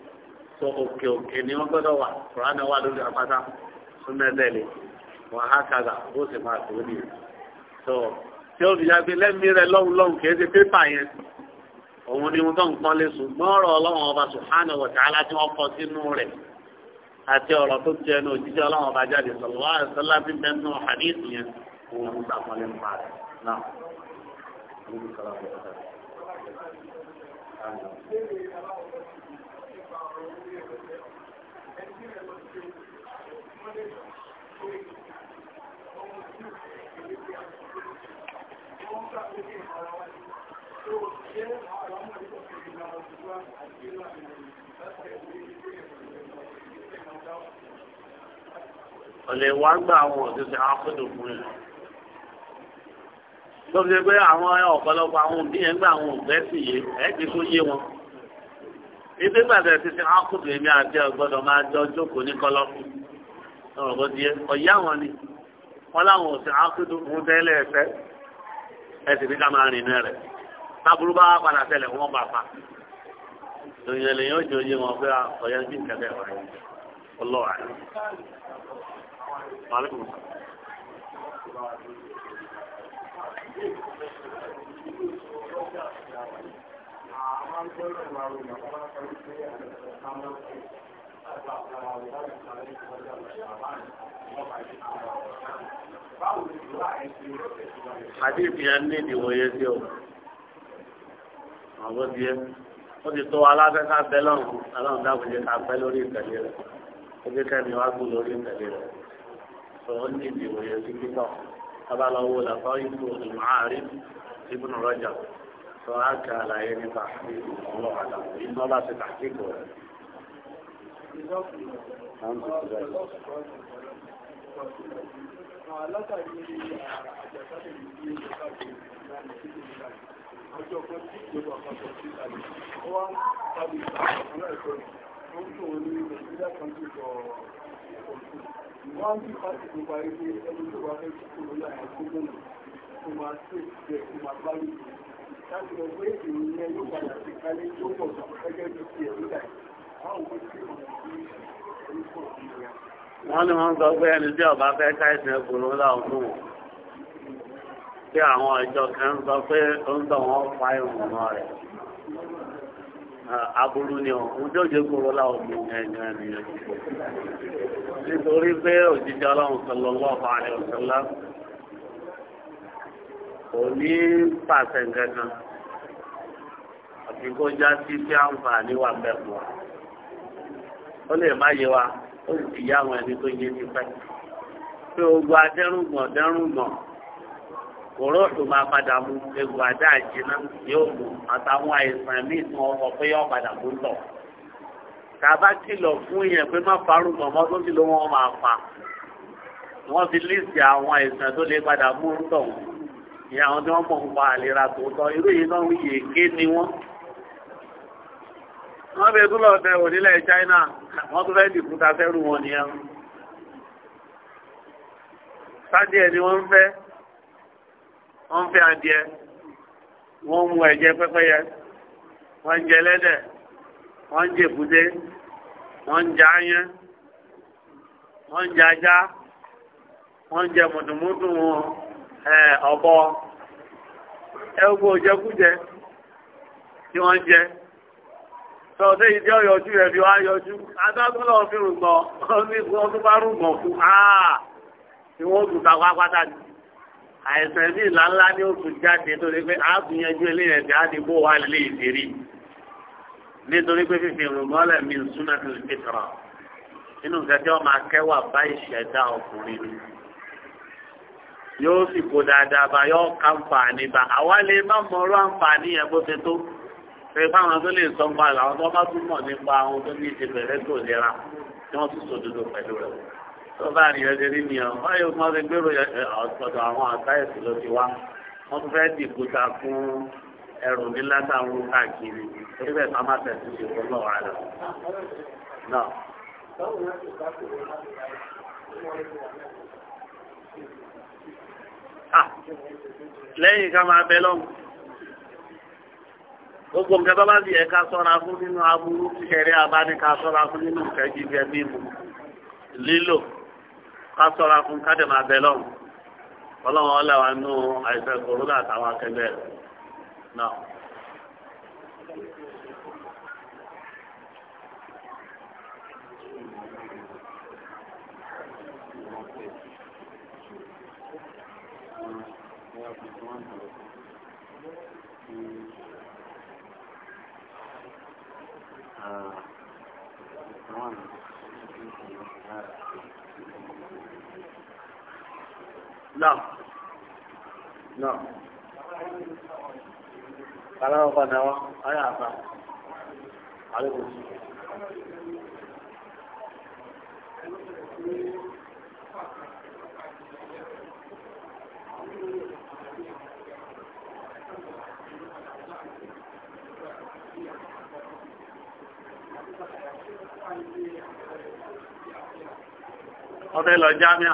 tó òkè òkè ni wọ́n gbọ́dọ̀ wà kùránì wà lórí apáta fún mẹ́tẹ́lẹ̀ wọ́n á kàgà bó sì máa tó nìyẹn. tó tí ó fi ya pé lẹ́mí rẹ lọ́hùn lọ́hùn kì í ṣe pépà yẹn òun ni wọn tó ń pọ́n lé ṣùgbọ́n ọ̀rọ̀ ọlọ́run ọba subhanahu wa ta'ala tí wọ́n kọ sínú rẹ̀ àti ọ̀rọ̀ tó ti ẹnu òjíṣẹ́ ọlọ́run ọba jáde sọ̀rọ̀ wá ṣọlá bí mẹ́nu hadith yẹn òun gbà pọ́n lé ń parí náà. ọ̀lẹ̀ wá gbà àwọn òṣìṣẹ́ akọ́dọ̀ fún ẹ̀. tó fi pé àwọn ọ̀pọ̀lọpọ̀ àwọn òbí yẹn gbà àwọn òbẹ́ sì yé ẹ̀ ti kó yé wọn. ibi gbàgbẹ́ ti ṣe akọ́dọ̀ èmi àti ọ̀gbọ́dọ̀ máa jọ jókòó ní kọ́lọ́fù. ọ̀rọ̀ bó di ọ̀yá wọn ni wọ́n láwọn òṣìṣẹ́ akọ́dọ̀ fún tẹ́lẹ̀ ẹ̀fẹ́ ẹ̀ sì fi ká máa rìn náà rẹ̀ Maaleykum. Hadith yẹn ní ìdìwọ̀ yẹn sí o. Àwọn ti yẹ ó ti tó aláfẹ́ká bẹ́ lọ́rùn aláwọ̀ dáàbò jẹ́ ká pẹ́ lórí ìtẹ̀lé rẹ̀ ó jẹ́ kẹ́mi wá gùn lórí ìtẹ̀lé rẹ̀ òun ní ìdìbò yẹn sí pítọ̀ abalọ́wọ́ làbọ́ ìlú ìmọ̀ọ́rì ibùdó rọ́jà sọ áka àlàyé nípa ìmọ̀ àlà ìmọ̀ bá ti tàkìkọ̀ rẹ̀. Látàrí àjàkálẹ̀ ìdílé ìjọba ìgbà ní títí ọjọ́ kan tí ìjọba àpapọ̀ sí ìtàlẹ̀ ó wá ń tàbí ìtàlẹ̀ ọ̀rọ̀ ẹ̀kọ́ ó ń tún orí nàìjíríà kan tó sọ ọ̀rọ̀ wọ́n bí pàtí tó parí pé ẹni tó wà fẹ́ kó lórí àwọn tó máa tó ìṣẹ́ tó máa bá lè láti lọ pé èyí yẹn yóò padà sí kálé tó pọ̀ tó gẹ́gẹ́ bí ti ẹ̀rú dà báwo wọ́n ti mọ̀ sí ẹni pọ̀ sí ìrìn wọ́n ní wọ́n sọ pé ẹni tí ọba fẹ́ ká ìsìn ẹkùn ló láwọn fún wọn tí àwọn ìjọ kan sọ pé ó ń tọ̀ wọ́n pa ìrùn rẹ̀ aburú ni ọ òun tó jẹ kúrò láwọn ọmọ ẹgbẹ́ ènìyàn nítorí pé òjijì Ọlọ́run sọlọ lọọfà àlẹ òsọlá kò ní pàṣẹ nǹkankan àti kó já sí sí àǹfààní wà bẹ́ẹ̀ fún wa ó lè má yé wa ó sì yá àwọn ẹni tó yé ti pẹ́ pé ogun adẹrùngbọ̀n dẹrùngbọ̀n òróòtú máa padà mú egbò àdá àjìnà yóò mú àtàwọn àìsàn míì tún ọkọ pé yóò padà mú tọ. tàbá kìlọ̀ fún yẹn pé má farùn mọ̀mọ́ tó ti ló wọ́n máa pa. wọ́n fi líìsì àwọn àìsàn tó lè padà mú tọ̀ ìyá àwọn tí wọ́n mọ̀ ń pa àlera tòótọ́ irú yìí náà ń yè ké ni wọ́n. wọ́n fi tún lọ bẹ onílẹ̀ China wọ́n tún fẹ́ dìkúta fẹ́rù wọn nìyẹn. sáde ẹni wọ́n fẹ́. wọ́n fẹ́ adìẹ wọ́n mu ẹ̀jẹ̀ pẹ́pẹ́yẹ wọ́n jẹ lẹ́dẹ̀ wọ́n jẹ èkúté wọ́n jẹ ayán wọ́n jẹ ajá wọ́n jẹ mùtùmùtù ọ̀bọ ẹgbẹ́ òjẹkújẹ tí wọ́n jẹ ìdí rẹ̀ bí ta àìsàn bí ìlànlá ní oṣù jáde torí pé àtúnyẹjú eléyẹn tí a ti bó wa lè ìdérí nítorí pé fífi ìrùmọ́lẹ̀ mi súná tó fi tọrọ nínú nǹkan tí wọ́n máa kẹ́wà bá ìṣẹ̀dá ọkùnrin ni yóò sì kó dáadáa bá yóò ká nfààní bá àwa lè má mọ̀ọ́rọ́ àǹfààní yẹn bó ṣe tó pé fáwọn tó lè sọ nípa àwọn tó bá túmọ̀ nípa àwọn tó ní ìṣe pẹ̀lẹ́ tó lera tí wọ́n sì sòdodo pẹ̀lú rẹ̀ tó bá rìn ẹsẹ̀ rí mi ọ̀ wọ́n yóò mọ́ ṣe gbèrò ọ̀sọ̀dọ̀ àwọn àkáyèsí ló ti wá wọ́n tún fẹ́ dìbòta fún ẹrù nílá táwọn káàkiri torí bẹ́ẹ̀ máa tẹ̀sí ṣe fún lọ́wọ́ rẹ̀ náà. Ah, lẹ́yìn ká máa bẹ lọ́wọ́ gbogbo nǹkan bá bá di ẹ̀ka sọ́ra fún nínú aburú kẹrẹ́ abáníka sọ́ra fún nínú kẹ́jì jẹ́ mímu lílò ká sọ́ra fún kádẹ̀ máa bẹ lọ́rùn ọlọ́run ọlọ́wà nù àìsàn kòrónà àtàwọn akẹgbẹ́ náà. náà náà kàlàrà padà wá ayé àbá àlékún sí. Ọ̀fẹ́ lọ jámíà.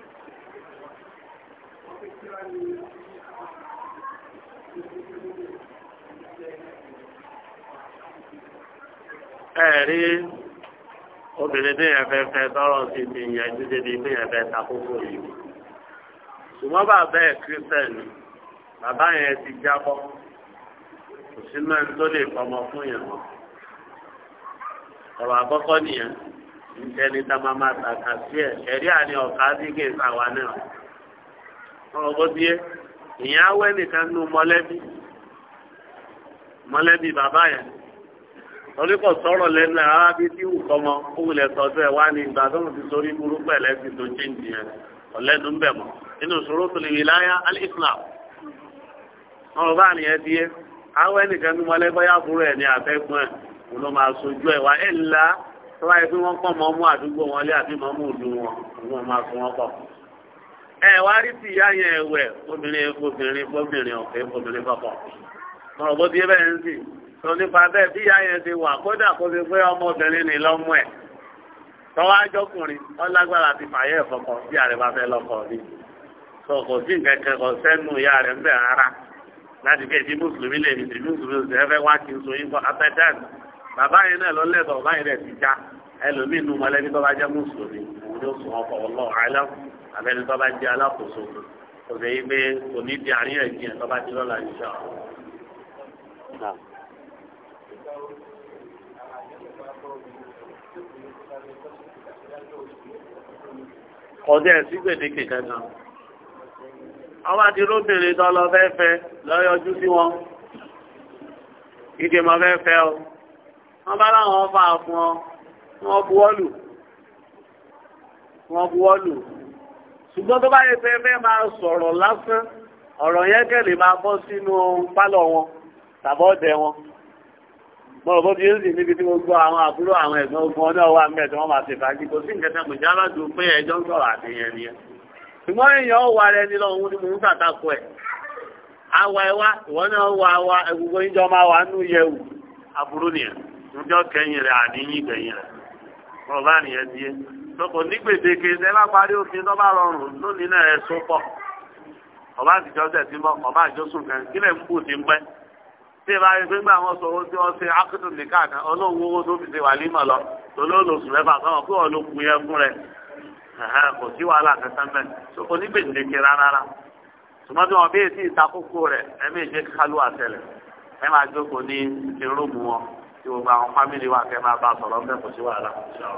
ẹ̀rí obìnrin tó yẹn tọrọ sí ti yẹjú débi tó yẹn fẹ́ takókò yìí ṣùgbọ́n bàbá ẹ̀ kírísítẹ̀nì bàbá yẹn ti jábọ́ kò sí mẹ́rin tó lè fọmọ fún yẹn mọ́ ọ̀rọ̀ àkọ́kọ́ nìyẹn ìjẹni tá máa máa tàkà sí ẹ̀ ẹ̀rí àní ọ̀ká sí kéésà náà ọ̀rọ̀ bí yẹ ìyẹn awẹ́ nìkan nu mọ́lẹ́bí mọ́lẹ́bí bàbá yẹn oníkọ̀ sọ̀rọ̀ lẹ́nu ara bí tí wù kọ́mọ òun lè sọ bẹ́ẹ̀ wá ní ìgbà tóun ti sórí burú pẹ̀lẹ́ ti tó chéǹdì yẹn ọ̀lẹ́nu ń bẹ̀ mọ́ nínú ìṣòro tó lè rí láyá alíslam ọ̀rọ̀ bá nìyẹn bí yẹ awẹ́ nìkan nú mọ́lẹ́bọ́yá burú ẹ̀ ní àfẹ́gbọ́n ẹ̀ òun ló máa sojú ẹ̀ wá ẹ̀ ńlá tó báyìí pé wọ́n kọ́ mọ́ mú àdúgbò wọn lé àbí mọ́ mú ìlú wọn òun máa fún wọn pọ̀. ẹ wá rí sí ìyá yẹn ẹ̀wẹ̀ obìnrin obìnrin obìnrin ọ̀fẹ́ obìnrin kọ̀kọ̀ ọ̀rọ̀ bó bẹ́ẹ̀ ń sì tó nípa bẹ́ẹ̀ bí ìyá yẹn ti wà kódà kó ti pé ọmọbìnrin ni lọ́mú ẹ̀ tọ́wọ́ ajọ́kùnrin ọlágbára ti fàyẹ́ ẹ̀fọ́kọ bí ààrẹ bá fẹ́ lọ́kọ ni kò sí nǹkan kan sẹ́nu ìyá rẹ̀ ń bẹ̀ rárá láti àbẹ́ni tó bá jẹ́ alákòóso òbí yìí pé kò ní di àríyànjiyàn tó bá di lọ́la ìṣá. ọ̀dẹ́ ẹ̀sìn gbèdéke kankan ọba ti róbìnrin tó lọ fẹ́ fẹ́ lọ́yọjú sí wọn ìdè mọ̀ fẹ́ fẹ́ o wọ́n bá láwọn ọba fún ọ wọ́n buwọ́lù wọ́n buwọ́lù ṣùgbọ́n tó bá yẹ pé fẹ́ máa sọ̀rọ̀ lásán ọ̀rọ̀ yẹn kẹ́lẹ̀ máa bọ́ sínú pálọ̀ wọn tàbí wọn mo rò bó ti yéésì níbi tí gbogbo àwọn àbúrò àwọn ẹ̀gbọ́n ogun ọdún ọwọ́ àmì ẹ̀tọ́ wọn máa ṣe fàájì kò sí nǹkan tẹ̀kùn jábá ju pé ẹjọ́ ń sọ̀rọ̀ àtẹ̀yẹn nìyẹn ṣùgbọ́n èèyàn wà rẹ ní lọ́wọ́ ni mò ń tàtàkọ ẹ̀ àwa ẹwà ìwọ náà wà wá gbogbo ìjọ máa wà nù yẹ̀wù àbúrò nìyẹn níjọ́ kẹyìn rẹ̀ àníyìn kẹyìn rẹ̀ mo rò bá nìyẹn sọkò ní gbèdéke ẹ bá parí òfin tó bá rọrùn lónìí náà ẹ sún pọ ọba àtijọ́ ọ̀sẹ̀ tí ń bọ̀ ọba àjọsùn kan kílẹ̀ ń bù ti ń pẹ́ tí ìbá rí gbégbá àwọn sọ owó tí wọ́n ṣe ákútù nìkan kan olóhùn owó tó fi ṣe wà límọ̀ lọ tolóòlòsù mẹ́fà sọ́wọ́n kí wọ́n ló kun yẹn fún rẹ̀ kò sí wàhálà kankan mẹ́ sọkò ní gbèdéke rárá ṣùgbọ́n tí wọ́n bí èsì ìtakókò rẹ̀ ẹ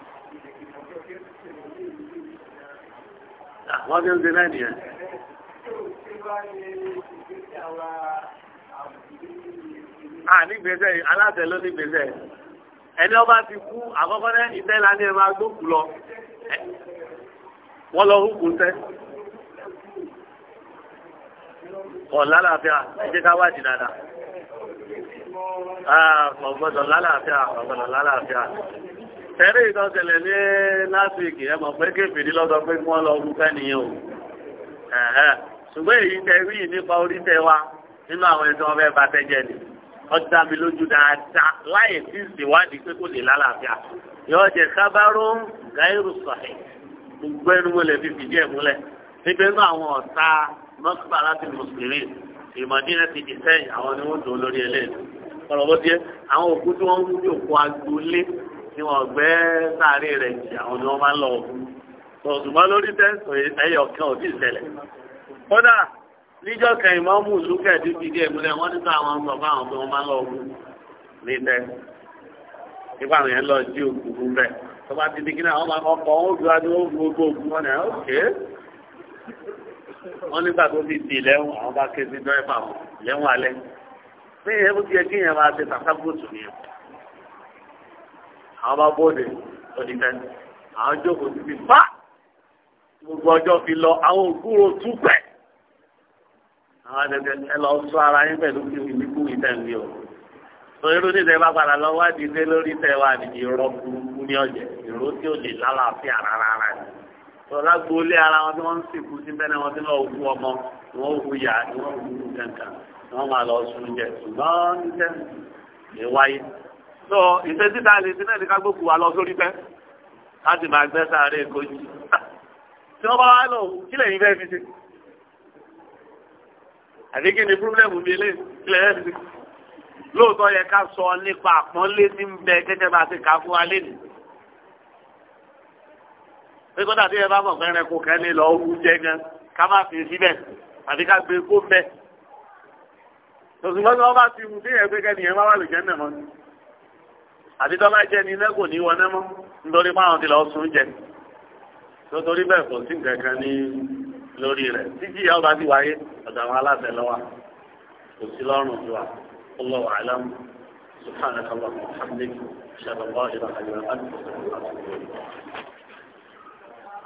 Ah, wọ́n fi ń ṣe náà nìyẹn. a ah, ní gbèsè aláṣẹ ló ní gbèsè ẹni ọba ti kú àkọ́kọ́ náà ìtẹ́ la ní ẹ máa gbókù lọ wọ́n lọ hùkù tẹ́ ọ̀la làáfíà ẹ̀jẹ̀ ká wádìí dáadáa ọ̀gbọ́dọ̀ ah, lálàáfíà ọ̀gbọ́dọ̀ lálàáfíà tẹ̀rí ìtọ́sẹ̀lẹ̀ ní lásìkì ẹmọ̀ pé kéfìdí lọ́dọ̀ pé kí wọ́n lọ ọdún fẹ́niyàn o ṣùgbọ́n èyí tẹ rí nípa orí tẹ wa nínú àwọn ẹni tí wọ́n fẹ́ bá tẹ́jẹ́ ni ọjà mi lójú dáadáa láì sí ìṣèwádìí pé kò lè lálàáfíà yóò jẹ kábàárọ̀ gáírù sọ̀hẹ̀ gbogbo ẹnu mo lè fi fìdí ẹ̀ múlẹ̀ níbi inú àwọn ọ̀tá mọ́kúbà láti mùsùlùmí ìmọ̀dínà ti di sẹ́yìn àwọn ni wọ́n dùn lórí ẹlẹ́yìn ọ̀rọ̀ bó tiẹ̀ àwọn òkú tí wọ́n ń wúlò kó agbolé tí wọ́n gbẹ́ sáré rẹ̀ jì àwọn ni wọ́n máa ń lọ ọ̀dùnmọ́ lórí tẹ́sán ẹyọ kan ò tí ì ṣẹlẹ̀ kódà níjọ́ kan ìmọ̀ọ́mù lùkẹ́ ti fi dé ìmúlẹ̀ wọ́n nígbà àwọn ọmọ bá àwọn tó wọ́n máa ń lọ ọ̀gbù ní tẹ́ nípa àwọn yẹn lọ jí òkùnkùn bẹ́ẹ̀ tó bá ti di kí náà wọ́n máa kọ́kọ́ ó ju adúlọ́ gbogbo òkú wọn náà ókè wọ́n nígbà tó ti di lẹ́wọ̀n àwọn bá ké sí dọ́ẹ̀fà lẹ́wọ̀n alẹ́ àwọn bá bóde òdìtẹ́ àwọn jókòó ti fi fá gbogbo ọjọ́ fi lọ àwọn òkúrò túpẹ̀ àwọn àtẹ̀tẹ̀ ẹ lọ sọ ara yín pẹ̀lú kí ìlú kú ìtẹ̀lé o torí ló ní ìtẹ̀wá padà lọ wádìí dé lórí ìtẹ̀wá ní ìrọ̀ burúkú ní ọ̀jẹ̀ ìró tí ò lè lálàáfíà rárá rárá ni tọ́lá gbolé ara wọn tí wọ́n ń sìnkú sí bẹ́ẹ̀ wọn tí wọ́n hu ọmọ wọ́n hu yà wọ́n hu kankan wọ́n máa lọ sùn jẹ ṣùgbọ́n ń tẹ́ lè tó ìṣe títà lè ti náà ní ká gbókù wa lọ sórí pẹ́ láti máa gbẹ́ sáré kojú tí wọ́n bá wá lọ kí lẹ́yìn fẹ́ fi ṣe àti kí ni pírọ́blẹ́mù mi lè kílẹ̀ fẹ́ fi ṣe lóòótọ́ yẹ ká sọ nípa àpọ́nlé tí ń bẹ gẹ́gẹ́ bá ti kà fún wa lénìí pé kọ́dà tí ẹ bá mọ̀ fẹ́rẹ̀ kó kẹ́ni lọ wú jẹ gan ká má fi síbẹ̀ àti ká gbé kó bẹ́ẹ̀ tòṣùgbọ́n tí wọ́n bá ti wù bí ẹ kẹ́ni yẹn má wà lè jẹ́ nà mọ́ àti tọ́lá jẹ́ ni iná ní wọná mọ́ nítorí páwọn ti lọ sùn jẹ nítorí bẹ́ẹ̀ kò sí nǹkan ní lórí rẹ̀ títí ìyá ọba ti wáyé ọ̀dọ̀ àwọn aláṣẹ lọ́wọ́ kò sí lọ́rùn ju wa Allahu a'lam subhanaka Allahumma wa bihamdika ṣàlọ́ bá ìlànà ìlànà